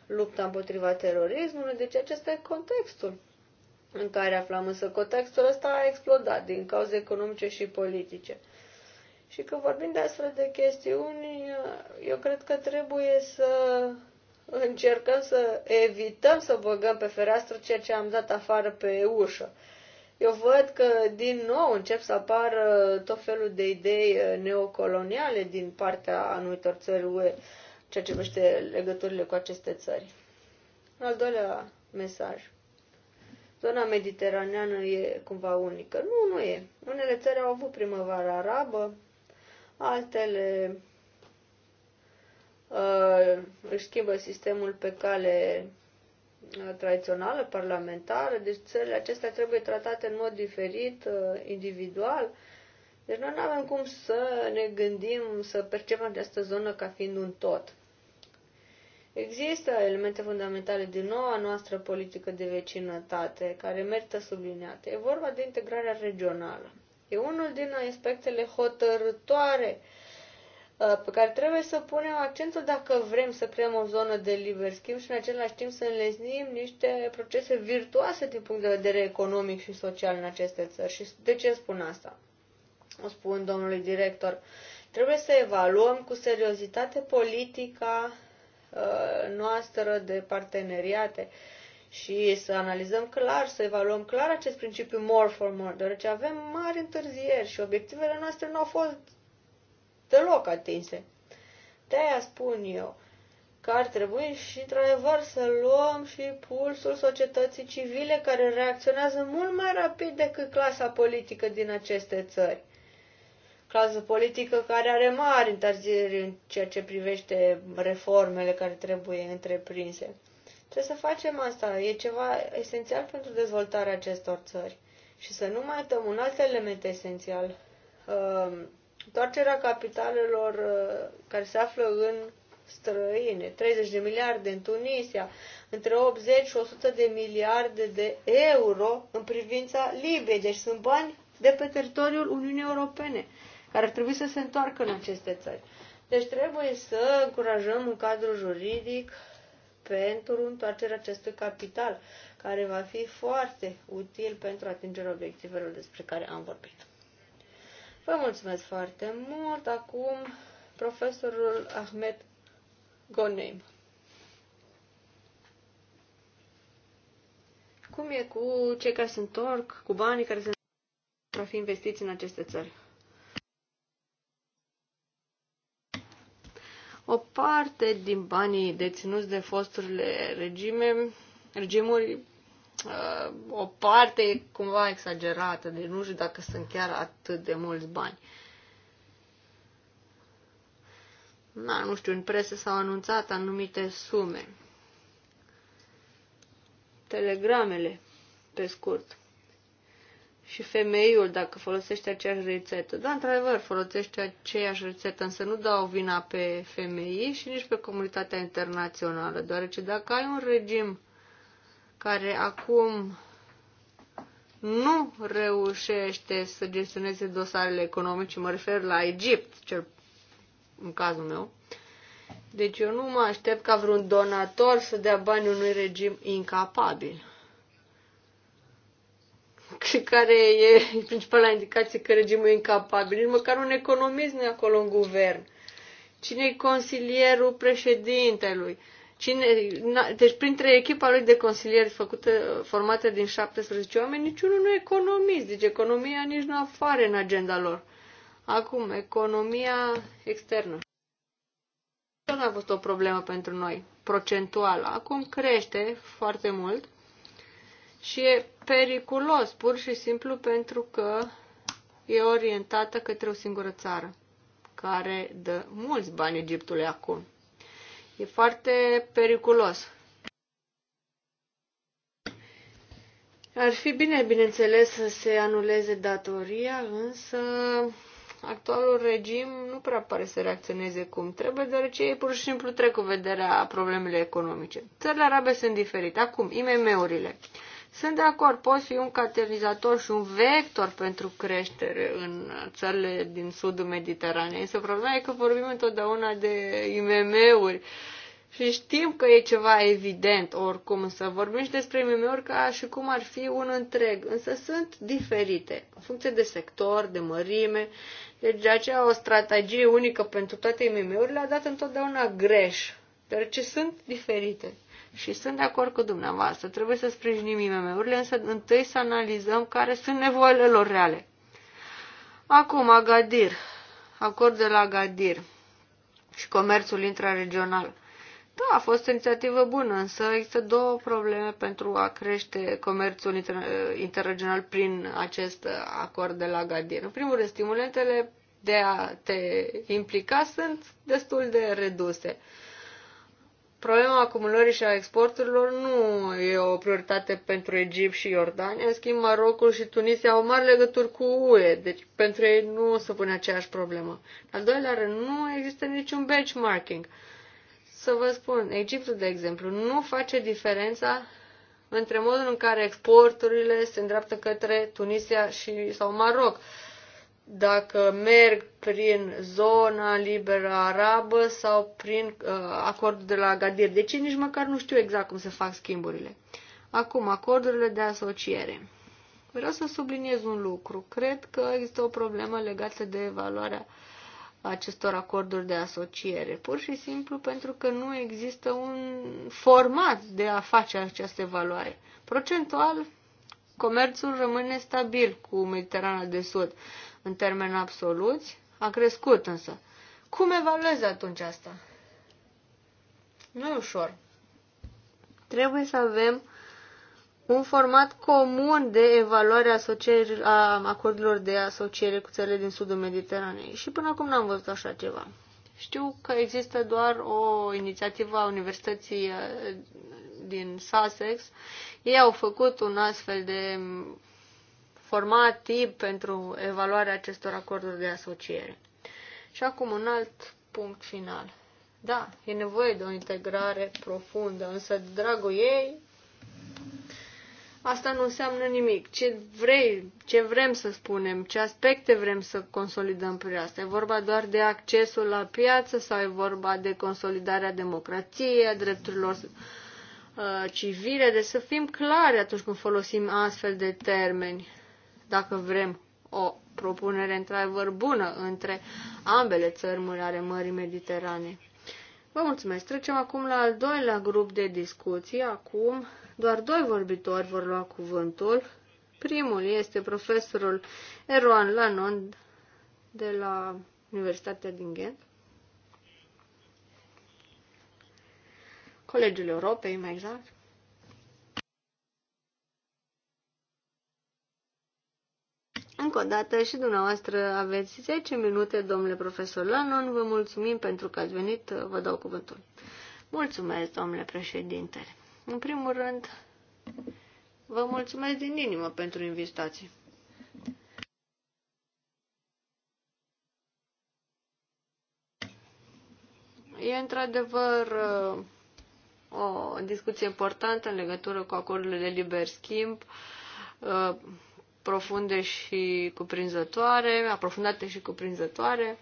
lupta împotriva terorismului, deci acesta e contextul în care aflam, însă contextul ăsta a explodat din cauze economice și politice. Și când vorbim de astfel de chestiuni, eu cred că trebuie să încercăm să evităm să băgăm pe fereastră ceea ce am dat afară pe ușă. Eu văd că din nou încep să apară tot felul de idei uh, neocoloniale din partea anumitor țări UE, ceea ce vește legăturile cu aceste țări. Al doilea mesaj. Zona mediteraneană e cumva unică. Nu, nu e. Unele țări au avut primăvara arabă, altele uh, își schimbă sistemul pe cale uh, tradițională, parlamentară, deci țările acestea trebuie tratate în mod diferit, uh, individual. Deci noi nu avem cum să ne gândim, să percepem această zonă ca fiind un tot. Există elemente fundamentale din noua noastră politică de vecinătate care merită subliniate. E vorba de integrarea regională. E unul din aspectele hotărătoare uh, Uh, pe care trebuie să punem accentul dacă vrem să creăm o zonă de liber schimb și în același timp să înleznim niște procese virtuoase din punct de vedere economic și social în aceste țări. Și de ce spun asta? O spun domnului director. Trebuie să evaluăm cu seriozitate politica uh, noastră de parteneriate și să analizăm clar, să evaluăm clar acest principiu more for more, deoarece avem mari întârzieri și obiectivele noastre nu au fost deloc atinse. De-aia spun eu că ar trebui și, într-adevăr, să luăm și pulsul societății civile care reacționează mult mai rapid decât clasa politică din aceste țări. Clasa politică care are mari întârzieri în ceea ce privește reformele care trebuie întreprinse. Trebuie să facem asta. E ceva esențial pentru dezvoltarea acestor țări. Și să nu mai uităm un alt element esențial. Um, Întoarcerea capitalelor uh, care se află în străine, 30 de miliarde în Tunisia, între 80 și 100 de miliarde de euro în privința Libiei. Deci sunt bani de pe teritoriul Uniunii Europene care ar trebui să se întoarcă în aceste țări. Deci trebuie să încurajăm un cadru juridic pentru întoarcerea acestui capital, care va fi foarte util pentru atingerea obiectivelor despre care am vorbit. Vă mulțumesc foarte mult. Acum, profesorul Ahmed Goneim. Cum e cu cei care se întorc, cu banii care se întorc fi investiți în aceste țări? O parte din banii deținuți de fosturile regime, regimuri uh, o parte e cumva exagerată, de deci nu știu dacă sunt chiar atât de mulți bani. Na, nu știu, în presă s-au anunțat anumite sume. Telegramele, pe scurt. Și femeiul, dacă folosește aceeași rețetă. Da, într-adevăr, folosește aceeași rețetă, însă nu dau vina pe femei și nici pe comunitatea internațională, deoarece dacă ai un regim care acum nu reușește să gestioneze dosarele economice, mă refer la Egipt, cel în cazul meu. Deci eu nu mă aștept ca vreun donator să dea bani unui regim incapabil. Care e principala indicație că regimul e incapabil? Nici măcar un economist nu e acolo în guvern. Cine e consilierul președintelui? Cine, deci printre echipa lui de consilieri făcută, formată din 17 oameni, niciunul nu e economist. Deci economia nici nu afară în agenda lor. Acum, economia externă. Nu a fost o problemă pentru noi, procentual. Acum crește foarte mult și e periculos, pur și simplu pentru că e orientată către o singură țară care dă mulți bani Egiptului acum. E foarte periculos. Ar fi bine, bineînțeles, să se anuleze datoria, însă actualul regim nu prea pare să reacționeze cum trebuie, deoarece ei pur și simplu trec cu vederea problemele economice. Țările arabe sunt diferite. Acum, IMM-urile. Sunt de acord, poți fi un catalizator și un vector pentru creștere în țările din sudul Mediteranei, însă problema e că vorbim întotdeauna de IMM-uri și știm că e ceva evident oricum, să vorbim și despre IMM-uri ca și cum ar fi un întreg, însă sunt diferite în funcție de sector, de mărime, deci de aceea o strategie unică pentru toate IMM-urile a dat întotdeauna greș, deoarece sunt diferite. Și sunt de acord cu dumneavoastră. Trebuie să sprijinim IMM-urile, însă întâi să analizăm care sunt nevoile lor reale. Acum, Agadir. Acord de la Agadir și comerțul intraregional. Da, a fost o inițiativă bună, însă există două probleme pentru a crește comerțul inter- interregional prin acest acord de la Agadir. În primul rând, stimulentele de a te implica sunt destul de reduse. Uh, Problema acumulării și a exporturilor nu e o prioritate pentru Egipt și Iordania. În schimb, Marocul și Tunisia au mari legături cu UE, deci pentru ei nu să pune aceeași problemă. Al doilea rând, nu există niciun benchmarking. Să vă spun, Egiptul, de exemplu, nu face diferența între modul în care exporturile se îndreaptă către Tunisia și, sau Maroc dacă merg prin zona liberă arabă sau prin uh, acordul de la Agadir. Deci nici măcar nu știu exact cum se fac schimburile. Acum, acordurile de asociere. Vreau să subliniez un lucru. Cred că există o problemă legată de evaluarea acestor acorduri de asociere. Pur și simplu pentru că nu există un format de a face această evaluare. Procentual, comerțul rămâne stabil cu Mediterana de Sud în termeni absoluți, a crescut însă. Cum evaluezi atunci asta? Nu e ușor. Trebuie să avem un format comun de evaluare a, a acordurilor de asociere cu țările din sudul Mediteranei. Și până acum n-am văzut așa ceva. Știu că există doar o inițiativă a Universității eh, din Sussex. Ei au făcut un astfel de format tip pentru evaluarea acestor acorduri de asociere. Și acum un alt punct final. Da, e nevoie de o integrare profundă, însă, dragul ei, asta nu înseamnă nimic. Ce vrei, ce vrem să spunem, ce aspecte vrem să consolidăm prin asta? E vorba doar de accesul la piață sau e vorba de consolidarea democrației, a drepturilor uh, civile? De deci să fim clari atunci când folosim astfel de termeni dacă vrem o propunere într-adevăr bună între ambele țărmuri ale Mării Mediterane. Vă mulțumesc. Trecem acum la al doilea grup de discuții. Acum doar doi vorbitori vor lua cuvântul. Primul este profesorul Eroan Lanon de la Universitatea din Ghent. Colegiul Europei, mai exact. Încă o dată și dumneavoastră aveți 10 minute, domnule profesor Lanon. Vă mulțumim pentru că ați venit. Vă dau cuvântul. Mulțumesc, domnule președinte. În primul rând, vă mulțumesc din inimă pentru invitație. E într-adevăr uh, o discuție importantă în legătură cu acordurile de liber schimb uh, profunde și cuprinzătoare, aprofundate și cuprinzătoare.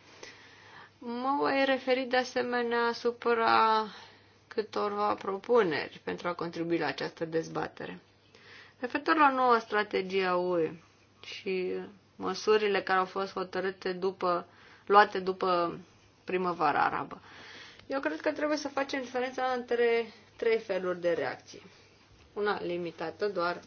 Mă voi referi de asemenea asupra câtorva propuneri pentru a contribui la această dezbatere. Referitor la noua strategie a UE și măsurile care au fost hotărâte după, luate după primăvara arabă. Eu cred că trebuie să facem diferența între trei feluri de reacții. Una limitată doar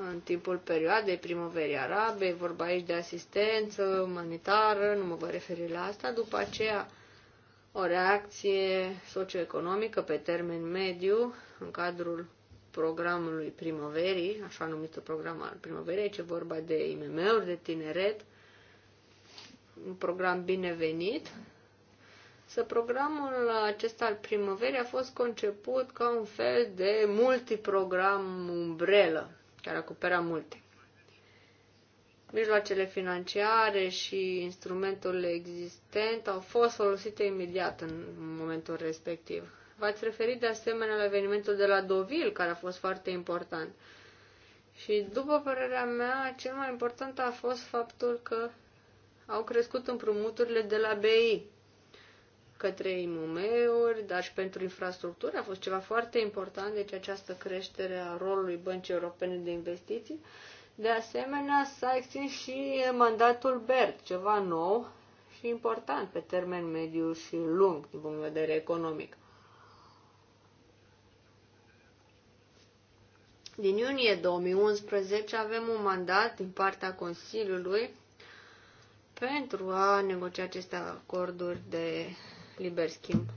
în timpul perioadei primăverii arabe, vorba aici de asistență umanitară, nu mă voi referi la asta, după aceea o reacție socioeconomică pe termen mediu în cadrul programului primăverii, așa numită program al primăverii, aici e vorba de IMM-uri, de tineret, un program binevenit. Să programul acesta al primăverii a fost conceput ca un fel de multiprogram umbrelă, care acoperă multe. Mijloacele financiare și instrumentul existent au fost folosite imediat în momentul respectiv. V-ați referit de asemenea la evenimentul de la Dovil, care a fost foarte important. Și după părerea mea, cel mai important a fost faptul că au crescut împrumuturile de la BI către IMM-uri, dar și pentru infrastructură. A fost ceva foarte important, deci această creștere a rolului Băncii Europene de Investiții. De asemenea, s-a extins și mandatul BERT, ceva nou și important pe termen mediu și lung din punct de vedere economic. Din iunie 2011 avem un mandat din partea Consiliului pentru a negocia aceste acorduri de liber schimb.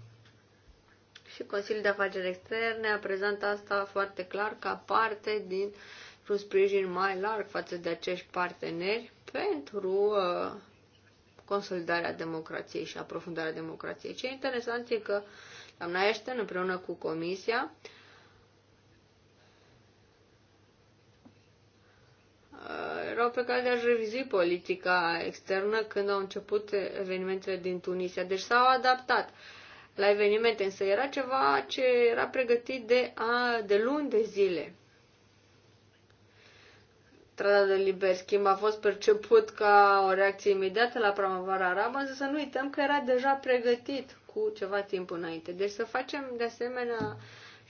Și Consiliul de Afaceri Externe a prezentat asta foarte clar ca parte din un sprijin mai larg față de acești parteneri pentru uh, consolidarea democrației și aprofundarea democrației. Ce interesant e că doamna Ashton, împreună cu Comisia, uh, pe care a revizui politica externă când au început evenimentele din Tunisia. Deci s-au adaptat la evenimente, însă era ceva ce era pregătit de, a, de luni de zile. Tratatul de liber schimb a fost perceput ca o reacție imediată la promovarea arabă, însă să nu uităm că era deja pregătit cu ceva timp înainte. Deci să facem de asemenea uh,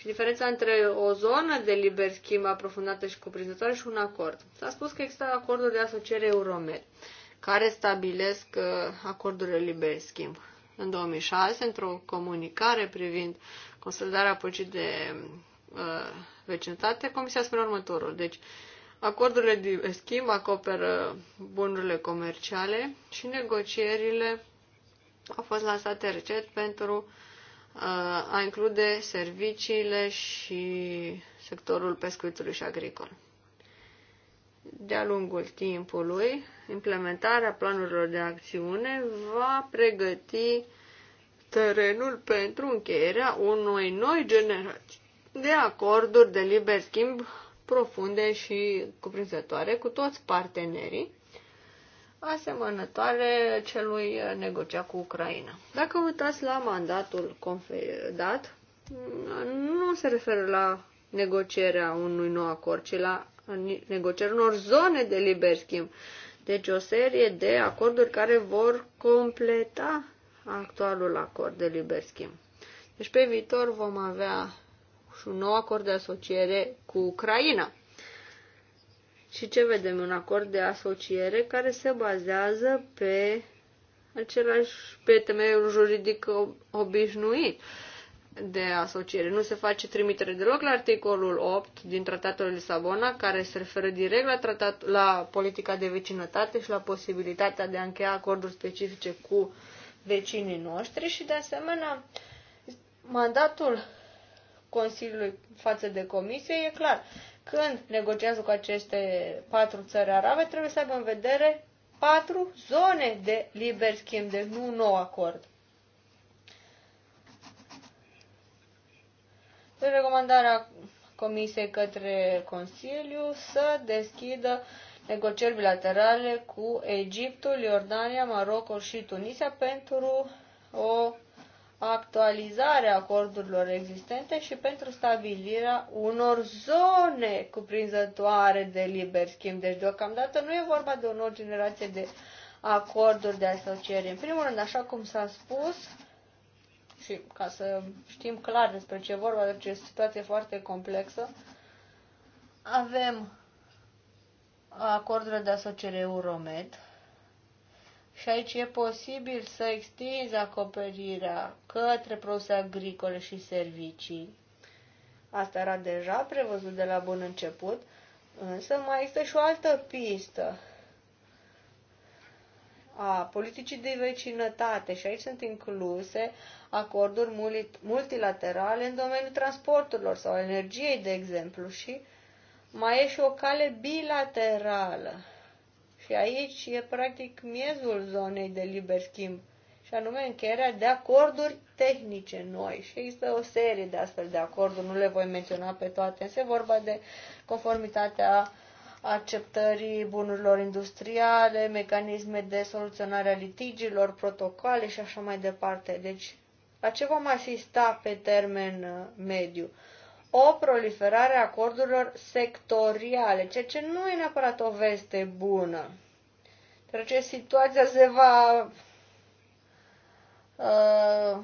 și diferența între o zonă de liber schimb aprofundată și cuprinzătoare și un acord. S-a spus că există acorduri de asociere Euromed, care stabilesc uh, acordurile liber schimb. În 2006, într-o comunicare privind consolidarea păcii de uh, vecinătate, Comisia spune următorul. Deci, acordurile de schimb acoperă bunurile comerciale și negocierile au fost lansate recent pentru uh, a include serviciile și sectorul pescuitului și agricol. De-a lungul timpului, implementarea planurilor de acțiune va pregăti terenul pentru încheierea unei noi generații de acorduri de liber schimb profunde și cuprinzătoare cu toți partenerii asemănătoare celui negociat cu Ucraina. Dacă uitați la mandatul confedat, nu se referă la negocierea unui nou acord, ci la negocierea unor zone de liber schimb. Deci o serie de acorduri care vor completa actualul acord de liber schimb. Deci pe viitor vom avea și un nou acord de asociere cu Ucraina. Și ce vedem? Un acord de asociere care se bazează pe același, pe temeiul juridic obișnuit de asociere. Nu se face trimitere deloc la articolul 8 din Tratatul Lisabona, care se referă direct la, tratat, la politica de vecinătate și la posibilitatea de a încheia acorduri specifice cu vecinii noștri și, de asemenea, mandatul Consiliului față de Comisie e clar când negociază cu aceste patru țări arabe, trebuie să aibă în vedere patru zone de liber schimb, de deci nu un nou acord. De recomandarea Comisiei către Consiliu să deschidă negocieri bilaterale cu Egiptul, Iordania, Marocco și Tunisia pentru o actualizarea acordurilor existente și pentru stabilirea unor zone cuprinzătoare de liber schimb. Deci, deocamdată nu e vorba de o nouă generație de acorduri de asociere. În primul rând, așa cum s-a spus, și ca să știm clar despre ce vorba, deci ce o situație foarte complexă, avem acordurile de asociere Euromed, și aici e posibil să extinzi acoperirea către produse agricole și servicii. Asta era deja prevăzut de la bun început, însă mai există și o altă pistă a politicii de vecinătate și aici sunt incluse acorduri multilaterale în domeniul transporturilor sau energiei, de exemplu, și mai e și o cale bilaterală și aici e practic miezul zonei de liber schimb, și anume încheierea de acorduri tehnice noi. Și există o serie de astfel de acorduri, nu le voi menționa pe toate, se vorba de conformitatea acceptării bunurilor industriale, mecanisme de soluționare a litigiilor, protocoale și așa mai departe. Deci, la ce vom asista pe termen uh, mediu? Uh, o proliferare a acordurilor sectoriale, ceea ce nu e neapărat o veste bună. ce situația se va uh,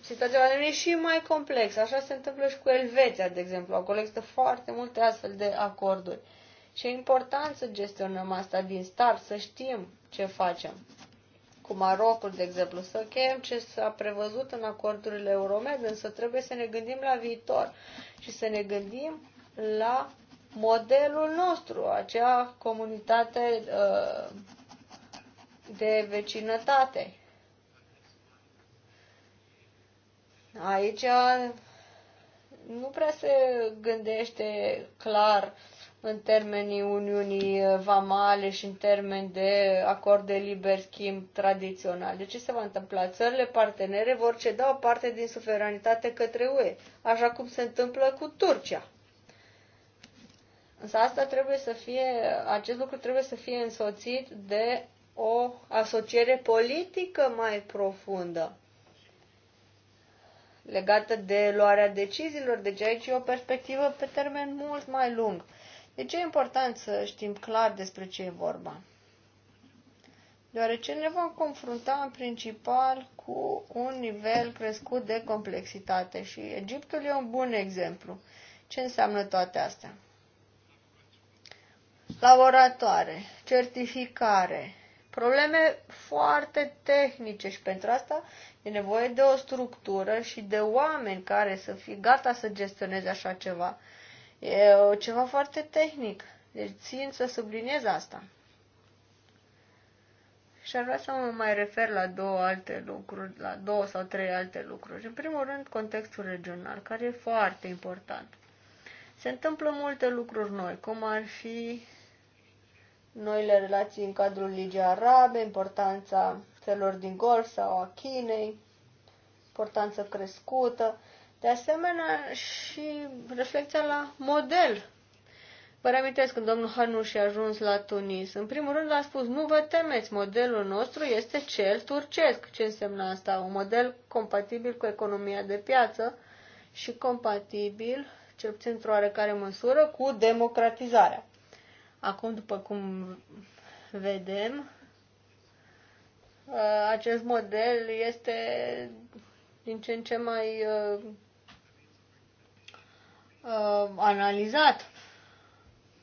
situația va deveni și mai complexă. Așa se întâmplă și cu Elveția, de exemplu. Acolo există foarte multe astfel de acorduri. Și e important să gestionăm asta din start, să știm ce facem cu Marocul, de exemplu, să încheiem ce s-a prevăzut în acordurile Euromed, însă trebuie să ne gândim la viitor și să ne gândim la modelul nostru, acea comunitate uh, de vecinătate. Aici nu prea se gândește clar în termenii Uniunii Vamale și în termeni de acord de liber schimb tradițional. De deci ce se va întâmpla? Țările partenere vor ceda o parte din suveranitate către UE, așa cum se întâmplă cu Turcia. Însă asta trebuie să fie, acest lucru trebuie să fie însoțit de o asociere politică mai profundă legată de luarea deciziilor. Deci aici e o perspectivă pe termen mult mai lung. Deci e important să știm clar despre ce e vorba. Deoarece ne vom confrunta în principal cu un nivel crescut de complexitate și Egiptul e un bun exemplu. Ce înseamnă toate astea? Laboratoare, certificare, probleme foarte tehnice și pentru asta e nevoie de o structură și de oameni care să fie gata să gestioneze așa ceva. E o ceva foarte tehnic. Deci țin să subliniez asta. Și ar vrea să mă mai refer la două alte lucruri, la două sau trei alte lucruri. În primul rând, contextul regional, care e foarte important. Se întâmplă multe lucruri noi, cum ar fi noile relații în cadrul Ligii Arabe, importanța țelor din Golf sau a Chinei, importanță crescută. De asemenea, și reflecția la model. Vă reamintesc când domnul Hanuș a ajuns la Tunis. În primul rând a spus, nu vă temeți, modelul nostru este cel turcesc. Ce înseamnă asta? Un model compatibil cu economia de piață și compatibil, cel puțin într-o oarecare măsură, cu democratizarea. Acum, după cum vedem, uh, acest model este din ce în ce mai uh, uh, analizat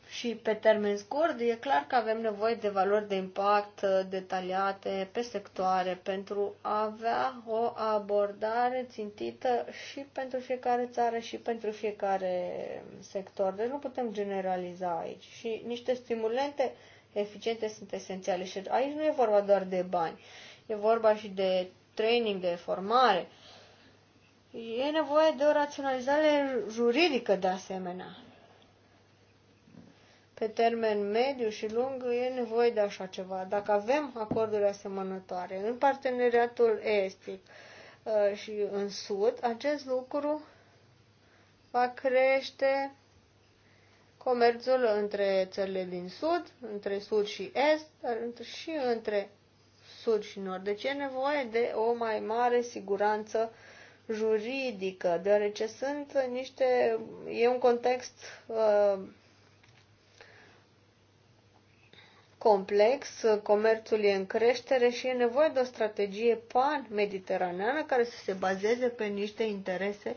și pe termen scurt, e clar că avem nevoie de valori de impact uh, detaliate pe sectoare pentru a avea o abordare țintită și pentru fiecare țară și pentru fiecare sector. Deci nu putem generaliza aici. Și niște stimulente eficiente sunt esențiale. Și aici nu e vorba doar de bani. E vorba și de training, de formare E nevoie de o raționalizare juridică de asemenea. Pe termen mediu și lung e nevoie de așa ceva. Dacă avem acorduri asemănătoare în parteneriatul estic uh, și în sud, acest lucru va crește comerțul între țările din sud, între sud și est și între sud și nord. Deci e nevoie de o mai mare siguranță juridică, deoarece sunt niște. e un context uh, complex, comerțul e în creștere și e nevoie de o strategie pan-mediteraneană care să se bazeze pe niște interese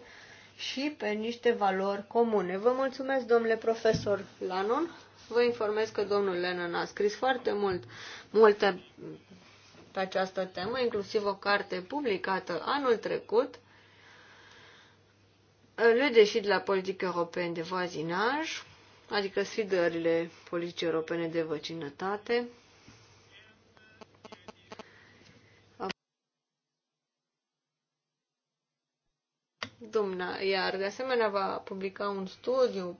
și pe niște valori comune. Vă mulțumesc, domnule profesor Lanon. Vă informez că domnul Lennon a scris foarte mult, multe pe această temă, inclusiv o carte publicată anul trecut le deși de la politica europeană de voisinaj, adică sfidările politicii europene de vecinătate, Dumna, iar de asemenea va publica un studiu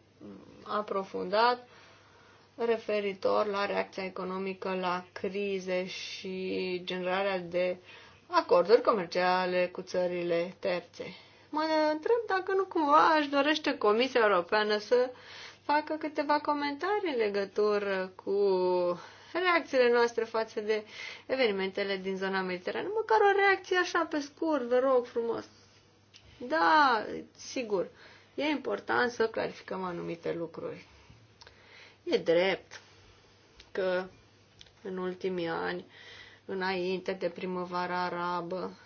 aprofundat referitor la reacția economică la crize și generarea de acorduri comerciale cu țările terțe. Mă întreb dacă nu cumva aș dorește Comisia Europeană să facă câteva comentarii în legătură cu reacțiile noastre față de evenimentele din zona mediterană. Măcar o reacție așa pe scurt, vă rog frumos. Da, sigur, e important să clarificăm anumite lucruri. E drept că în ultimii ani, înainte de primăvara arabă,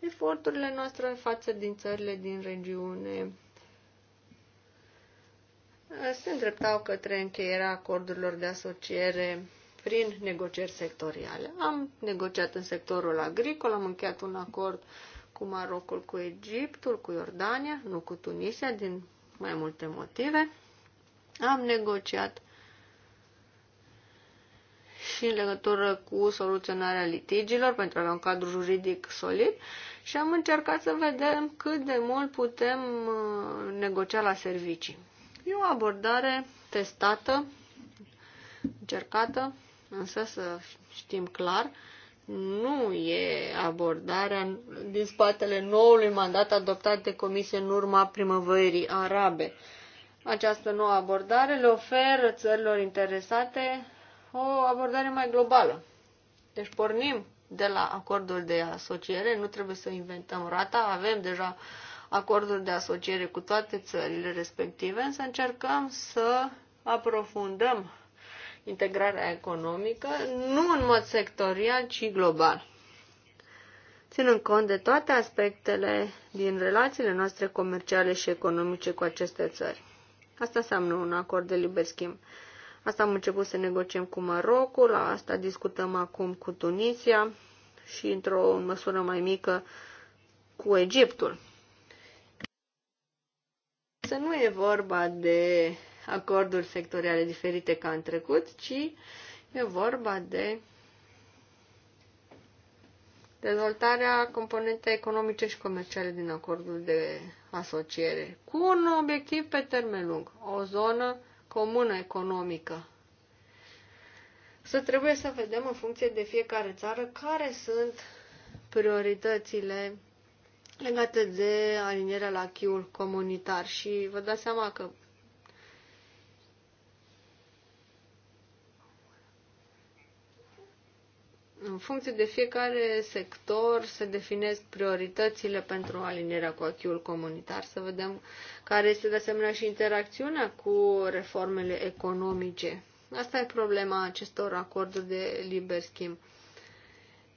eforturile noastre față din țările din regiune se îndreptau către încheierea acordurilor de asociere prin negocieri sectoriale. Am negociat în sectorul agricol, am încheiat un acord cu Marocul, cu Egiptul, cu Iordania, nu cu Tunisia, din mai multe motive. Am negociat și în legătură cu soluționarea litigilor pentru a avea un cadru juridic solid și am încercat să vedem cât de mult putem uh, negocia la servicii. E o abordare testată, încercată, însă să știm clar, nu e abordarea din spatele noului mandat adoptat de Comisie în urma primăvării arabe. Această nouă abordare le oferă țărilor interesate o abordare mai globală. Deci pornim de la acordul de asociere, nu trebuie să inventăm rata, avem deja acordul de asociere cu toate țările respective, însă încercăm să aprofundăm integrarea economică, nu în mod sectorial, ci global. Ținând cont de toate aspectele din relațiile noastre comerciale și economice cu aceste țări. Asta înseamnă un acord de liber schimb. Asta am început să negociem cu Marocul, la asta discutăm acum cu Tunisia și într-o măsură mai mică cu Egiptul. Să nu e vorba de acorduri sectoriale diferite ca în trecut, ci e vorba de dezvoltarea componentei economice și comerciale din acordul de asociere, cu un obiectiv pe termen lung, o zonă comună economică. Să trebuie să vedem în funcție de fiecare țară care sunt prioritățile legate de alinierea la chiul comunitar și vă dați seama că În funcție de fiecare sector se definesc prioritățile pentru alinierea cu acquis comunitar, să vedem care este de asemenea și interacțiunea cu reformele economice. Asta e problema acestor acorduri de liber schimb.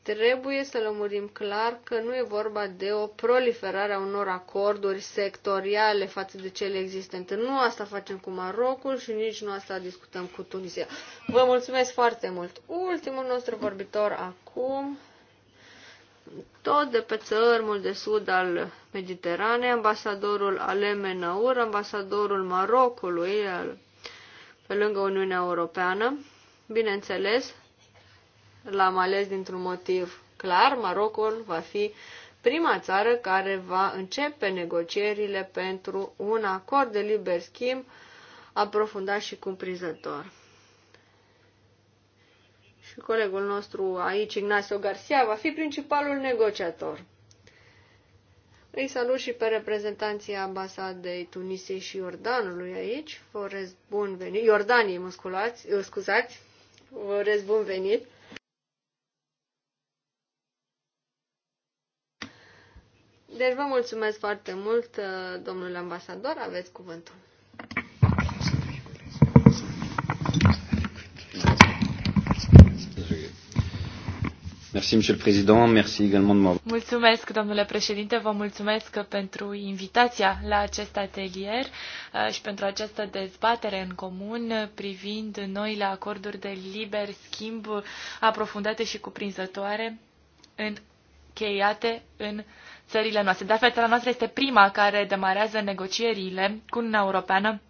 Trebuie să lămurim clar că nu e vorba de o proliferare a unor acorduri sectoriale față de cele existente. Nu asta facem cu Marocul și nici nu asta discutăm cu Tunisia. Vă mulțumesc foarte mult. Ultimul nostru vorbitor acum, tot de pe țărmul de sud al Mediteranei, ambasadorul Alemenaur, ambasadorul Marocului, pe lângă Uniunea Europeană, bineînțeles, L-am ales dintr-un motiv clar, Marocul va fi prima țară care va începe negocierile pentru un acord de liber schimb aprofundat și cuprinzător. Și colegul nostru aici, Ignacio Garcia, va fi principalul negociator. Îi salut și pe reprezentanții ambasadei Tunisiei și Iordanului aici. Vă urez bun venit. Iordanii, mă scuzați, vă urez bun venit. Deci vă mulțumesc foarte mult, uh, domnule ambasador, aveți cuvântul. Mulțumesc, domnule președinte, vă mulțumesc pentru invitația la acest atelier uh, și pentru această dezbatere în comun privind noile acorduri de liber schimb aprofundate și cuprinzătoare încheiate în țările noastre. De altfel, țara noastră este prima care demarează negocierile cu Uniunea Europeană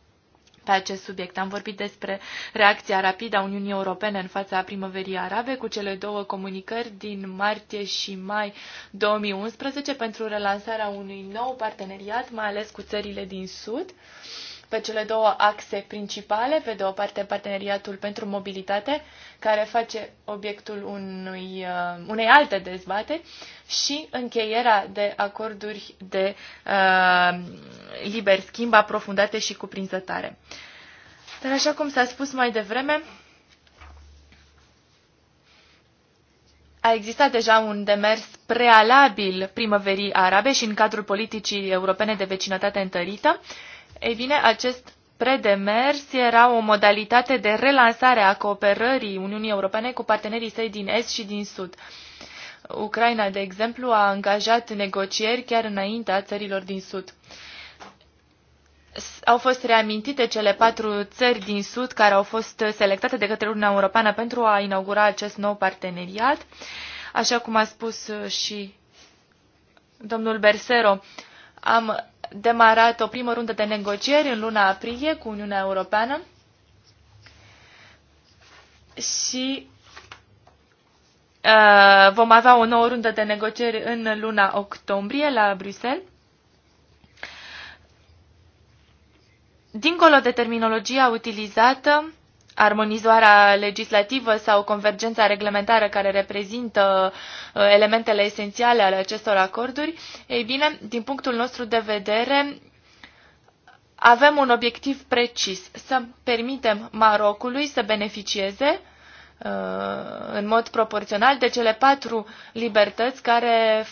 pe acest subiect. Am vorbit despre reacția rapidă a Uniunii Europene în fața primăverii arabe cu cele două comunicări din martie și mai 2011 pentru relansarea unui nou parteneriat, mai ales cu țările din Sud pe cele două axe principale, pe de o parte parteneriatul pentru mobilitate, care face obiectul unui, uh, unei alte dezbateri, și încheierea de acorduri de uh, liber schimb aprofundate și cuprinzătoare. Dar așa cum s-a spus mai devreme, a existat deja un demers prealabil primăverii arabe și în cadrul politicii europene de vecinătate întărită. Ei bine, acest predemers era o modalitate de relansare a cooperării Uniunii Europene cu partenerii săi din Est și din Sud. Ucraina, de exemplu, a angajat negocieri chiar înaintea țărilor din Sud. Au fost reamintite cele patru țări din Sud care au fost selectate de către Uniunea Europeană pentru a inaugura acest nou parteneriat. Așa cum a spus și domnul Bersero, am demarat o primă rundă de negocieri în luna aprilie cu Uniunea Europeană și Uh, vom avea o nouă rundă de negocieri în luna octombrie la Bruxelles. Dincolo de terminologia utilizată, armonizarea legislativă sau convergența reglementară care reprezintă uh, elementele esențiale ale acestor acorduri, ei bine, din punctul nostru de vedere, avem un obiectiv precis, să permitem Marocului să beneficieze Uh, în mod proporțional de cele patru libertăți care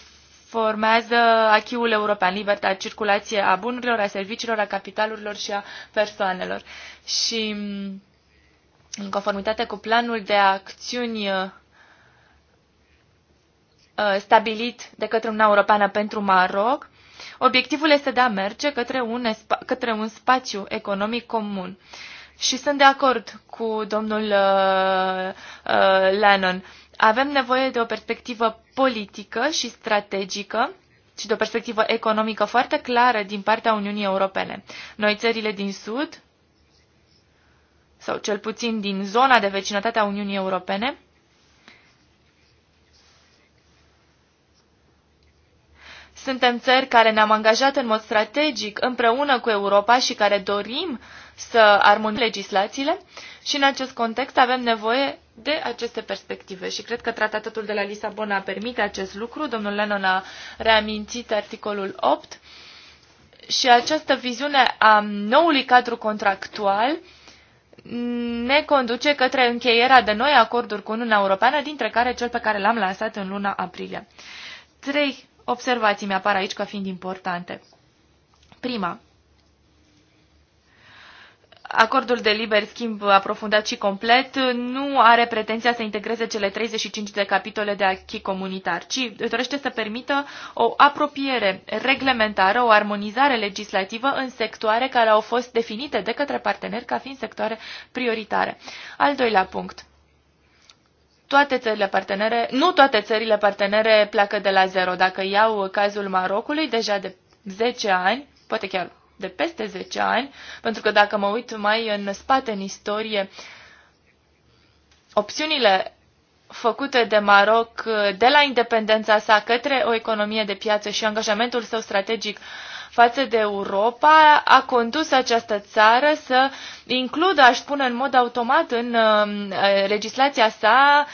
formează achiul european, libertatea circulație a bunurilor, a serviciilor, a capitalurilor și a persoanelor. Și în conformitate cu planul de acțiuni uh, stabilit de către Uniunea Europeană pentru Maroc, obiectivul este de a merge către un, către un spațiu economic comun. Uh, și sunt de acord cu domnul uh, uh, Lennon. Avem nevoie de o perspectivă politică și strategică și de o perspectivă economică foarte clară din partea Uniunii Europene. Noi, țările din Sud, sau cel puțin din zona de vecinătate a Uniunii Europene, Suntem țări care ne-am angajat în mod strategic împreună cu Europa și care dorim să armonizăm legislațiile și în acest context avem nevoie de aceste perspective și cred că tratatul de la Lisabona permite acest lucru. Domnul Lennon a reamintit articolul 8 și această viziune a noului cadru contractual ne conduce către încheierea de noi acorduri cu Uniunea Europeană, dintre care cel pe care l-am lansat în luna aprilie. Trei observații mi-apar aici ca fiind importante. Prima, acordul de liber schimb aprofundat și complet nu are pretenția să integreze cele 35 de capitole de acquis comunitar, ci dorește să permită o apropiere reglementară, o armonizare legislativă în sectoare care au fost definite de către parteneri ca fiind sectoare prioritare. Al doilea punct toate țările partenere, nu toate țările partenere pleacă de la zero. Dacă iau cazul Marocului, deja de 10 ani, poate chiar de peste 10 ani, pentru că dacă mă uit mai în spate în istorie, opțiunile făcute de Maroc de la independența sa către o economie de piață și angajamentul său strategic față de Europa a condus această țară să includă, aș spune, în mod automat în um, legislația sa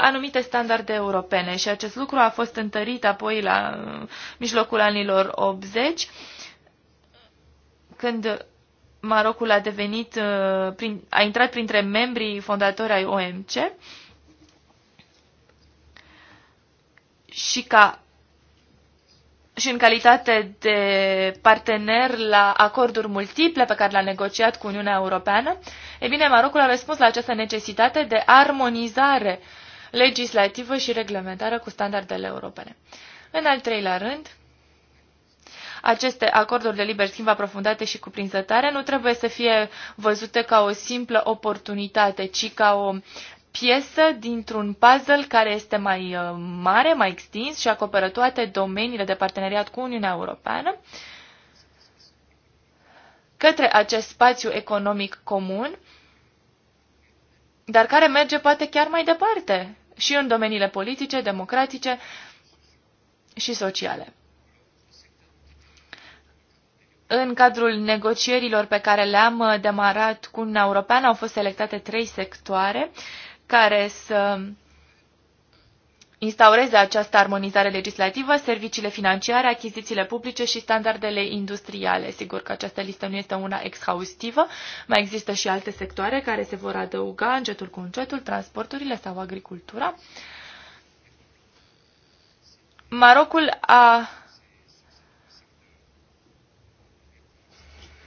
anumite standarde europene și acest lucru a fost întărit apoi la uh, mijlocul anilor 80 când Marocul a devenit, a intrat printre membrii fondatori ai OMC și ca și în calitate de partener la acorduri multiple pe care le-a negociat cu Uniunea Europeană, e bine, Marocul a răspuns la această necesitate de armonizare legislativă și reglementară cu standardele europene. În al treilea rând, aceste acorduri de liber schimb aprofundate și cuprinzătare nu trebuie să fie văzute ca o simplă oportunitate, ci ca o piesă dintr-un puzzle care este mai uh, mare, mai extins și acoperă toate domeniile de parteneriat cu Uniunea Europeană către acest spațiu economic comun, dar care merge poate chiar mai departe și în domeniile politice, democratice și sociale. În cadrul negocierilor pe care le-am uh, demarat cu Uniunea Europeană au fost selectate trei sectoare care să instaureze această armonizare legislativă, serviciile financiare, achizițiile publice și standardele industriale. Sigur că această listă nu este una exhaustivă, mai există și alte sectoare care se vor adăuga încetul cu încetul, transporturile sau agricultura. Marocul a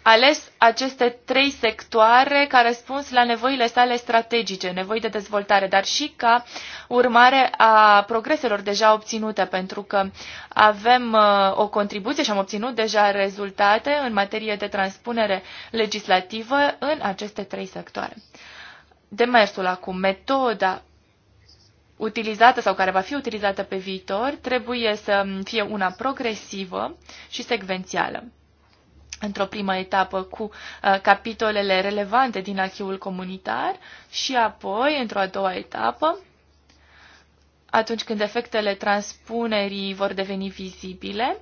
ales aceste trei sectoare ca răspuns la nevoile sale strategice, nevoi de dezvoltare, dar și ca urmare a progreselor deja obținute, pentru că avem uh, o contribuție și am obținut deja rezultate în materie de transpunere legislativă în aceste trei sectoare. Demersul acum, metoda utilizată sau care va fi utilizată pe viitor trebuie să fie una progresivă și secvențială într-o primă etapă cu uh, capitolele relevante din arhivul comunitar și apoi, într-o a doua etapă, atunci când efectele transpunerii vor deveni vizibile,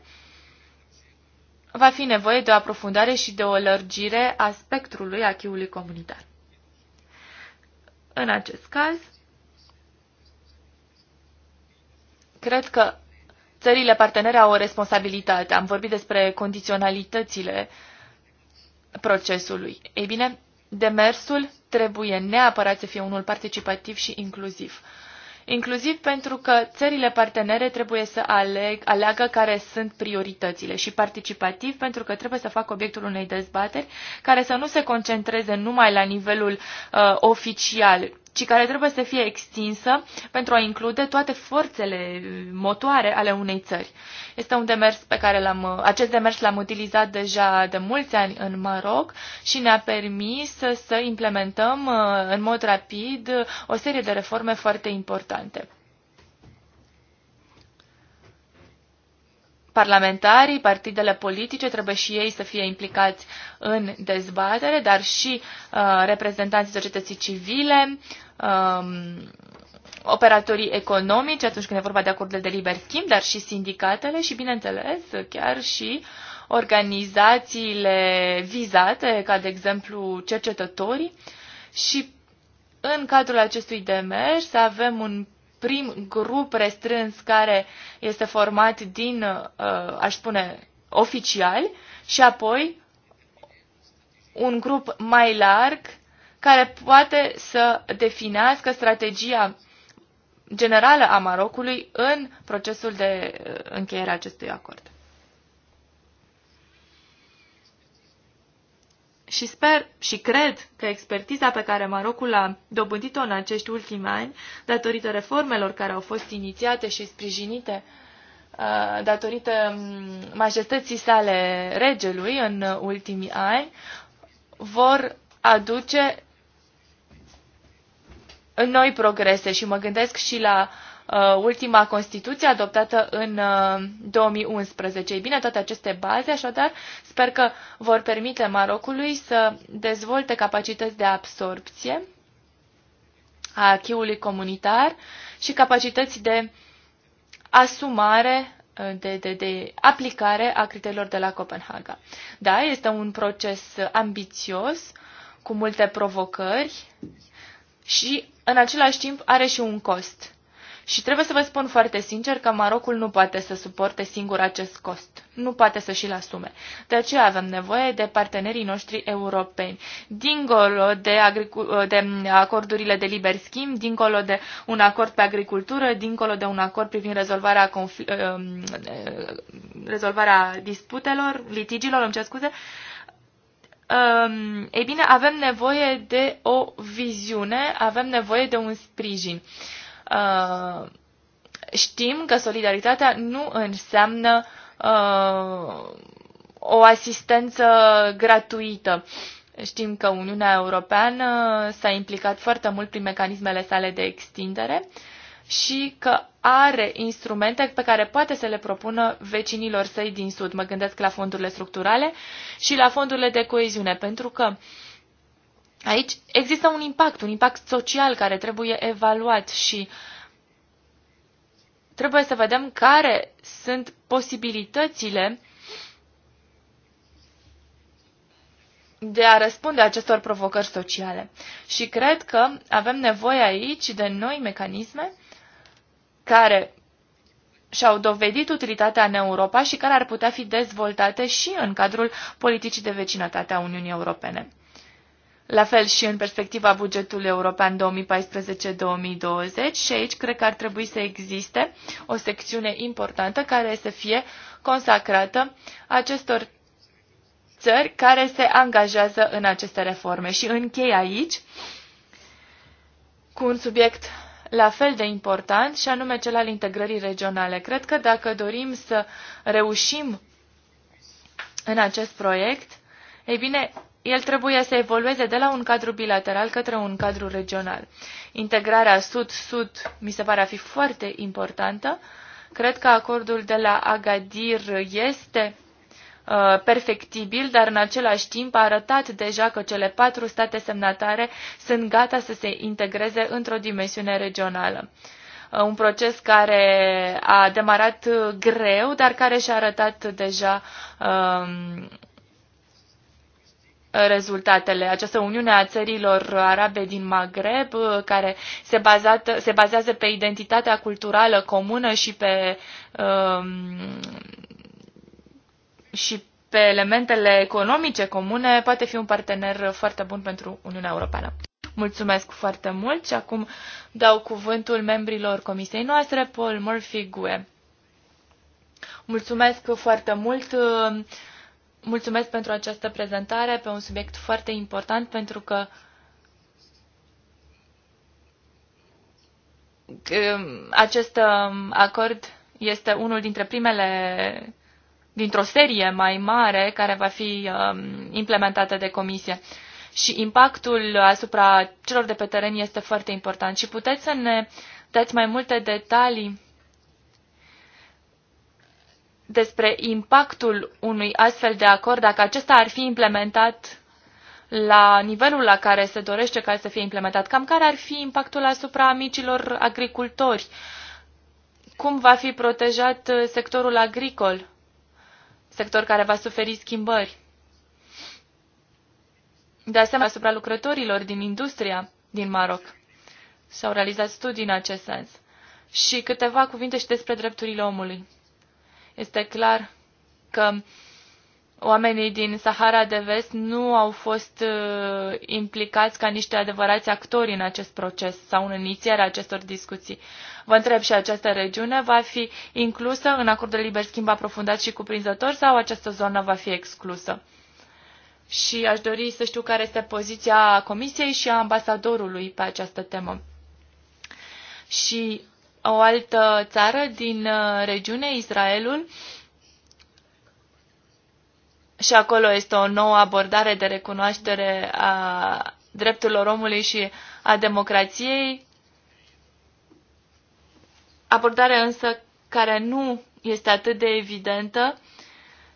va fi nevoie de o aprofundare și de o lărgire a spectrului achiului comunitar. În acest caz, cred că țările partenere au o responsabilitate. Am vorbit despre condiționalitățile procesului. Ei bine, demersul trebuie neapărat să fie unul participativ și inclusiv. Inclusiv pentru că țările partenere trebuie să aleg, aleagă care sunt prioritățile și participativ pentru că trebuie să facă obiectul unei dezbateri care să nu se concentreze numai la nivelul uh, oficial, ci care trebuie să fie extinsă pentru a include toate forțele motoare ale unei țări. Este un demers pe care l-am, acest demers l-am utilizat deja de mulți ani în Maroc și ne-a permis să implementăm uh, în mod rapid o serie de reforme foarte importante. parlamentarii, partidele politice trebuie și ei să fie implicați în dezbatere, dar și uh, reprezentanții societății civile, um, operatorii economici atunci când e vorba de acordurile de liber schimb, dar și sindicatele și, bineînțeles, chiar și organizațiile vizate, ca de exemplu cercetătorii și în cadrul acestui demers avem un prim grup restrâns care este format din, uh, aș spune, oficiali și apoi un grup mai larg care poate să definească strategia generală a Marocului în procesul de uh, încheiere a acestui acord. și sper și cred că expertiza pe care Marocul a dobândit-o în acești ultimi ani, datorită reformelor care au fost inițiate și sprijinite uh, datorită um, majestății sale regelui în ultimii ani, vor aduce noi progrese și mă gândesc și la uh, Uh, ultima Constituție adoptată în 2011. Uh, Ei bine, toate aceste baze, așadar, sper că vor permite Marocului să dezvolte capacități de absorpție a achiului comunitar și capacități de asumare uh, de, de, de aplicare a criteriilor de la Copenhaga. Da, este un proces ambițios, cu multe provocări și, în același timp, are și un cost. Și trebuie să vă spun foarte sincer că Marocul nu poate să suporte singur acest cost. Nu poate să și-l asume. De aceea avem nevoie de partenerii noștri europeni. Dincolo de, de acordurile de liber schimb, dincolo de un acord pe agricultură, dincolo de un acord privind rezolvarea, um, uh, rezolvarea disputelor, litigilor, îmi cer scuze, um, ei bine, avem nevoie de o viziune, avem nevoie de un sprijin. Uh, uh, știm că solidaritatea nu înseamnă uh, o asistență gratuită. Știm că Uniunea Europeană s-a implicat foarte mult prin mecanismele sale de extindere și că are instrumente pe care poate să le propună vecinilor săi din Sud. Mă gândesc la fondurile structurale și la fondurile de coeziune, pentru că uh, Aici există un impact, un impact social care trebuie evaluat și trebuie să vedem care sunt posibilitățile de a răspunde acestor provocări sociale. Și cred că avem nevoie aici de noi mecanisme care și-au dovedit utilitatea în Europa și care ar putea fi dezvoltate și în cadrul politicii de vecinătate a Uniunii Europene. La fel și în perspectiva bugetului european 2014-2020 și aici cred că ar trebui să existe o secțiune importantă care să fie consacrată acestor țări care se angajează în aceste reforme. Și închei aici cu un subiect la fel de important și anume cel al integrării regionale. Cred că dacă dorim să reușim în acest proiect, ei bine, el trebuie să evolueze de la un cadru bilateral către un cadru regional. Integrarea sud-sud mi se pare a fi foarte importantă. Cred că acordul de la Agadir este uh, perfectibil, dar în același timp a arătat deja că cele patru state semnatare sunt gata să se integreze într-o dimensiune regională uh, un proces care a demarat greu, dar care și-a arătat deja um, rezultatele. Această uniune a țărilor arabe din Maghreb, care se, bazat, se bazează pe identitatea culturală comună și pe, um, și pe elementele economice comune, poate fi un partener foarte bun pentru Uniunea Europeană. Mulțumesc foarte mult și acum dau cuvântul membrilor comisiei noastre, Paul Murphy Gue. Mulțumesc foarte mult. Uh, Mulțumesc pentru această prezentare pe un subiect foarte important pentru că acest um, acord este unul dintre primele dintr-o serie mai mare care va fi um, implementată de comisie. Și impactul asupra celor de pe teren este foarte important. Și puteți să ne dați mai multe detalii despre impactul unui astfel de acord, dacă acesta ar fi implementat la nivelul la care se dorește ca să fie implementat, cam care ar fi impactul asupra micilor agricultori? Cum va fi protejat uh, sectorul agricol, sector care va suferi schimbări? De asemenea, asupra lucrătorilor din industria din Maroc. S-au realizat studii în acest sens. Și câteva cuvinte și despre drepturile omului. Este clar că oamenii din Sahara de Vest nu au fost uh, implicați ca niște adevărați actori în acest proces sau în inițierea acestor discuții. Vă întreb și această regiune va fi inclusă în acordul de liber schimb aprofundat și cuprinzător sau această zonă va fi exclusă? Și aș dori să știu care este poziția Comisiei și a ambasadorului pe această temă. Și o altă țară din uh, regiune, Israelul, și acolo este o nouă abordare de recunoaștere a drepturilor omului și a democrației, abordare însă care nu este atât de evidentă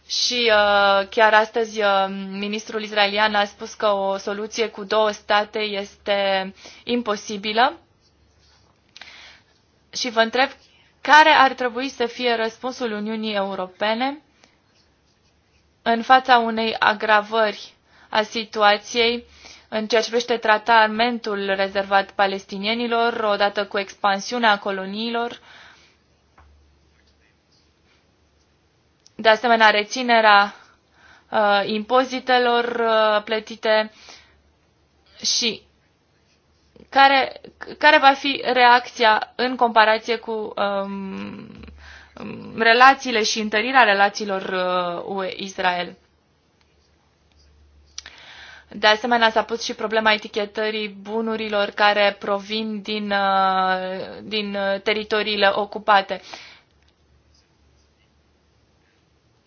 și uh, chiar astăzi uh, ministrul israelian a spus că o soluție cu două state este imposibilă și vă întreb care ar trebui să fie răspunsul Uniunii Europene în fața unei agravări a situației în ceea ce privește tratamentul rezervat palestinienilor, odată cu expansiunea coloniilor, de asemenea reținerea uh, impozitelor uh, plătite și care, care va fi reacția în comparație cu um, um relațiile și întărirea relațiilor UE-Israel? Uh, De asemenea, s-a pus și problema etichetării bunurilor care provin din, uh, din uh, teritoriile ocupate.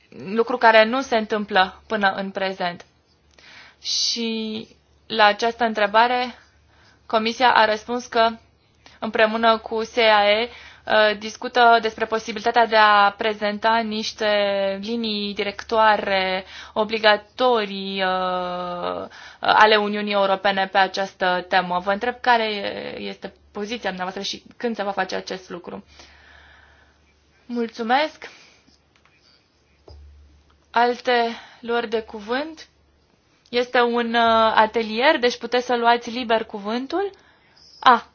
Lucru care nu se întâmplă până în prezent. Și la această întrebare Comisia a răspuns că împreună cu SAE uh, discută despre posibilitatea de a prezenta niște linii directoare obligatorii uh, ale Uniunii Europene pe această temă. Vă întreb care este poziția dumneavoastră și când se va face acest lucru. Mulțumesc. Alte luări de cuvânt? Este un uh, atelier, deci puteți să luați liber cuvântul. A.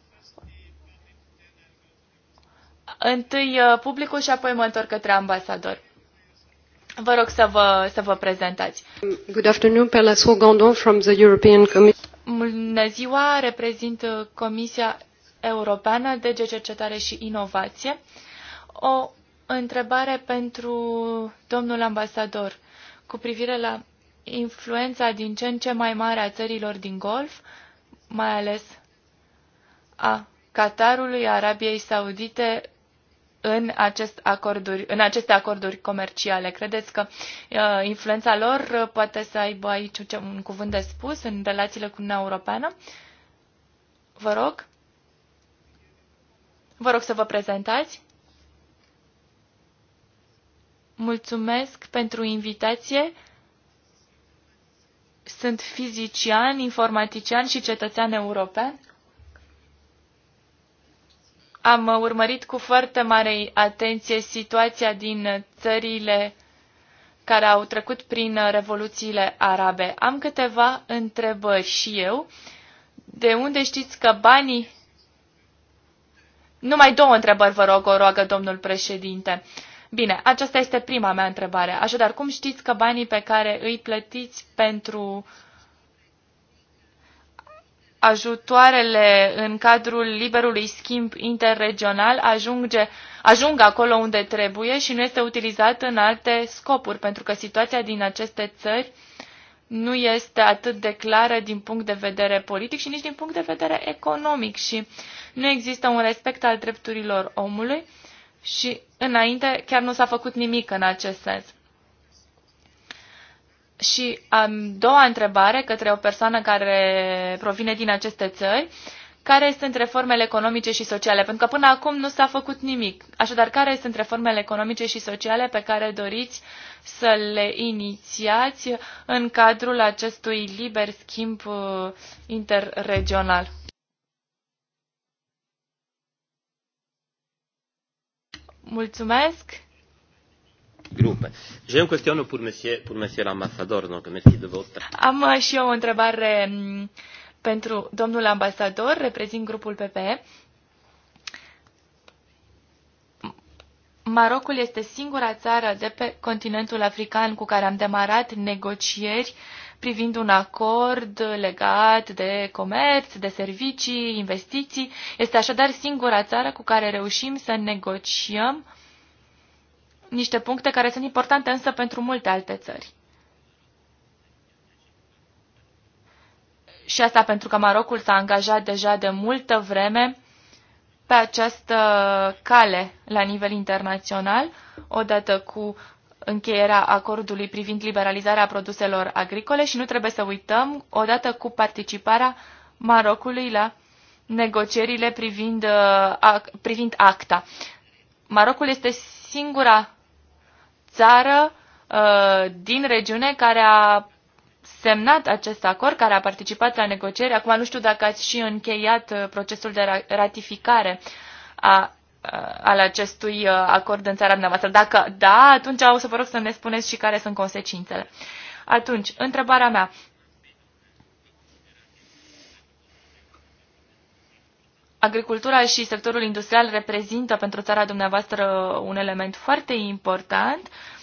Întâi uh, publicul și apoi mă întorc către ambasador. Vă rog să vă, să vă prezentați. Good afternoon, Pelasgo Gondon from the European Commission. Bună ziua, reprezint uh, Comisia Europeană de Cercetare și Inovație. O întrebare pentru domnul ambasador cu privire la influența din ce în ce mai mare a țărilor din Golf, mai ales a Qatarului, Arabiei Saudite în, acest acorduri, în aceste acorduri comerciale. Credeți că uh, influența lor poate să aibă aici un cuvânt de spus în relațiile cu Uniunea Europeană? Vă rog. Vă rog să vă prezentați. Mulțumesc pentru invitație sunt fizician, informatician și cetățean european. Am urmărit cu foarte mare atenție situația din țările care au trecut prin revoluțiile arabe. Am câteva întrebări și eu. De unde știți că banii numai două întrebări, vă rog, o roagă domnul președinte. Bine, aceasta este prima mea întrebare. Așadar, cum știți că banii pe care îi plătiți pentru ajutoarele în cadrul liberului schimb interregional ajunge, ajung acolo unde trebuie și nu este utilizat în alte scopuri, pentru că situația din aceste țări nu este atât de clară din punct de vedere politic și nici din punct de vedere economic și nu există un respect al drepturilor omului și înainte chiar nu s-a făcut nimic în acest sens. Și a doua întrebare către o persoană care provine din aceste țări, care sunt reformele economice și sociale? Pentru că până acum nu s-a făcut nimic. Așadar, care sunt reformele economice și sociale pe care doriți să le inițiați în cadrul acestui liber schimb uh, interregional? Mulțumesc! grupe. J'ai une question pour monsieur, pour monsieur l'ambassadeur, donc merci de votre... Am uh, și eu o întrebare mm, pentru domnul ambasador, reprezint grupul PPE. Marocul este singura țară de pe continentul african cu care am demarat negocieri uh, privind un acord legat de comerț, de servicii, investiții. Este așadar singura țară cu care reușim să negociem niște puncte care sunt importante însă pentru multe alte țări. Și asta pentru că Marocul s-a angajat deja de multă vreme pe această cale la nivel internațional, odată cu încheierea acordului privind liberalizarea produselor agricole și nu trebuie să uităm, odată cu participarea Marocului la negocierile privind, uh, privind acta. Marocul este singura țară uh, din regiune care a semnat acest acord, care a participat la negocieri. Acum nu știu dacă ați și încheiat uh, procesul de ratificare a Uh, al acestui uh, acord în țara dumneavoastră? Dacă da, atunci o să vă rog să ne spuneți și care sunt consecințele. Atunci, întrebarea mea. Agricultura și sectorul industrial reprezintă pentru țara dumneavoastră un element foarte important. Uh,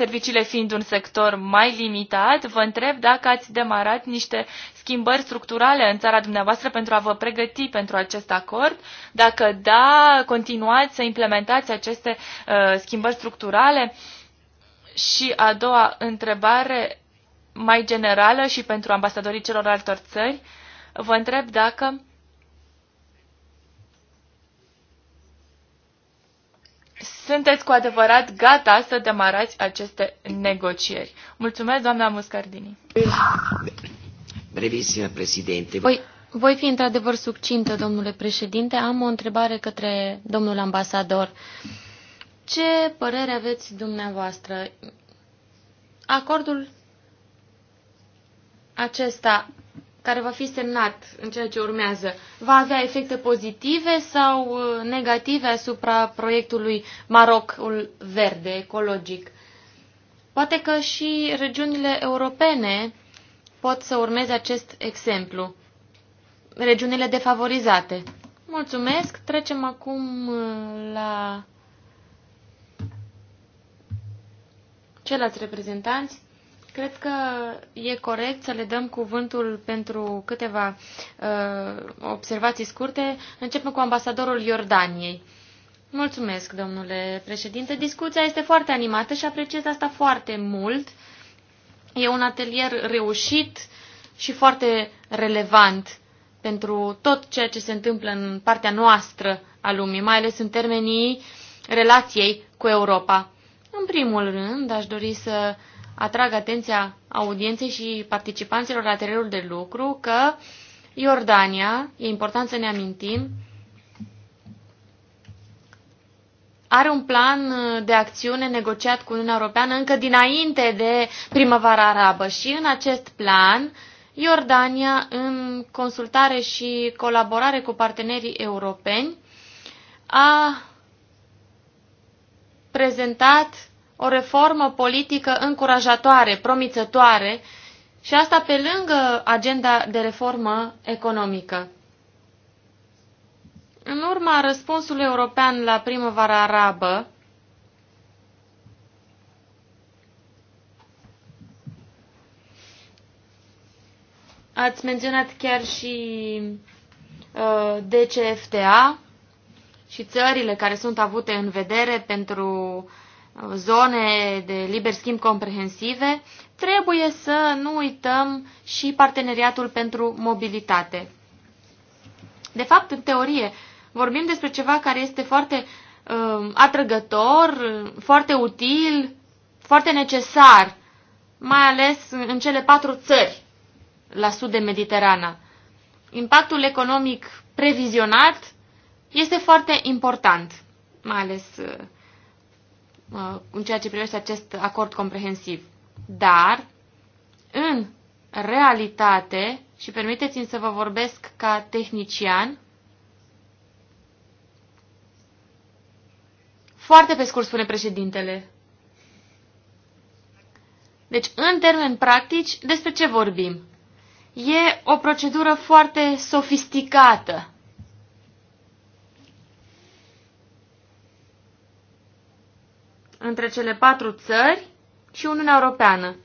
serviciile fiind un sector mai limitat, vă întreb dacă ați demarat niște schimbări structurale în țara dumneavoastră pentru a vă pregăti pentru acest acord, dacă da, continuați să implementați aceste uh, schimbări structurale. Și a doua întrebare mai generală și pentru ambasadorii celor altor țări, vă întreb dacă sunteți cu adevărat gata să demarați aceste negocieri? Mulțumesc, doamna Muscardini. Brevisimă, președinte. Voi, voi fi într-adevăr succintă, domnule președinte. Am o întrebare către domnul ambasador. Ce părere aveți dumneavoastră? Acordul acesta care va fi semnat în ceea ce urmează, va avea efecte pozitive sau uh, negative asupra proiectului Marocul verde, ecologic? Poate că și regiunile europene pot să urmeze acest exemplu. Regiunile defavorizate. Mulțumesc. Trecem acum uh, la ceilalți reprezentanți. Cred că e corect să le dăm cuvântul pentru câteva uh, observații scurte. Începem cu ambasadorul Iordaniei. Mulțumesc, domnule președinte. Discuția este foarte animată și apreciez asta foarte mult. E un atelier reușit și foarte relevant pentru tot ceea ce se întâmplă în partea noastră a lumii, mai ales în termenii relației cu Europa. În primul rând, aș dori să atrag atenția audienței și participanților la terenul de lucru că Iordania, e important să ne amintim, are un plan de acțiune negociat cu Uniunea Europeană încă dinainte de primăvara arabă și în acest plan Iordania, în consultare și colaborare cu partenerii europeni, a prezentat o reformă politică încurajatoare, promițătoare și asta pe lângă agenda de reformă economică. În urma răspunsului european la primăvara arabă, ați menționat chiar și uh, DCFTA și țările care sunt avute în vedere pentru zone de liber schimb comprehensive, trebuie să nu uităm și parteneriatul pentru mobilitate. De fapt, în teorie, vorbim despre ceva care este foarte uh, atrăgător, foarte util, foarte necesar, mai ales în cele patru țări la sud de Mediterana. Impactul economic previzionat este foarte important, mai ales uh, Uh, în ceea ce privește acest acord comprehensiv. Dar, în realitate, și permiteți-mi să vă vorbesc ca tehnician, foarte pe scurt spune președintele. Deci, în termeni practici, despre ce vorbim? E o procedură foarte sofisticată între cele patru țări și Uniunea Europeană.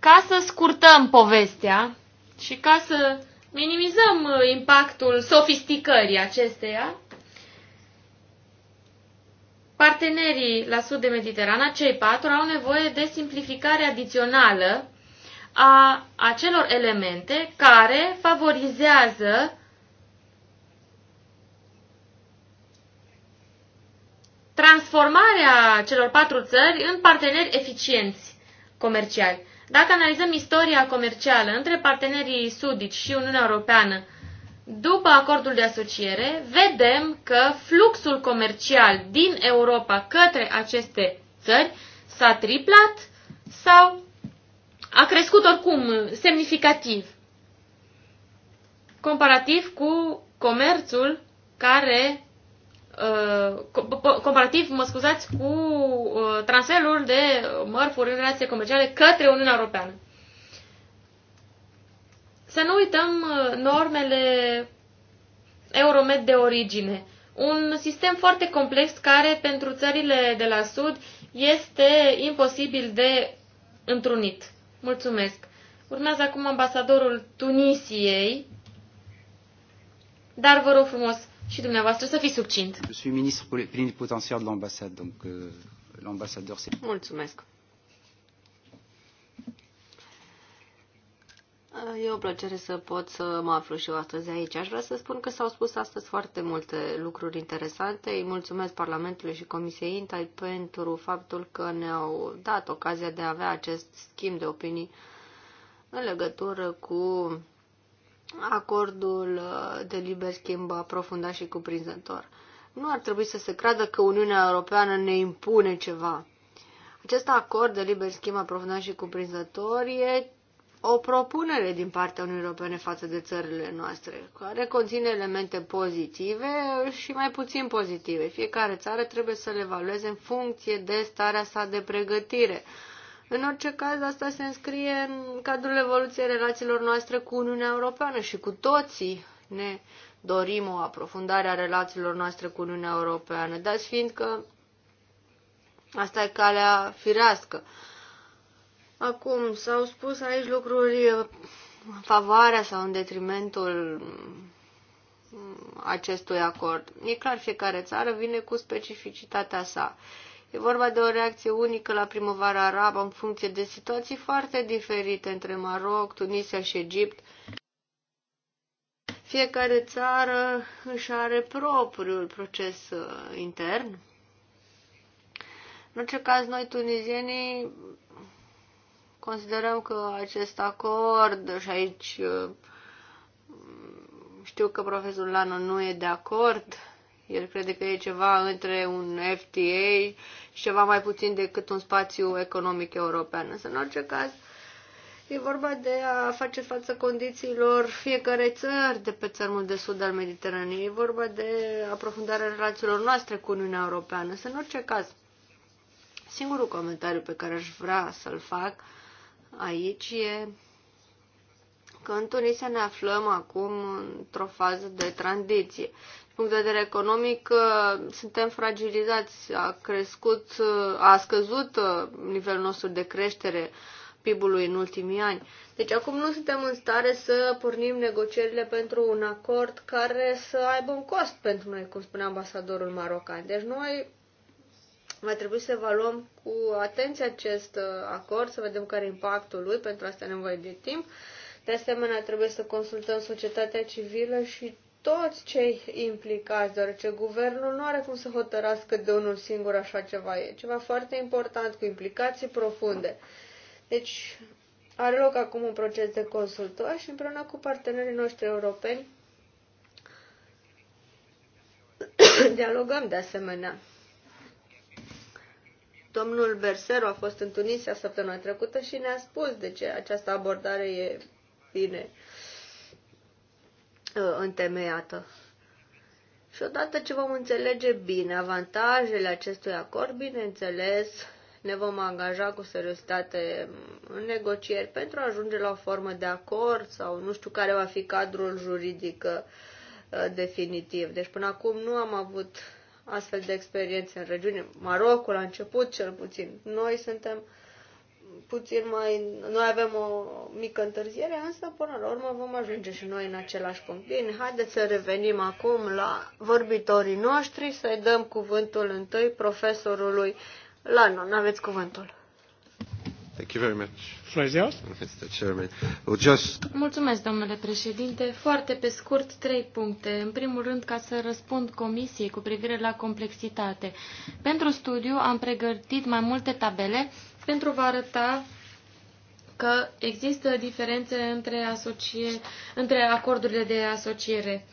Ca să scurtăm povestea și ca să minimizăm uh, impactul sofisticării acesteia, partenerii la sud de Mediterana, cei patru, au nevoie de simplificare adițională a acelor elemente care favorizează transformarea celor patru țări în parteneri eficienți comerciali. Dacă analizăm istoria comercială între partenerii sudici și Uniunea Europeană după acordul de asociere, vedem că fluxul comercial din Europa către aceste țări s-a triplat sau a crescut oricum semnificativ, comparativ cu comerțul care Uh, comparativ, mă scuzați, cu uh, transferul de mărfuri în relație comerciale către Uniunea Europeană. Să nu uităm uh, normele Euromed de origine. Un sistem foarte complex care pentru țările de la sud este imposibil de întrunit. Mulțumesc. Urmează acum ambasadorul Tunisiei. Dar vă rog frumos, și dumneavoastră să fiți succint. Eu sunt ministru plenipotențiar de l'ambassade, donc euh, l'ambassadeur c'est... Mulțumesc. Ah, e o plăcere să pot să mă aflu și eu astăzi aici. Aș vrea să spun că s-au spus astăzi foarte multe lucruri interesante. Îi mulțumesc Parlamentului și Comisiei Intai pentru faptul că ne-au dat ocazia de a avea acest schimb de opinii în legătură cu acordul uh, de liber schimb aprofundat și cuprinzător. Nu ar trebui să se creadă că Uniunea Europeană ne impune ceva. Acest acord de liber schimb aprofundat și cuprinzător e o propunere din partea Uniunii Europene față de țările noastre, care conține elemente pozitive și mai puțin pozitive. Fiecare țară trebuie să le evalueze în funcție de starea sa de pregătire în orice caz, asta se înscrie în cadrul evoluției relațiilor noastre cu Uniunea Europeană și cu toții ne dorim o aprofundare a relațiilor noastre cu Uniunea Europeană, dar fiind că asta e calea firească. Acum, s-au spus aici lucruri în favoarea sau în detrimentul acestui acord. E clar, fiecare țară vine cu specificitatea sa. E vorba de o reacție unică la primăvara arabă în funcție de situații foarte diferite între Maroc, Tunisia și Egipt. Fiecare țară își are propriul proces uh, intern. În orice caz, noi tunizienii considerăm că acest acord, și aici uh, știu că profesorul Lano nu e de acord, el crede că e ceva între un FTA și ceva mai puțin decât un spațiu economic european. Însă, în orice caz, e vorba de a face față condițiilor fiecarei țări de pe țărmul de sud al Mediteranei. E vorba de aprofundarea relațiilor noastre cu Uniunea Europeană. Însă, în orice caz, singurul comentariu pe care aș vrea să-l fac aici e că în Tunisia ne aflăm acum într-o fază de tranziție punct de vedere economic, uh, suntem fragilizați. A crescut, uh, a scăzut uh, nivelul nostru de creștere PIB-ului în ultimii ani. Deci acum nu suntem în stare să pornim negocierile pentru un acord care să aibă un cost pentru noi, cum spunea ambasadorul marocan. Deci noi va trebui să evaluăm cu atenție acest acord, să vedem care e impactul lui, pentru asta e nevoie de timp. De asemenea, trebuie să consultăm societatea civilă și toți cei implicați, deoarece guvernul nu are cum să hotărască de unul singur așa ceva. E ceva foarte important, cu implicații profunde. Deci are loc acum un proces de consultări și împreună cu partenerii noștri europeni dialogăm de asemenea. Domnul Berseru a fost în Tunisia săptămâna trecută și ne-a spus de ce această abordare e bine Uh, întemeiată. Și odată ce vom înțelege bine avantajele acestui acord, bineînțeles, ne vom angaja cu seriozitate în negocieri pentru a ajunge la o formă de acord sau nu știu care va fi cadrul juridic uh, definitiv. Deci până acum nu am avut astfel de experiențe în regiune. Marocul a început cel puțin. Noi suntem uh, puțin mai... Noi avem o mică întârziere, însă până la urmă vom ajunge și noi în același punct. Bine, haideți să revenim acum la vorbitorii noștri, să-i dăm cuvântul întâi profesorului Lano. Nu Aveți cuvântul. Thank you very much. Well, just... Mulțumesc, domnule președinte. Foarte pe scurt, trei puncte. În primul rând, ca să răspund comisiei cu privire la complexitate. Pentru studiu am pregătit mai multe tabele pentru a vă arăta că există diferențe între, asocie, între acordurile de asociere.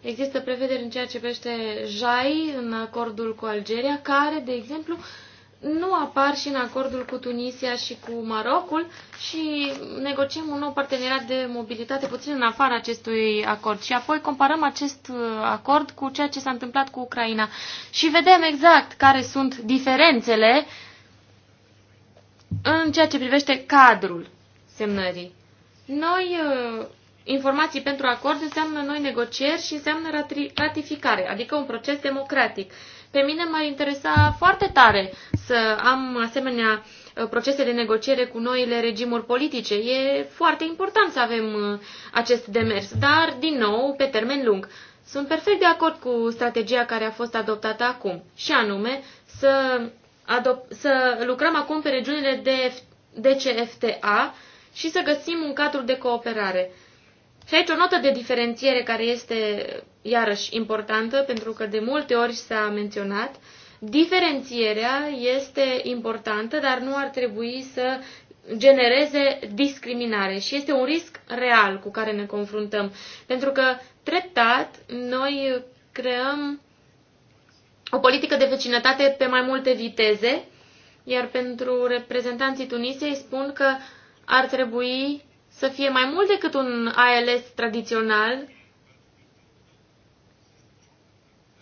Există prevederi în ceea ce privește JAI în acordul cu Algeria, care, de exemplu, nu apar și în acordul cu Tunisia și cu Marocul și negociem un nou parteneriat de mobilitate puțin în afara acestui acord. Și apoi comparăm acest uh, acord cu ceea ce s-a întâmplat cu Ucraina și vedem exact care sunt diferențele în ceea ce privește cadrul semnării, noi uh, informații pentru acord înseamnă noi negocieri și înseamnă ratificare, adică un proces democratic. Pe mine m-ar interesa foarte tare să am asemenea uh, procese de negociere cu noile regimuri politice. E foarte important să avem uh, acest demers, dar, din nou, pe termen lung. Sunt perfect de acord cu strategia care a fost adoptată acum, și anume să să lucrăm acum pe regiunile de DCFTA și să găsim un cadru de cooperare. Și aici o notă de diferențiere care este iarăși importantă, pentru că de multe ori s-a menționat, diferențierea este importantă, dar nu ar trebui să genereze discriminare și este un risc real cu care ne confruntăm, pentru că treptat noi creăm o politică de vecinătate pe mai multe viteze, iar pentru reprezentanții Tunisiei spun că ar trebui să fie mai mult decât un ALS tradițional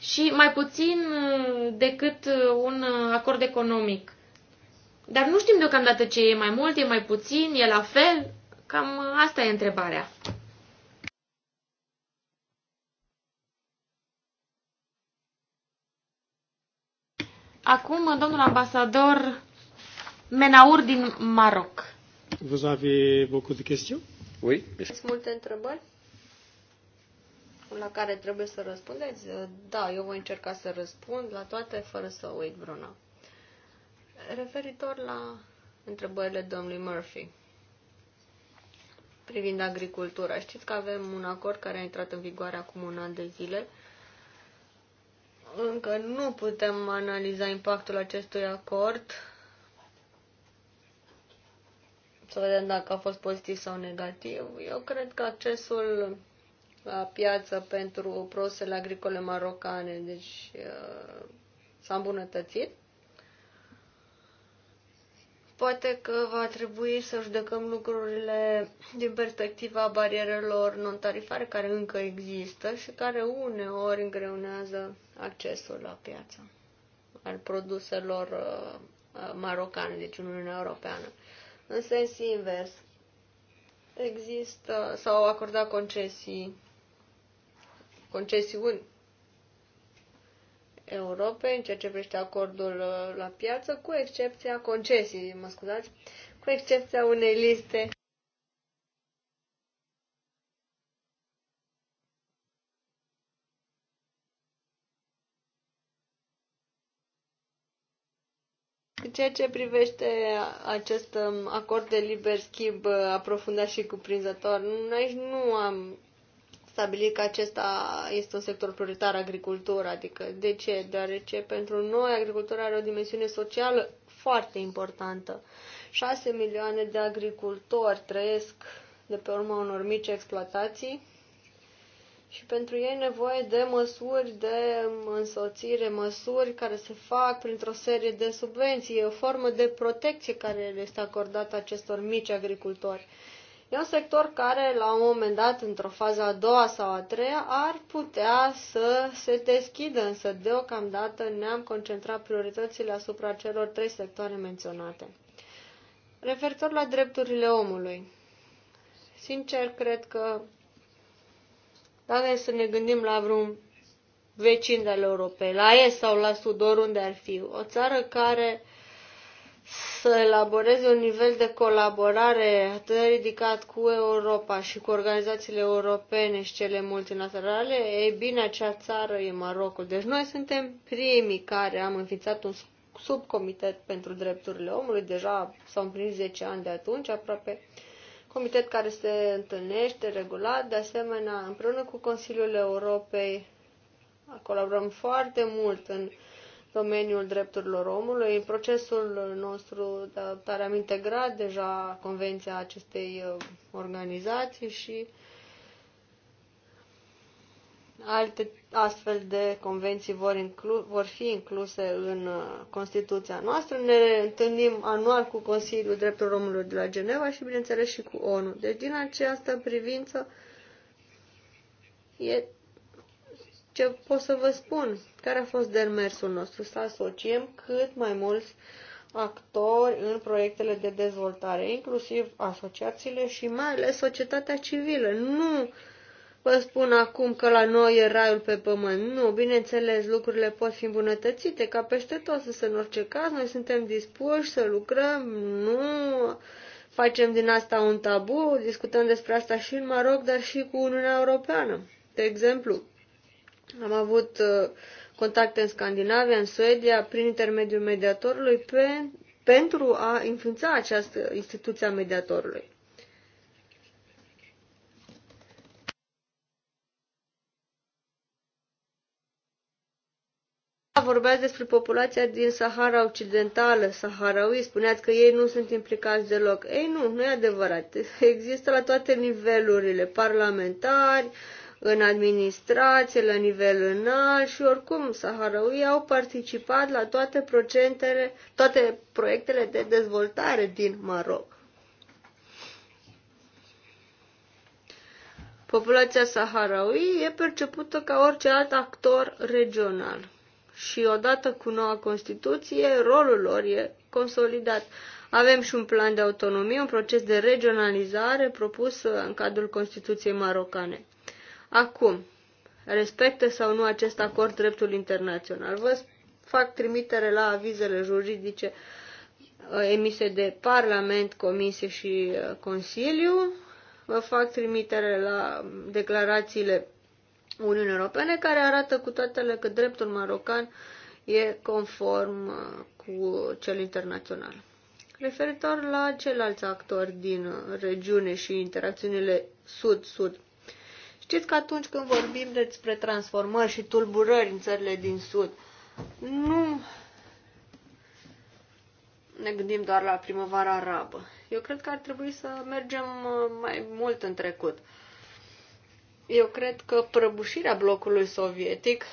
și mai puțin decât un acord economic. Dar nu știm deocamdată ce e mai mult, e mai puțin, e la fel. Cam asta e întrebarea. Acum, domnul ambasador Menaur din Maroc. Vous avez beaucoup de questions? Oui. Sunt multe întrebări la care trebuie să răspundeți? Da, eu voi încerca să răspund la toate fără să uit vreuna. Referitor la întrebările domnului Murphy privind agricultura. Știți că avem un acord care a intrat în vigoare acum un an de zile încă nu putem analiza impactul acestui acord. Să vedem dacă a fost pozitiv sau negativ. Eu cred că accesul la piață pentru prosele agricole marocane deci, uh, s-a îmbunătățit. Poate că va trebui să judecăm lucrurile din perspectiva barierelor non-tarifare care încă există și care uneori îngreunează accesul la piața al produselor uh, uh, marocane, deci în Uniunea Europeană. În sens invers, există sau acorda concesii concesiuni Europei în ceea ce privește acordul uh, la piață, cu excepția concesii, mă scuzați, cu excepția unei liste ceea ce privește acest um, acord de liber schimb uh, aprofundat și cuprinzător, aici nu am stabilit că acesta este un sector prioritar, agricultură, Adică, de ce? Deoarece pentru noi agricultura are o dimensiune socială foarte importantă. 6 milioane de agricultori trăiesc de pe urma unor mici exploatații și pentru ei nevoie de măsuri de însoțire, măsuri care se fac printr-o serie de subvenții, o formă de protecție care este acordată acestor mici agricultori. E un sector care, la un moment dat, într-o fază a doua sau a treia, ar putea să se deschidă, însă deocamdată ne-am concentrat prioritățile asupra celor trei sectoare menționate. Referitor la drepturile omului, sincer, cred că dacă să ne gândim la vreun vecin de al Europei, la Est sau la Sud, oriunde ar fi, o țară care uh, să elaboreze un nivel de colaborare atât de ridicat cu Europa și cu organizațiile europene și cele multinaționale, e bine, acea țară e Marocul. Deci noi suntem primii care am înființat un subcomitet pentru drepturile omului, deja s-au împlinit 10 ani de atunci, aproape comitet care se întâlnește regulat, de asemenea, împreună cu Consiliul Europei, colaborăm foarte mult în domeniul drepturilor omului. În procesul nostru de adaptare am integrat deja convenția acestei uh, organizații și alte astfel de convenții vor, inclu- vor fi incluse în uh, Constituția noastră. Ne întâlnim anual cu Consiliul Drepturilor Omului de la Geneva și, bineînțeles, și cu ONU. Deci, din această privință, e ce pot să vă spun? Care a fost demersul nostru? Să asociem cât mai mulți actori în proiectele de dezvoltare, inclusiv asociațiile și mai ales societatea civilă. Nu vă spun acum că la noi e raiul pe pământ. Nu, bineînțeles, lucrurile pot fi îmbunătățite ca peste tot, se în orice caz noi suntem dispuși să lucrăm, nu facem din asta un tabu, discutăm despre asta și în Maroc, dar și cu Uniunea Europeană. De exemplu, am avut uh, contacte în Scandinavia, în Suedia, prin intermediul mediatorului, pe, pentru a înființa această instituție a mediatorului. Da, vorbeați despre populația din Sahara Occidentală, Saharaui, spuneați că ei nu sunt implicați deloc. Ei nu, nu e adevărat. Există la toate nivelurile, parlamentari, în administrație, la nivel înalt și oricum saharauii au participat la toate, procentele, toate proiectele de dezvoltare din Maroc. Populația saharaui e percepută ca orice alt actor regional și odată cu noua Constituție, rolul lor e consolidat. Avem și un plan de autonomie, un proces de regionalizare propus în cadrul Constituției marocane. Acum, respectă sau nu acest acord dreptul internațional? Vă fac trimitere la avizele juridice uh, emise de Parlament, Comisie și uh, Consiliu. Vă fac trimitere la um, declarațiile Uniunii Europene care arată cu toatele că dreptul marocan e conform uh, cu cel internațional. Referitor la ceilalți actori din regiune și interacțiunile sud-sud, Știți că atunci când vorbim despre transformări și tulburări în țările din Sud, nu ne gândim doar la primăvara arabă. Eu cred că ar trebui să mergem uh, mai mult în trecut. Eu cred că prăbușirea blocului sovietic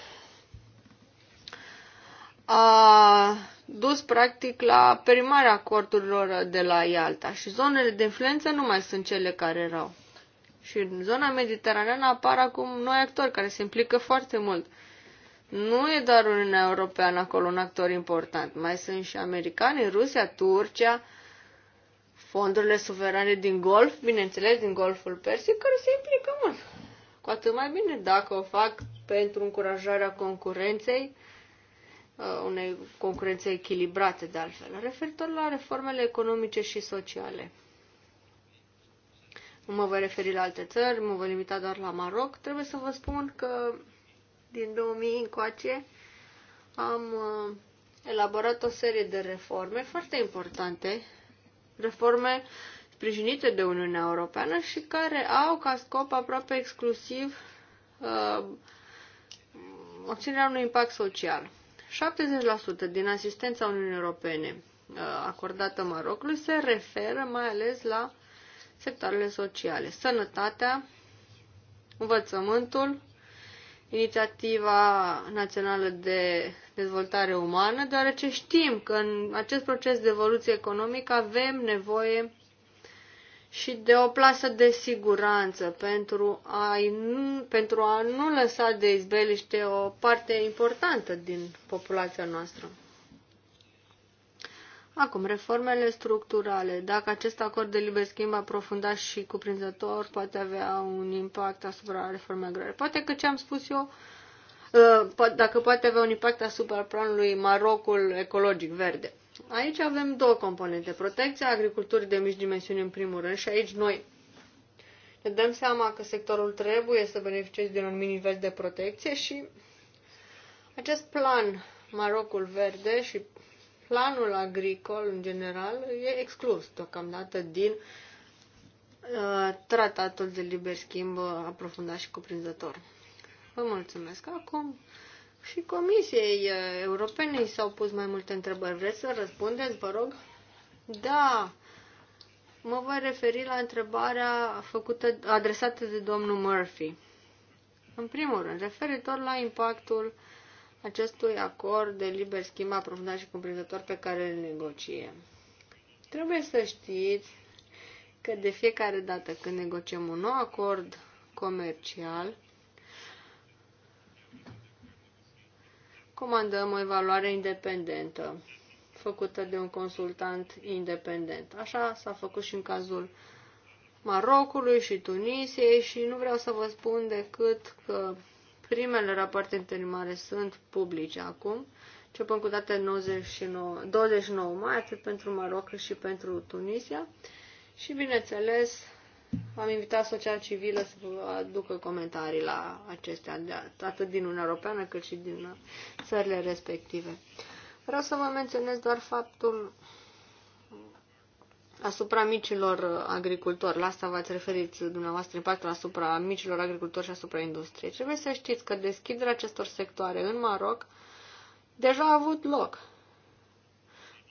a dus practic la perimarea acordurilor de la Ialta și zonele de influență nu mai sunt cele care erau. Și în zona mediteraneană apar acum noi actori care se implică foarte mult. Nu e doar Uniunea Europeană acolo un actor important, mai sunt și americanii, Rusia, Turcia, fondurile suverane din Golf, bineînțeles din Golful Persic, care se implică mult. Cu atât mai bine dacă o fac pentru încurajarea concurenței, uh, unei concurențe echilibrate de altfel, referitor la reformele economice și sociale nu mă voi referi la alte țări, mă voi limita doar la Maroc, trebuie să vă spun că din 2000 încoace am uh, elaborat o serie de reforme foarte importante, reforme sprijinite de Uniunea Europeană și care au ca scop aproape exclusiv uh, obținerea unui impact social. 70% din asistența Uniunii Europene uh, acordată Marocului se referă mai ales la sectoarele sociale, sănătatea, învățământul, Inițiativa Națională de Dezvoltare Umană, deoarece știm că în acest proces de evoluție economică avem nevoie și de o plasă de siguranță pentru a, nu, pentru a nu lăsa de izbeliște o parte importantă din populația noastră. Acum, reformele structurale. Dacă acest acord de liber schimb aprofundat și cuprinzător poate avea un impact asupra reformei agrare. Poate că ce am spus eu, uh, dacă poate avea un impact asupra planului Marocul ecologic verde. Aici avem două componente. Protecția agriculturii de mici dimensiuni în primul rând și aici noi ne dăm seama că sectorul trebuie să beneficieze de un anumit nivel de protecție și acest plan Marocul verde și planul agricol, în general, e exclus deocamdată din uh, tratatul de liber schimb aprofundat și cuprinzător. Vă mulțumesc. Acum și Comisiei uh, Europene s-au pus mai multe întrebări. Vreți să răspundeți, vă rog? Da. Mă voi referi la întrebarea făcută, adresată de domnul Murphy. În primul rând, referitor la impactul uh, acestui acord de liber schimb aprofundat și cuprinzător pe care îl negociem. Trebuie să știți că de fiecare dată când negociem un nou acord comercial, comandăm o evaluare independentă făcută de un consultant independent. Așa s-a făcut și în cazul Marocului și Tunisiei și nu vreau să vă spun decât că Primele rapoarte interimare sunt publice acum, începând cu data 99, 29 mai, atât pentru Maroc cât și pentru Tunisia. Și, bineînțeles, am invitat social civilă să vă aducă comentarii la acestea, atât din Uniunea Europeană cât și din țările respective. Vreau să vă menționez doar faptul asupra micilor uh, agricultori. La asta v-ați referit dumneavoastră impactul asupra micilor agricultori și asupra industriei. Trebuie să știți că deschiderea acestor sectoare în Maroc deja a avut loc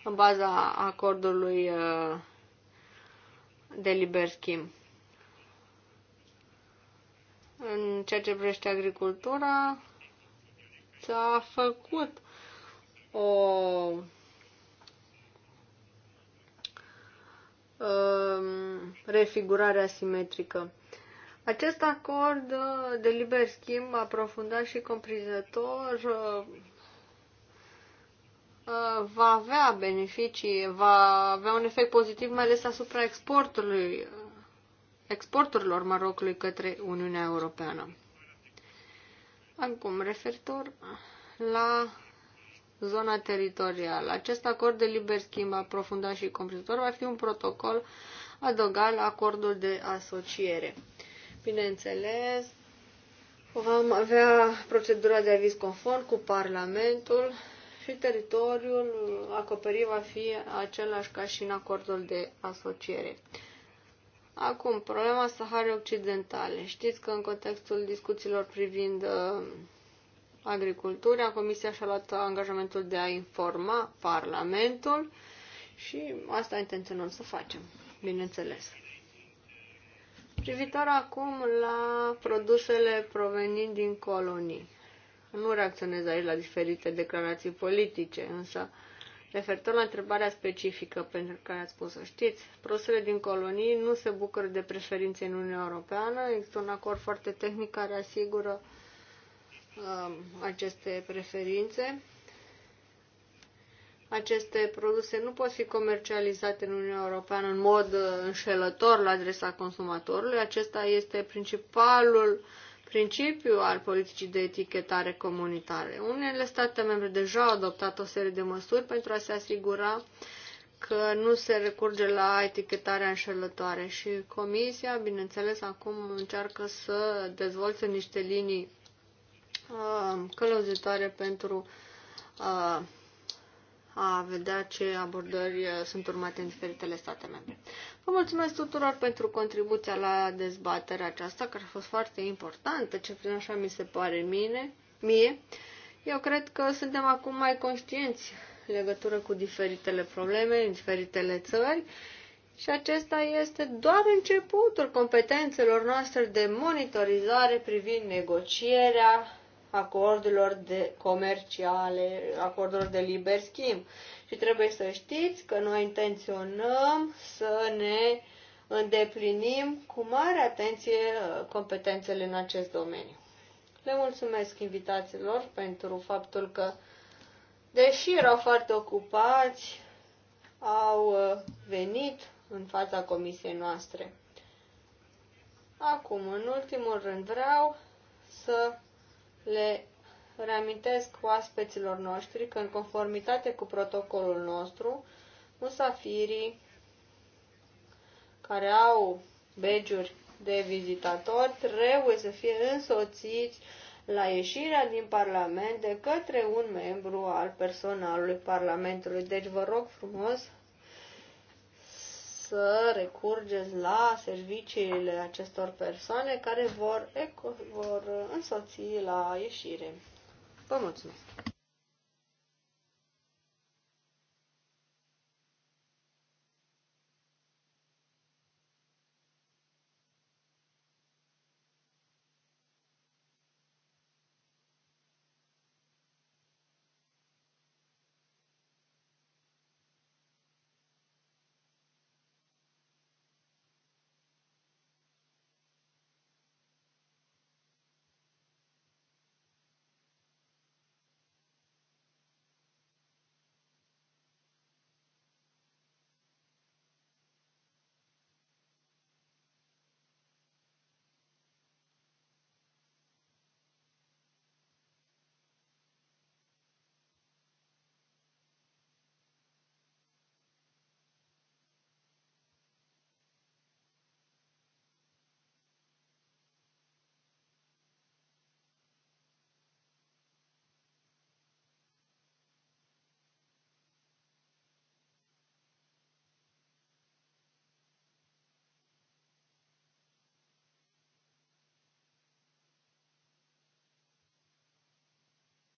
în baza acordului uh, de liber schimb. În ceea ce privește agricultura, s-a făcut o Um, refigurare asimetrică. Acest acord de liber schimb aprofundat și comprinzător uh, va avea beneficii, va avea un efect pozitiv mai ales asupra exportului, exporturilor Marocului către Uniunea Europeană. Acum, referitor la zona teritorială. Acest acord de liber schimb aprofundat și cumplitor va fi un protocol adăugat la acordul de asociere. Bineînțeles, vom avea procedura de aviz conform cu Parlamentul și teritoriul acoperit va fi același ca și în acordul de asociere. Acum, problema Saharei Occidentale. Știți că în contextul discuțiilor privind uh, Agricultura, Comisia și-a luat angajamentul de a informa Parlamentul și asta intenționăm să facem, bineînțeles. Privitor acum la produsele provenind din colonii. Nu reacționez aici la diferite declarații politice, însă referitor la întrebarea specifică pentru care ați spus să știți, produsele din colonii nu se bucură de preferințe în Uniunea Europeană, există un acord foarte tehnic care asigură aceste preferințe. Aceste produse nu pot fi comercializate în Uniunea Europeană în mod uh, înșelător la adresa consumatorului. Acesta este principalul principiu al politicii de etichetare comunitare. Unele state membre deja au adoptat o serie de măsuri pentru a se asigura că nu se recurge la etichetarea înșelătoare și Comisia, bineînțeles, acum încearcă să dezvolte niște linii Uh, călăuzitoare pentru uh, a vedea ce abordări uh, sunt urmate în diferitele state membre. Vă mulțumesc tuturor pentru contribuția la dezbaterea aceasta, care a fost foarte importantă, ce puțin așa mi se pare mine, mie. Eu cred că suntem acum mai conștienți în legătură cu diferitele probleme în diferitele țări și acesta este doar începutul competențelor noastre de monitorizare privind negocierea, acordurilor de comerciale, acordurilor de liber schimb. Și trebuie să știți că noi intenționăm să ne îndeplinim cu mare atenție uh, competențele în acest domeniu. Le mulțumesc invitațiilor pentru faptul că, deși erau foarte ocupați, au uh, venit în fața comisiei noastre. Acum, în ultimul rând, vreau să le reamintesc oaspeților noștri că, în conformitate cu protocolul nostru, musafirii care au begiuri de vizitatori trebuie să fie însoțiți la ieșirea din Parlament de către un membru al personalului Parlamentului. Deci vă rog frumos să recurgeți la serviciile acestor persoane care vor, eco, vor însoți la ieșire. Vă mulțumesc!